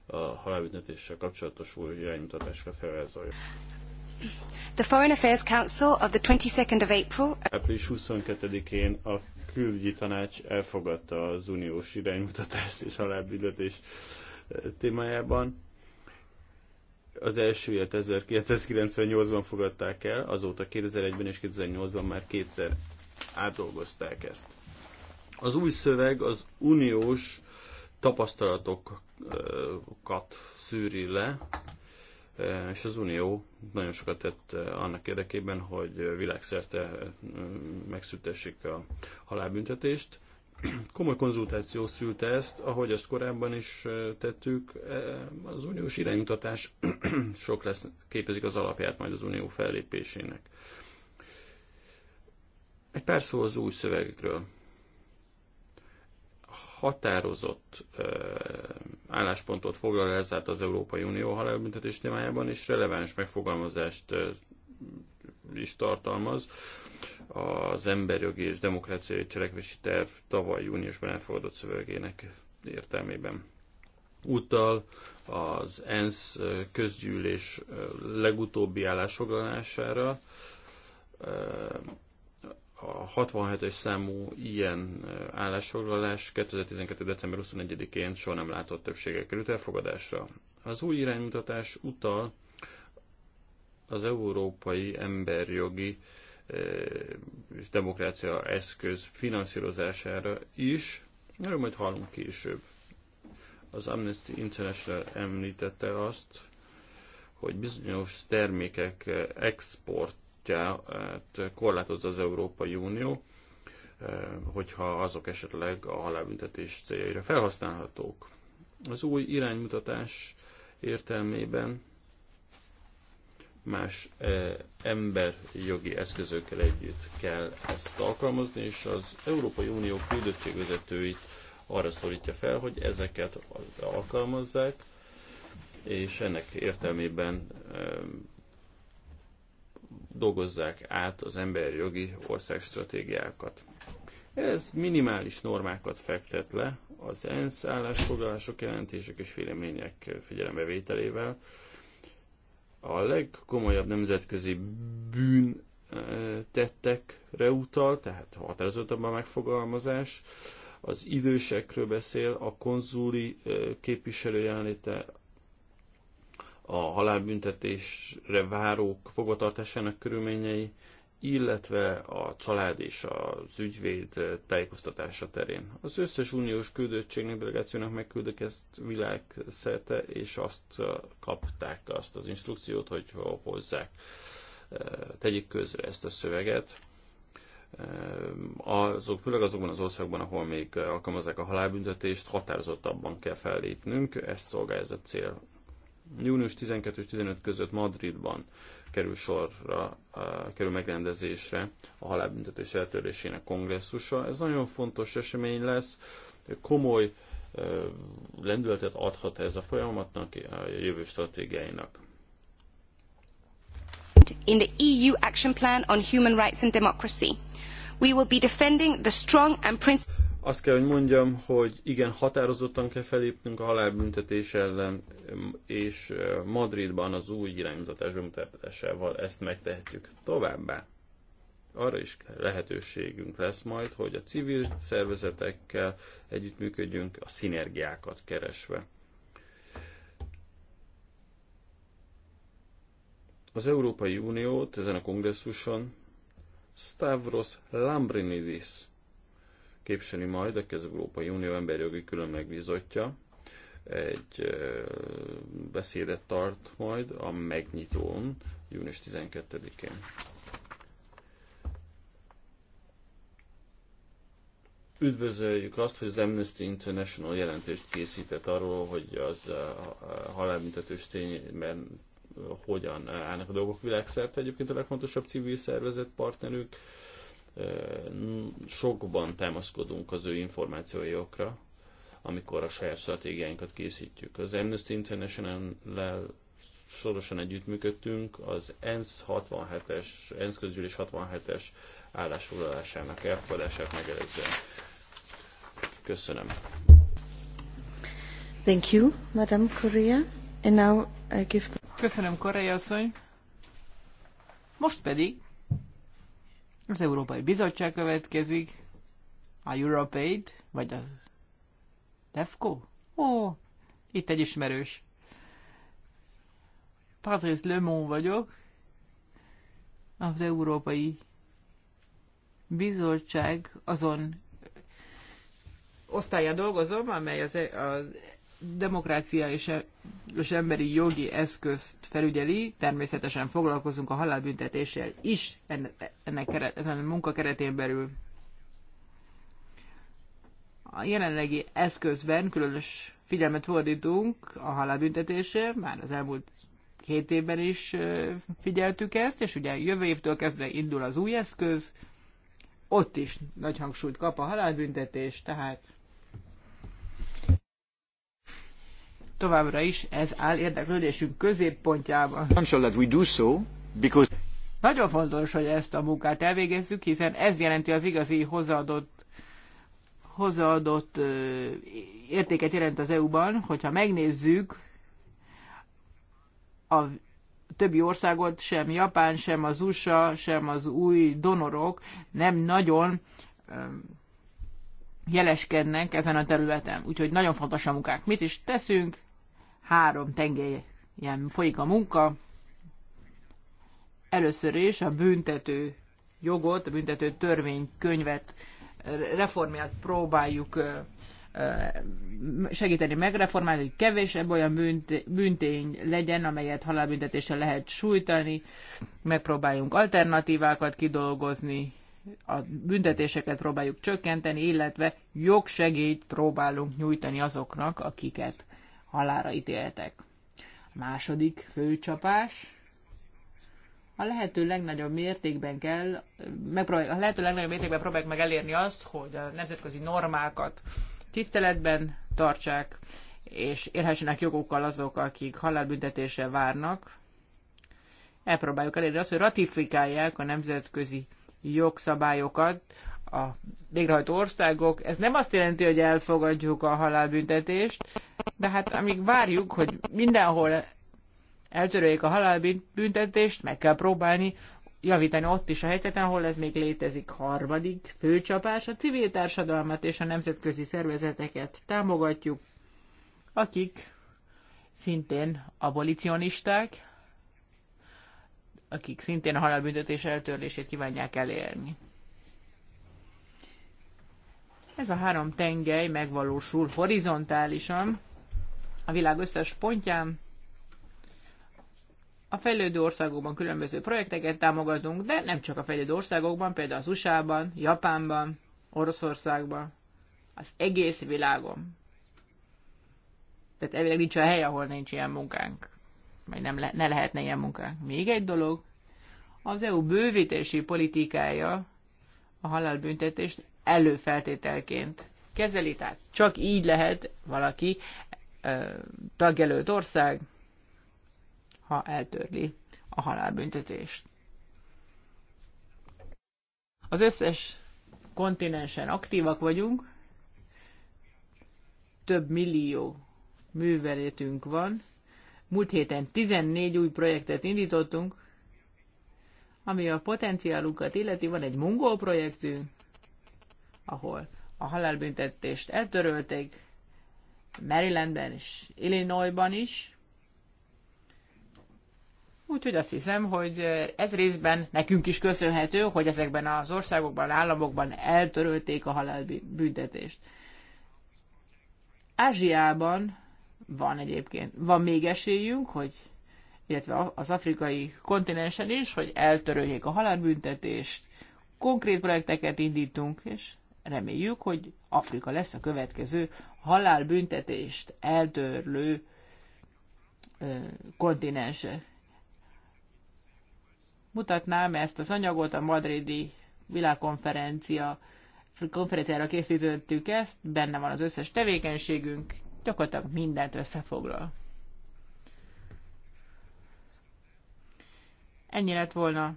S2: a halálbüntetéssel kapcsolatos új iránymutatásra felvázolja. The Foreign Affairs Council of the 22nd of April. Uh, Április 22-én a külügyi tanács elfogadta az uniós iránymutatást és alábbidetés uh, témájában. Az első ilyet 1998-ban fogadták el, azóta 2001-ben és 2008-ban már kétszer átdolgozták ezt. Az új szöveg az uniós tapasztalatokat uh, szűri le, Eh, és az Unió nagyon sokat tett eh, annak érdekében, hogy eh, világszerte megszüntessék a halálbüntetést. <clears throat> Komoly konzultáció szült ezt, ahogy azt korábban is tettük, az uniós iránymutatás <clears throat> sok lesz, képezik az alapját majd az unió fellépésének. Egy pár szó az új szövegekről határozott álláspontot foglal el ezzel az Európai Unió halálbüntetés témájában, és releváns megfogalmazást is tartalmaz. Az emberjogi és demokráciai cselekvési terv tavaly júniusban elfogadott szövegének értelmében utal az ENSZ közgyűlés legutóbbi állásfoglalására, a 67-es számú ilyen e, állásfoglalás 2012. december 21-én soha nem látott többséggel került elfogadásra. Az új iránymutatás utal az európai emberjogi e, és demokrácia eszköz finanszírozására is, erről majd hallunk később. Az Amnesty International említette azt, hogy bizonyos termékek export jogát eh, korlátozza az Európai Unió, eh, hogyha azok esetleg a halálbüntetés céljaira felhasználhatók. Az új iránymutatás értelmében más eh, emberjogi eszközökkel együtt kell ezt alkalmazni, és az Európai Unió küldöttségvezetőit arra szólítja fel, hogy ezeket alkalmazzák, és ennek értelmében dolgozzák át az emberi jogi országstratégiákat. Ez minimális normákat fektet le az ENSZ állásfoglalások, jelentések és vélemények figyelembevételével. A legkomolyabb nemzetközi bűn e, tettekre utal, tehát határozottabb a megfogalmazás, az idősekről beszél, a konzuli e, képviselő jelenléte, a halálbüntetésre várók fogvatartásának körülményei, illetve a család és az ügyvéd tájékoztatása terén. Az összes uniós küldöttségnek, delegációnak megküldök ezt világszerte, és azt kapták azt az instrukciót, hogy hozzák, tegyék közre ezt a szöveget. Azok, főleg azokban az országban, ahol még alkalmazzák a halálbüntetést, határozottabban kell fellépnünk, ezt szolgálja ez a cél Június 12 és 15 között Madridban kerül sorra, eh, kerül megrendezésre a halálbüntetés eltörésének kongresszusa. Ez nagyon fontos esemény lesz, komoly eh, lendületet adhat ez a folyamatnak, eh, a jövő stratégiáinak. In the EU Action Plan on Human Rights and Democracy. We will be defending the strong and principled azt kell, hogy mondjam, hogy igen, határozottan kell felépnünk a halálbüntetés ellen, és Madridban az új iránymutatás bemutatásával ezt megtehetjük. Továbbá arra is lehetőségünk lesz majd, hogy a civil szervezetekkel együttműködjünk a szinergiákat keresve. Az Európai Uniót ezen a kongresszuson Stavros Lambrinidis képviseli majd a Európai Unió Jogi Külön Megbizotja Egy beszédet tart majd a megnyitón, június 12-én. Üdvözöljük azt, hogy az Amnesty International jelentést készített arról, hogy az halálbüntetős tényben hogyan állnak a dolgok világszerte. Egyébként a legfontosabb civil szervezet partnerük sokban támaszkodunk az ő információjukra, amikor a saját stratégiáinkat készítjük. Az Amnesty International-lel sorosan együttműködtünk, az ENSZ 67-es, ENSZ közgyűlés 67-es állásfoglalásának elfogadását megelőzően. Köszönöm.
S1: Thank you, Madam Korea. And now I give...
S4: Köszönöm, Korea asszony. Most pedig az Európai Bizottság következik, a Europaid, vagy a DEFCO? Ó, itt egy ismerős. Patrice Lemon vagyok, az Európai Bizottság azon osztálya dolgozom, amely az, az demokrácia és, e- és emberi jogi eszközt felügyeli, természetesen foglalkozunk a halálbüntetéssel is ennek, ennek keret, ezen a munka keretén belül. A jelenlegi eszközben különös figyelmet fordítunk a halálbüntetésre, már az elmúlt hét évben is figyeltük ezt, és ugye jövő évtől kezdve indul az új eszköz, ott is nagy hangsúlyt kap a halálbüntetés, tehát továbbra is ez áll érdeklődésünk középpontjában. Nagyon fontos, hogy ezt a munkát elvégezzük, hiszen ez jelenti az igazi hozzáadott, hozzáadott ö, értéket jelent az EU-ban, hogyha megnézzük a többi országot, sem Japán, sem az USA, sem az új donorok nem nagyon ö, jeleskednek ezen a területen. Úgyhogy nagyon fontos a munkák. Mit is teszünk, három tengelyen folyik a munka. Először is a büntető jogot, a büntető törvénykönyvet, eh, reformját próbáljuk eh, eh, segíteni megreformálni, hogy kevésebb olyan büntény legyen, amelyet halálbüntetéssel lehet sújtani, megpróbáljunk alternatívákat kidolgozni, a büntetéseket próbáljuk csökkenteni, illetve jogsegélyt próbálunk nyújtani azoknak, akiket halára ítéltek. A második főcsapás. A lehető legnagyobb mértékben kell, a lehető legnagyobb mértékben próbálják meg elérni azt, hogy a nemzetközi normákat tiszteletben tartsák, és élhessenek jogokkal azok, akik halálbüntetése várnak. Elpróbáljuk elérni azt, hogy ratifikálják a nemzetközi jogszabályokat a végrehajtó országok. Ez nem azt jelenti, hogy elfogadjuk a halálbüntetést, de hát amíg várjuk, hogy mindenhol eltöröljék a halálbüntetést, meg kell próbálni javítani ott is a helyzeten, ahol ez még létezik. Harmadik főcsapás, a civil társadalmat és a nemzetközi szervezeteket támogatjuk, akik szintén abolicionisták, akik szintén a halálbüntetés eltörlését kívánják elérni. Ez a három tengely megvalósul horizontálisan, a világ összes pontján. A fejlődő országokban különböző projekteket támogatunk, de nem csak a fejlődő országokban, például az USA-ban, Japánban, Oroszországban, az egész világon. Tehát elvileg nincs a hely, ahol nincs ilyen munkánk. Vagy nem le- ne lehetne ilyen munkánk. Még egy dolog, az EU bővítési politikája a halálbüntetést előfeltételként kezeli, tehát csak így lehet valaki tagjelölt ország, ha eltörli a halálbüntetést. Az összes kontinensen aktívak vagyunk, több millió műveletünk van. Múlt héten 14 új projektet indítottunk, ami a potenciálunkat illeti. Van egy mongol projektünk, ahol a halálbüntetést eltörölték, Marylandben és Illinoisban is. Úgyhogy azt hiszem, hogy ez részben nekünk is köszönhető, hogy ezekben az országokban, államokban eltörölték a halálbüntetést. Ázsiában van egyébként, van még esélyünk, hogy illetve az afrikai kontinensen is, hogy eltöröljék a halálbüntetést, konkrét projekteket indítunk, és reméljük, hogy Afrika lesz a következő halálbüntetést eltörlő kontinense. Mutatnám ezt az anyagot, a madridi világkonferencia konferenciára készítettük ezt, benne van az összes tevékenységünk, gyakorlatilag mindent összefoglal. Ennyi lett volna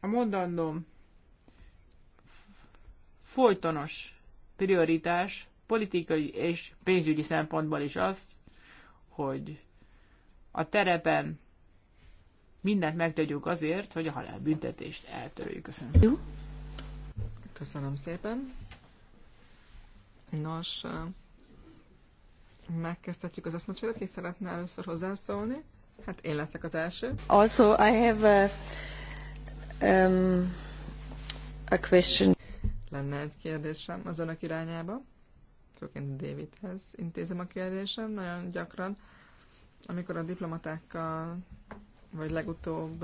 S4: a mondandóm folytonos prioritás politikai és pénzügyi szempontból is azt, hogy a terepen mindent megtegyük azért, hogy a halálbüntetést eltörjük. Köszönöm. Jó. Köszönöm szépen. Nos, megkezdhetjük
S3: az eszmecserét, ki szeretne először hozzászólni. Hát én leszek az első.
S1: Also, I have a, um, a question
S3: lenne egy kérdésem az önök irányába, főként Davidhez intézem a kérdésem nagyon gyakran, amikor a diplomatákkal, vagy legutóbb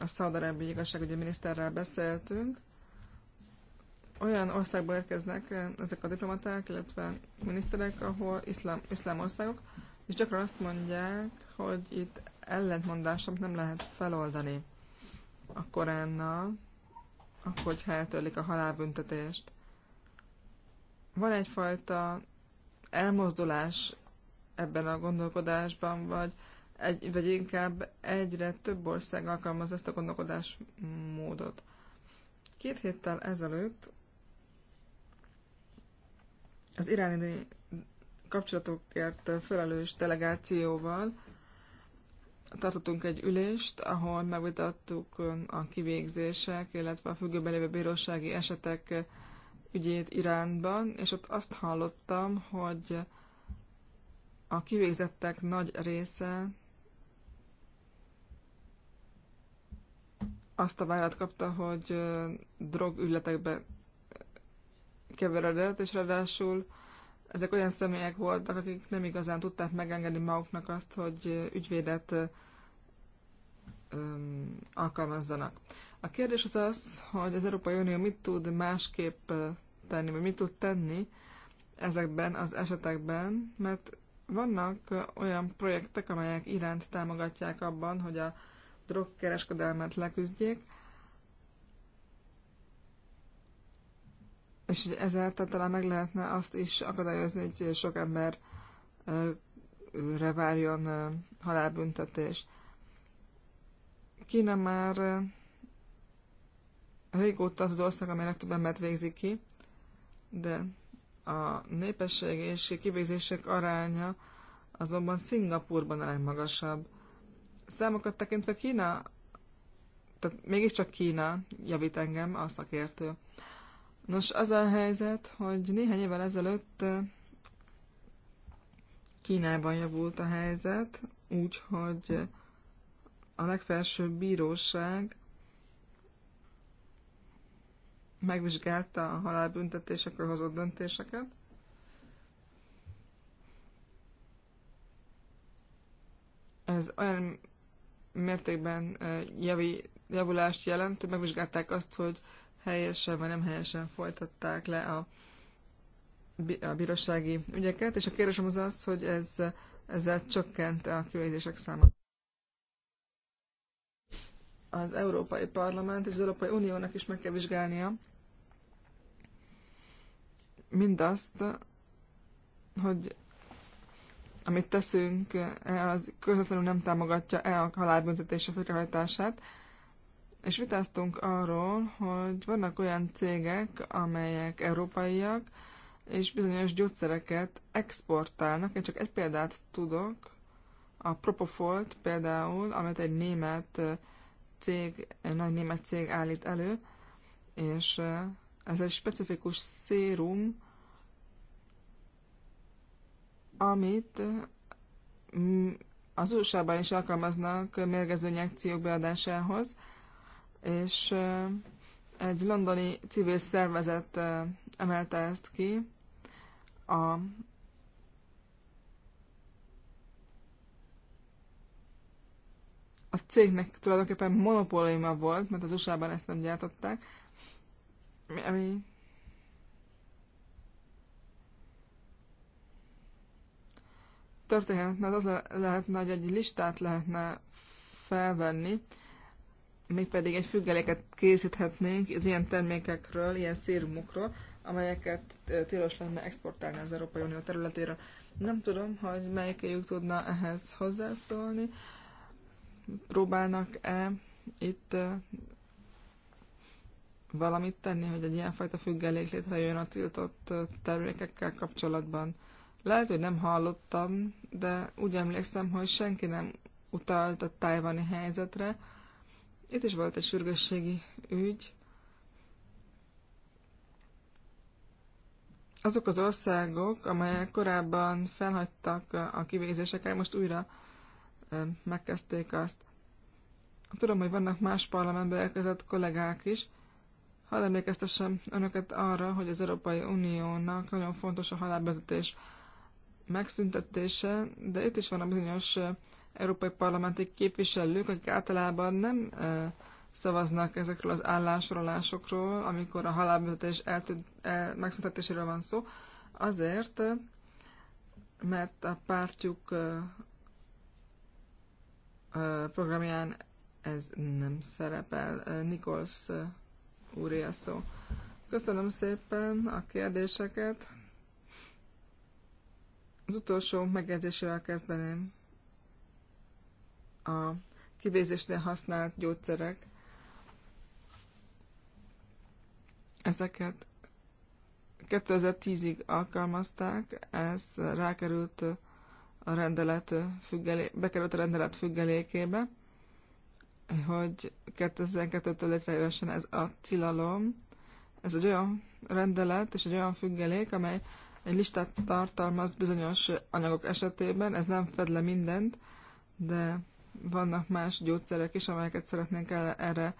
S3: a Szaudarábi igazságügyi miniszterrel beszéltünk, olyan országból érkeznek ezek a diplomaták, illetve miniszterek, ahol iszlám, iszlám országok, és gyakran azt mondják, hogy itt ellentmondásom nem lehet feloldani a Koránnal, hogy eltörlik a halálbüntetést. Van egyfajta elmozdulás ebben a gondolkodásban, vagy, egy, vagy inkább egyre több ország alkalmaz ezt a gondolkodásmódot. Két héttel ezelőtt az iráni kapcsolatokért felelős delegációval tartottunk egy ülést, ahol megvitattuk a kivégzések, illetve a függőben lévő bírósági esetek ügyét Iránban, és ott azt hallottam, hogy a kivégzettek nagy része azt a várat kapta, hogy drogügyletekbe keveredett, és ráadásul ezek olyan személyek voltak, akik nem igazán tudták megengedni maguknak azt, hogy ügyvédet alkalmazzanak. A kérdés az az, hogy az Európai Unió mit tud másképp tenni, vagy mit tud tenni ezekben az esetekben, mert vannak olyan projektek, amelyek iránt támogatják abban, hogy a drogkereskedelmet leküzdjék, és ezáltal talán meg lehetne azt is akadályozni, hogy sok emberre várjon halálbüntetés. Kína már régóta az az ország, amely legtöbb embert végzik ki, de a népesség és kivégzések aránya azonban Szingapurban a legmagasabb. Számokat tekintve Kína, tehát mégiscsak Kína, javít engem a szakértő. Nos, az a helyzet, hogy néhány évvel ezelőtt Kínában javult a helyzet, úgyhogy a legfelsőbb bíróság megvizsgálta a halálbüntetésekről hozott döntéseket, ez olyan mértékben javi, javulást jelent, hogy megvizsgálták azt, hogy helyesen vagy nem helyesen folytatták le a, a bírósági ügyeket, és a kérdésem az az, hogy ez, ezzel csökkent a kivégzések száma. Az Európai Parlament és az Európai Uniónak is meg kell vizsgálnia mindazt, hogy amit teszünk, az közvetlenül nem támogatja el a halálbüntetése végrehajtását, és vitáztunk arról, hogy vannak olyan cégek, amelyek európaiak, és bizonyos gyógyszereket exportálnak. Én csak egy példát tudok, a Propofolt például, amit egy német cég, egy nagy német cég állít elő, és eh, ez egy specifikus szérum, amit mm, az USA-ban is alkalmaznak mérgező injekciók beadásához, és egy londoni civil szervezet emelte ezt ki. A a cégnek tulajdonképpen monopóliuma volt, mert az USA-ban ezt nem gyártották, ami történhetne, az, az lehetne, hogy egy listát lehetne felvenni még pedig egy függeléket készíthetnénk az ilyen termékekről, ilyen szérumokról, amelyeket tilos lenne exportálni az Európai Unió területére. Nem tudom, hogy melyikőjük tudna ehhez hozzászólni. Próbálnak-e itt valamit tenni, hogy egy ilyenfajta függelék létrejön a tiltott termékekkel kapcsolatban? Lehet, hogy nem hallottam, de úgy emlékszem, hogy senki nem utalt a tájvani helyzetre, itt is volt egy sürgősségi ügy. Azok az országok, amelyek korábban felhagytak a kivégzéseket, most újra megkezdték azt. Tudom, hogy vannak más parlamentbe érkezett kollégák is. Hadd emlékeztessem önöket arra, hogy az Európai Uniónak nagyon fontos a halálbetetés megszüntetése, de itt is van a bizonyos európai parlamenti képviselők, akik általában nem szavaznak ezekről az állásolásokról, amikor a halálbüntetés e, megszüntetéséről van szó, azért, mert a pártjuk programján ez nem szerepel. Nikolsz úré szó. Köszönöm szépen a kérdéseket. Az utolsó megjegyzésével kezdeném a kivézésnél használt gyógyszerek. Ezeket 2010-ig alkalmazták, ez rákerült a rendelet függelé, bekerült a rendelet függelékébe, hogy 2012-től létrejöjjön ez a tilalom. Ez egy olyan rendelet és egy olyan függelék, amely egy listát tartalmaz bizonyos anyagok esetében, ez nem fed le mindent, de vannak más gyógyszerek is, amelyeket szeretnénk el, erre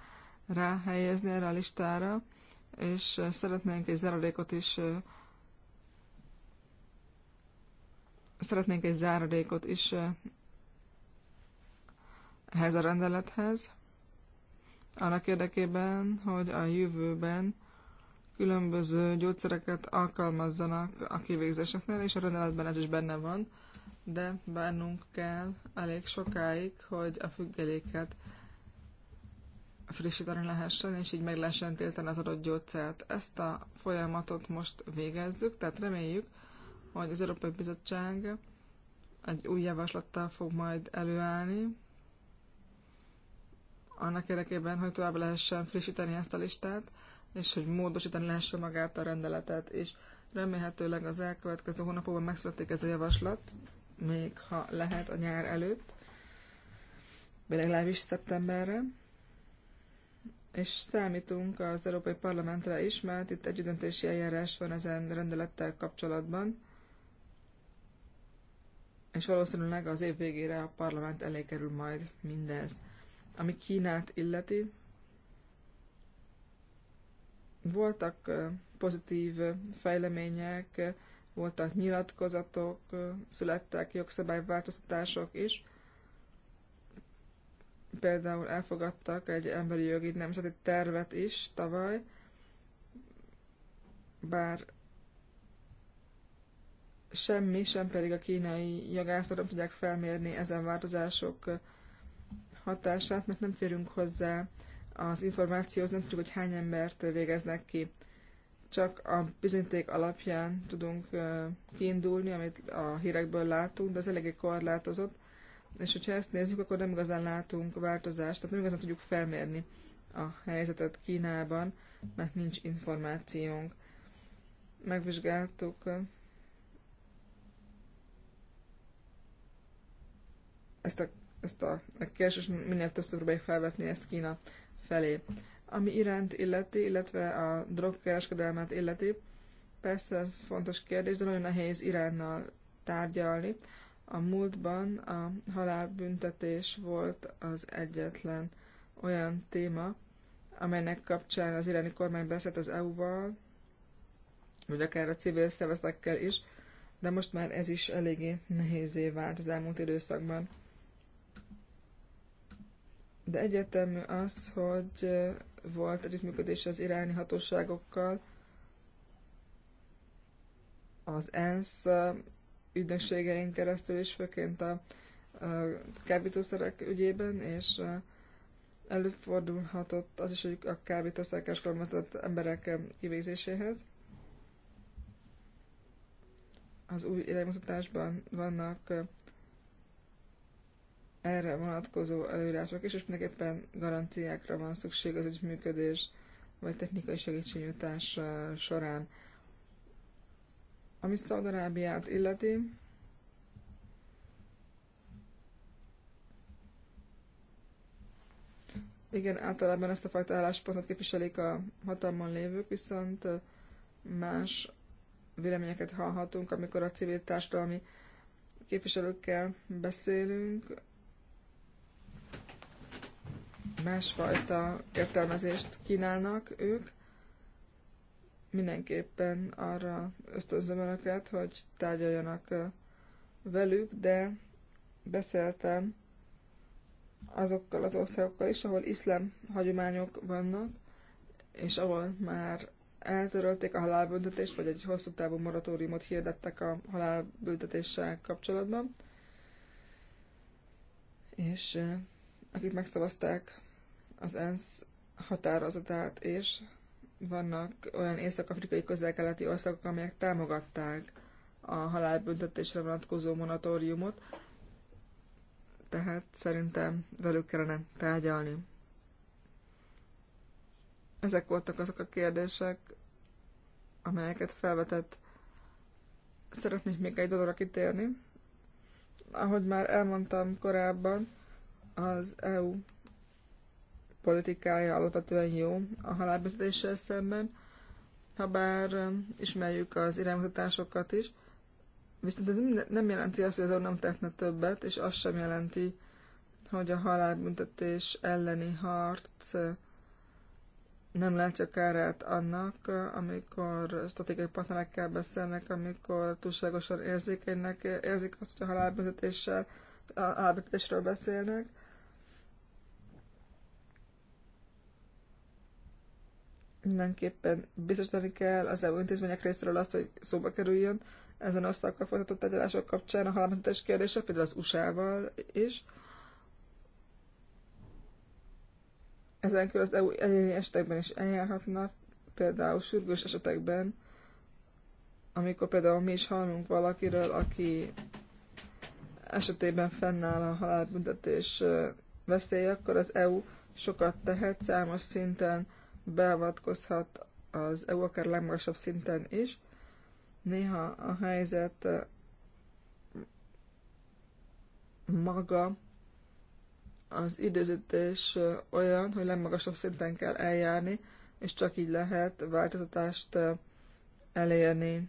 S3: ráhelyezni, erre a listára, és szeretnénk egy zárulékot is szeretnénk egy záradékot is ehhez a rendelethez, annak érdekében, hogy a jövőben különböző gyógyszereket alkalmazzanak a kivégzéseknél, és a rendeletben ez is benne van, de várnunk kell elég sokáig, hogy a függeléket frissíteni lehessen, és így meg lehessen tiltani az adott gyógyszert. Ezt a folyamatot most végezzük, tehát reméljük, hogy az Európai Bizottság egy új javaslattal fog majd előállni, annak érdekében, hogy tovább lehessen frissíteni ezt a listát, és hogy módosítani lehessen magát a rendeletet, és remélhetőleg az elkövetkező hónapokban megszületik ez a javaslat, még ha lehet a nyár előtt, legalábbis szeptemberre. És számítunk az Európai Parlamentre is, mert itt egy döntési eljárás van ezen rendelettel kapcsolatban, és valószínűleg az év végére a parlament elé kerül majd mindez. Ami Kínát illeti, voltak pozitív fejlemények, voltak nyilatkozatok, születtek jogszabályváltoztatások is. Például elfogadtak egy emberi jogi nemzeti tervet is tavaly, bár semmi, sem pedig a kínai jogászok nem tudják felmérni ezen változások hatását, mert nem férünk hozzá az információhoz, nem tudjuk, hogy hány embert végeznek ki csak a bizonyíték alapján tudunk kiindulni, amit a hírekből látunk, de ez eléggé korlátozott. És hogyha ezt nézzük, akkor nem igazán látunk változást, tehát nem igazán tudjuk felmérni a helyzetet Kínában, mert nincs információnk. Megvizsgáltuk ezt a, ezt a, a kérdést, és minél többször próbáljuk felvetni ezt Kína felé ami iránt illeti, illetve a drogkereskedelmet illeti. Persze ez fontos kérdés, de nagyon nehéz Iránnal tárgyalni. A múltban a halálbüntetés volt az egyetlen olyan téma, amelynek kapcsán az iráni kormány beszélt az EU-val, vagy akár a civil szervezetekkel is, de most már ez is eléggé nehézé vált az elmúlt időszakban. De egyértelmű az, hogy volt együttműködés az iráni hatóságokkal, az ENSZ ügynökségeink keresztül is, főként a, a kábítószerek ügyében, és előfordulhatott az is, hogy a kábítószerek eskormazott emberek kivégzéséhez. Az új iránymutatásban vannak erre vonatkozó előírások is, és mindenképpen garanciákra van szükség az együttműködés vagy technikai segítségnyújtás során. Ami Szaudarábiát illeti, igen, általában ezt a fajta álláspontot képviselik a hatalmon lévők, viszont más véleményeket hallhatunk, amikor a civil társadalmi képviselőkkel beszélünk, másfajta értelmezést kínálnak ők. Mindenképpen arra ösztönzöm önöket, hogy tárgyaljanak velük, de beszéltem azokkal az országokkal is, ahol iszlám hagyományok vannak, és ahol már eltörölték a halálbüntetést, vagy egy hosszú távú moratóriumot hirdettek a halálbüntetéssel kapcsolatban. És akik megszavazták az ENSZ határozatát, és vannak olyan észak-afrikai közel-keleti országok, amelyek támogatták a halálbüntetésre vonatkozó monatóriumot, tehát szerintem velük kellene tárgyalni. Ezek voltak azok a kérdések, amelyeket felvetett. Szeretnék még egy dologra kitérni. Ahogy már elmondtam korábban, az EU politikája alapvetően jó a halálbüntetéssel szemben, ha bár um, ismerjük az iránymutatásokat is, viszont ez nem jelenti azt, hogy az nem tehetne többet, és azt sem jelenti, hogy a halálbüntetés elleni harc uh, nem látja kárát annak, uh, amikor stratégiai partnerekkel beszélnek, amikor túlságosan érzékenynek érzik azt, hogy a halálbüntetéssel, a halálbüntetésről beszélnek, mindenképpen biztosítani kell az EU intézmények részéről azt, hogy szóba kerüljön ezen országokkal folytatott tárgyalások kapcsán a halálmentes kérdése, például az USA-val is. Ezen kívül az EU egyéni esetekben is eljárhatna, például sürgős esetekben, amikor például mi is hallunk valakiről, aki esetében fennáll a halálbüntetés veszély, akkor az EU sokat tehet számos szinten beavatkozhat az EU akár legmagasabb szinten is. Néha a helyzet eh, maga az időzítés eh, olyan, hogy legmagasabb szinten kell eljárni, és csak így lehet változtatást eh, elérni.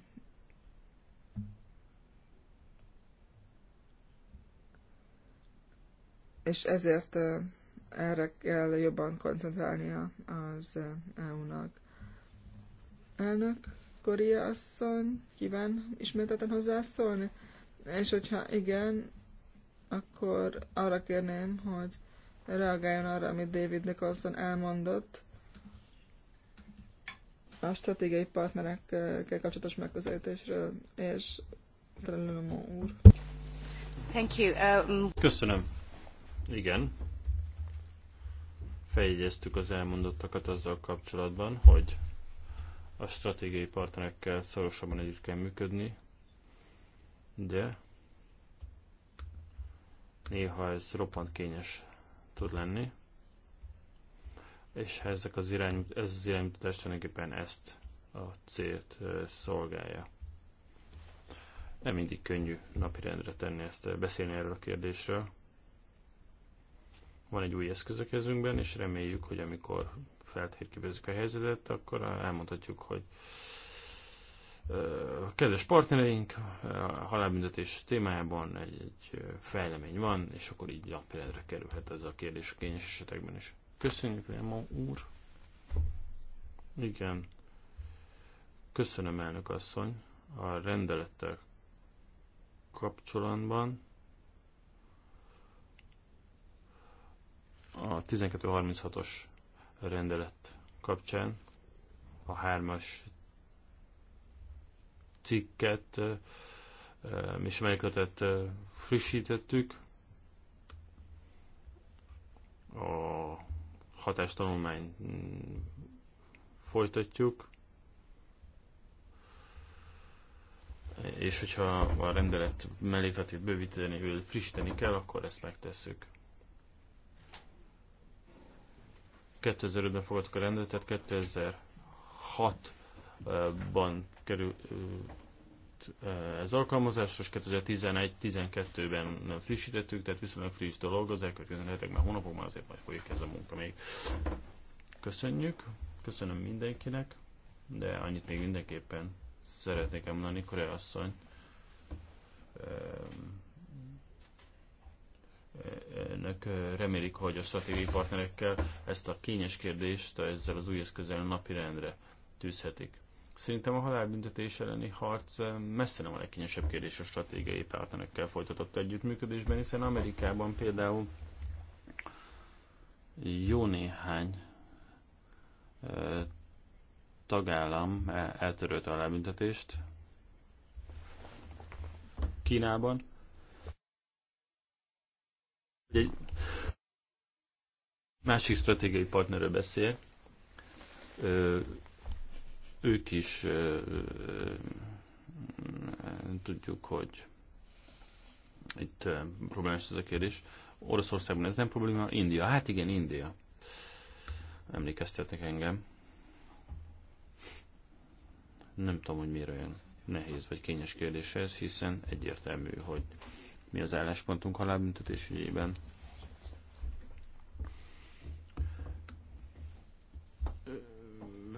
S3: És ezért erre kell jobban koncentrálnia az EU-nak. Elnök, Korea asszony, kíván ismételten hozzászólni? És hogyha igen, akkor arra kérném, hogy reagáljon arra, amit David Nicholson elmondott a stratégiai partnerekkel kapcsolatos megközelítésről, és Trellemó úr.
S4: Thank you. Um...
S2: Köszönöm. Igen, feljegyeztük az elmondottakat azzal kapcsolatban, hogy a stratégiai partnerekkel szorosabban együtt kell működni, de néha ez roppant kényes tud lenni, és ezek az irány, ez az iránymutatás tulajdonképpen ezt a célt szolgálja. Nem mindig könnyű napirendre tenni ezt, beszélni erről a kérdésről. Van egy új eszköz a kezünkben, és reméljük, hogy amikor feltérképezzük a helyzetet, akkor elmondhatjuk, hogy kedves partnereink, halálbüntetés témájában egy, egy fejlemény van, és akkor így napirendre kerülhet ez a kérdés a kényes esetekben is. Köszönjük, Réma úr! Igen. Köszönöm, elnök asszony. A rendelettel kapcsolatban a 1236-os rendelet kapcsán a hármas cikket és melyikötet frissítettük. A hatástanulmány mm, folytatjuk. És hogyha a rendelet mellékletét bővíteni, frissíteni kell, akkor ezt megtesszük. 2005-ben fogadtuk a rendeletet, 2006-ban került ez alkalmazás, és 2011-12-ben frissítettük, tehát viszonylag friss dolog, az elkövetkező hetekben, hónapokban azért majd folyik ez a munka még. Köszönjük, köszönöm mindenkinek, de annyit még mindenképpen szeretnék emlani, Korea asszony önök remélik, hogy a stratégiai partnerekkel ezt a kényes kérdést ezzel az új eszközzel napirendre tűzhetik. Szerintem a halálbüntetés elleni harc messze nem a legkényesebb kérdés a stratégiai partnerekkel folytatott együttműködésben, hiszen Amerikában például jó néhány tagállam eltörölte a halálbüntetést. Kínában egy másik stratégiai partnerről beszél, ők is tudjuk, hogy itt problémás ez a kérdés. Oroszországban ez nem probléma, India. Hát igen, India. Emlékeztetnek engem. Nem tudom, hogy miért olyan nehéz vagy kényes kérdés ez, hiszen egyértelmű, hogy mi az álláspontunk halálbüntetés ügyében.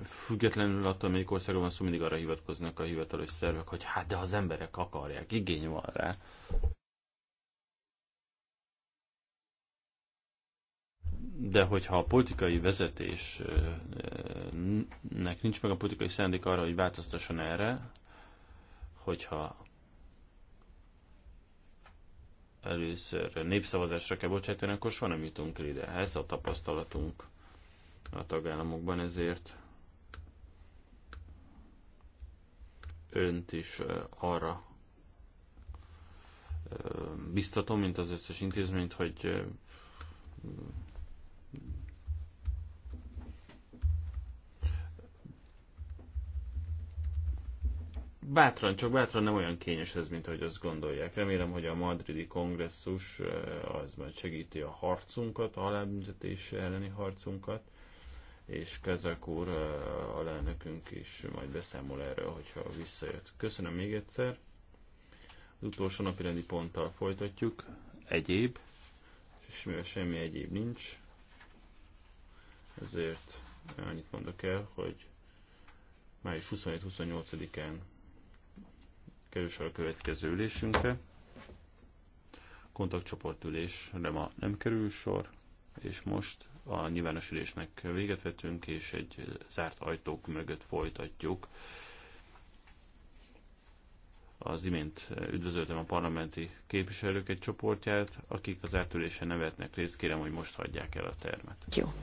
S2: Függetlenül attól, melyik országban van szó, mindig arra hivatkoznak a hivatalos szervek, hogy hát de az emberek akarják, igény van rá. de hogyha a politikai vezetésnek nincs meg a politikai szándék arra, hogy változtasson erre, hogyha először népszavazásra kell bocsájtani, akkor soha nem jutunk el ide. Ez a tapasztalatunk a tagállamokban, ezért önt is arra biztatom, mint az összes intézményt, hogy bátran, csak bátran nem olyan kényes ez, mint ahogy azt gondolják. Remélem, hogy a madridi kongresszus az majd segíti a harcunkat, a halálbüntetés elleni harcunkat, és Kezak úr, a lelnökünk is majd beszámol erről, hogyha visszajött. Köszönöm még egyszer. Az utolsó napi rendi ponttal folytatjuk. Egyéb, és mivel semmi egyéb nincs, ezért annyit mondok el, hogy május 27-28-án kerül a következő ülésünkre. de ma nem kerül sor, és most a nyilvános ülésnek véget vetünk, és egy zárt ajtók mögött folytatjuk. Az imént üdvözöltem a parlamenti képviselők egy csoportját, akik az átülésen nevetnek részt, kérem, hogy most hagyják el a termet.
S4: Jó.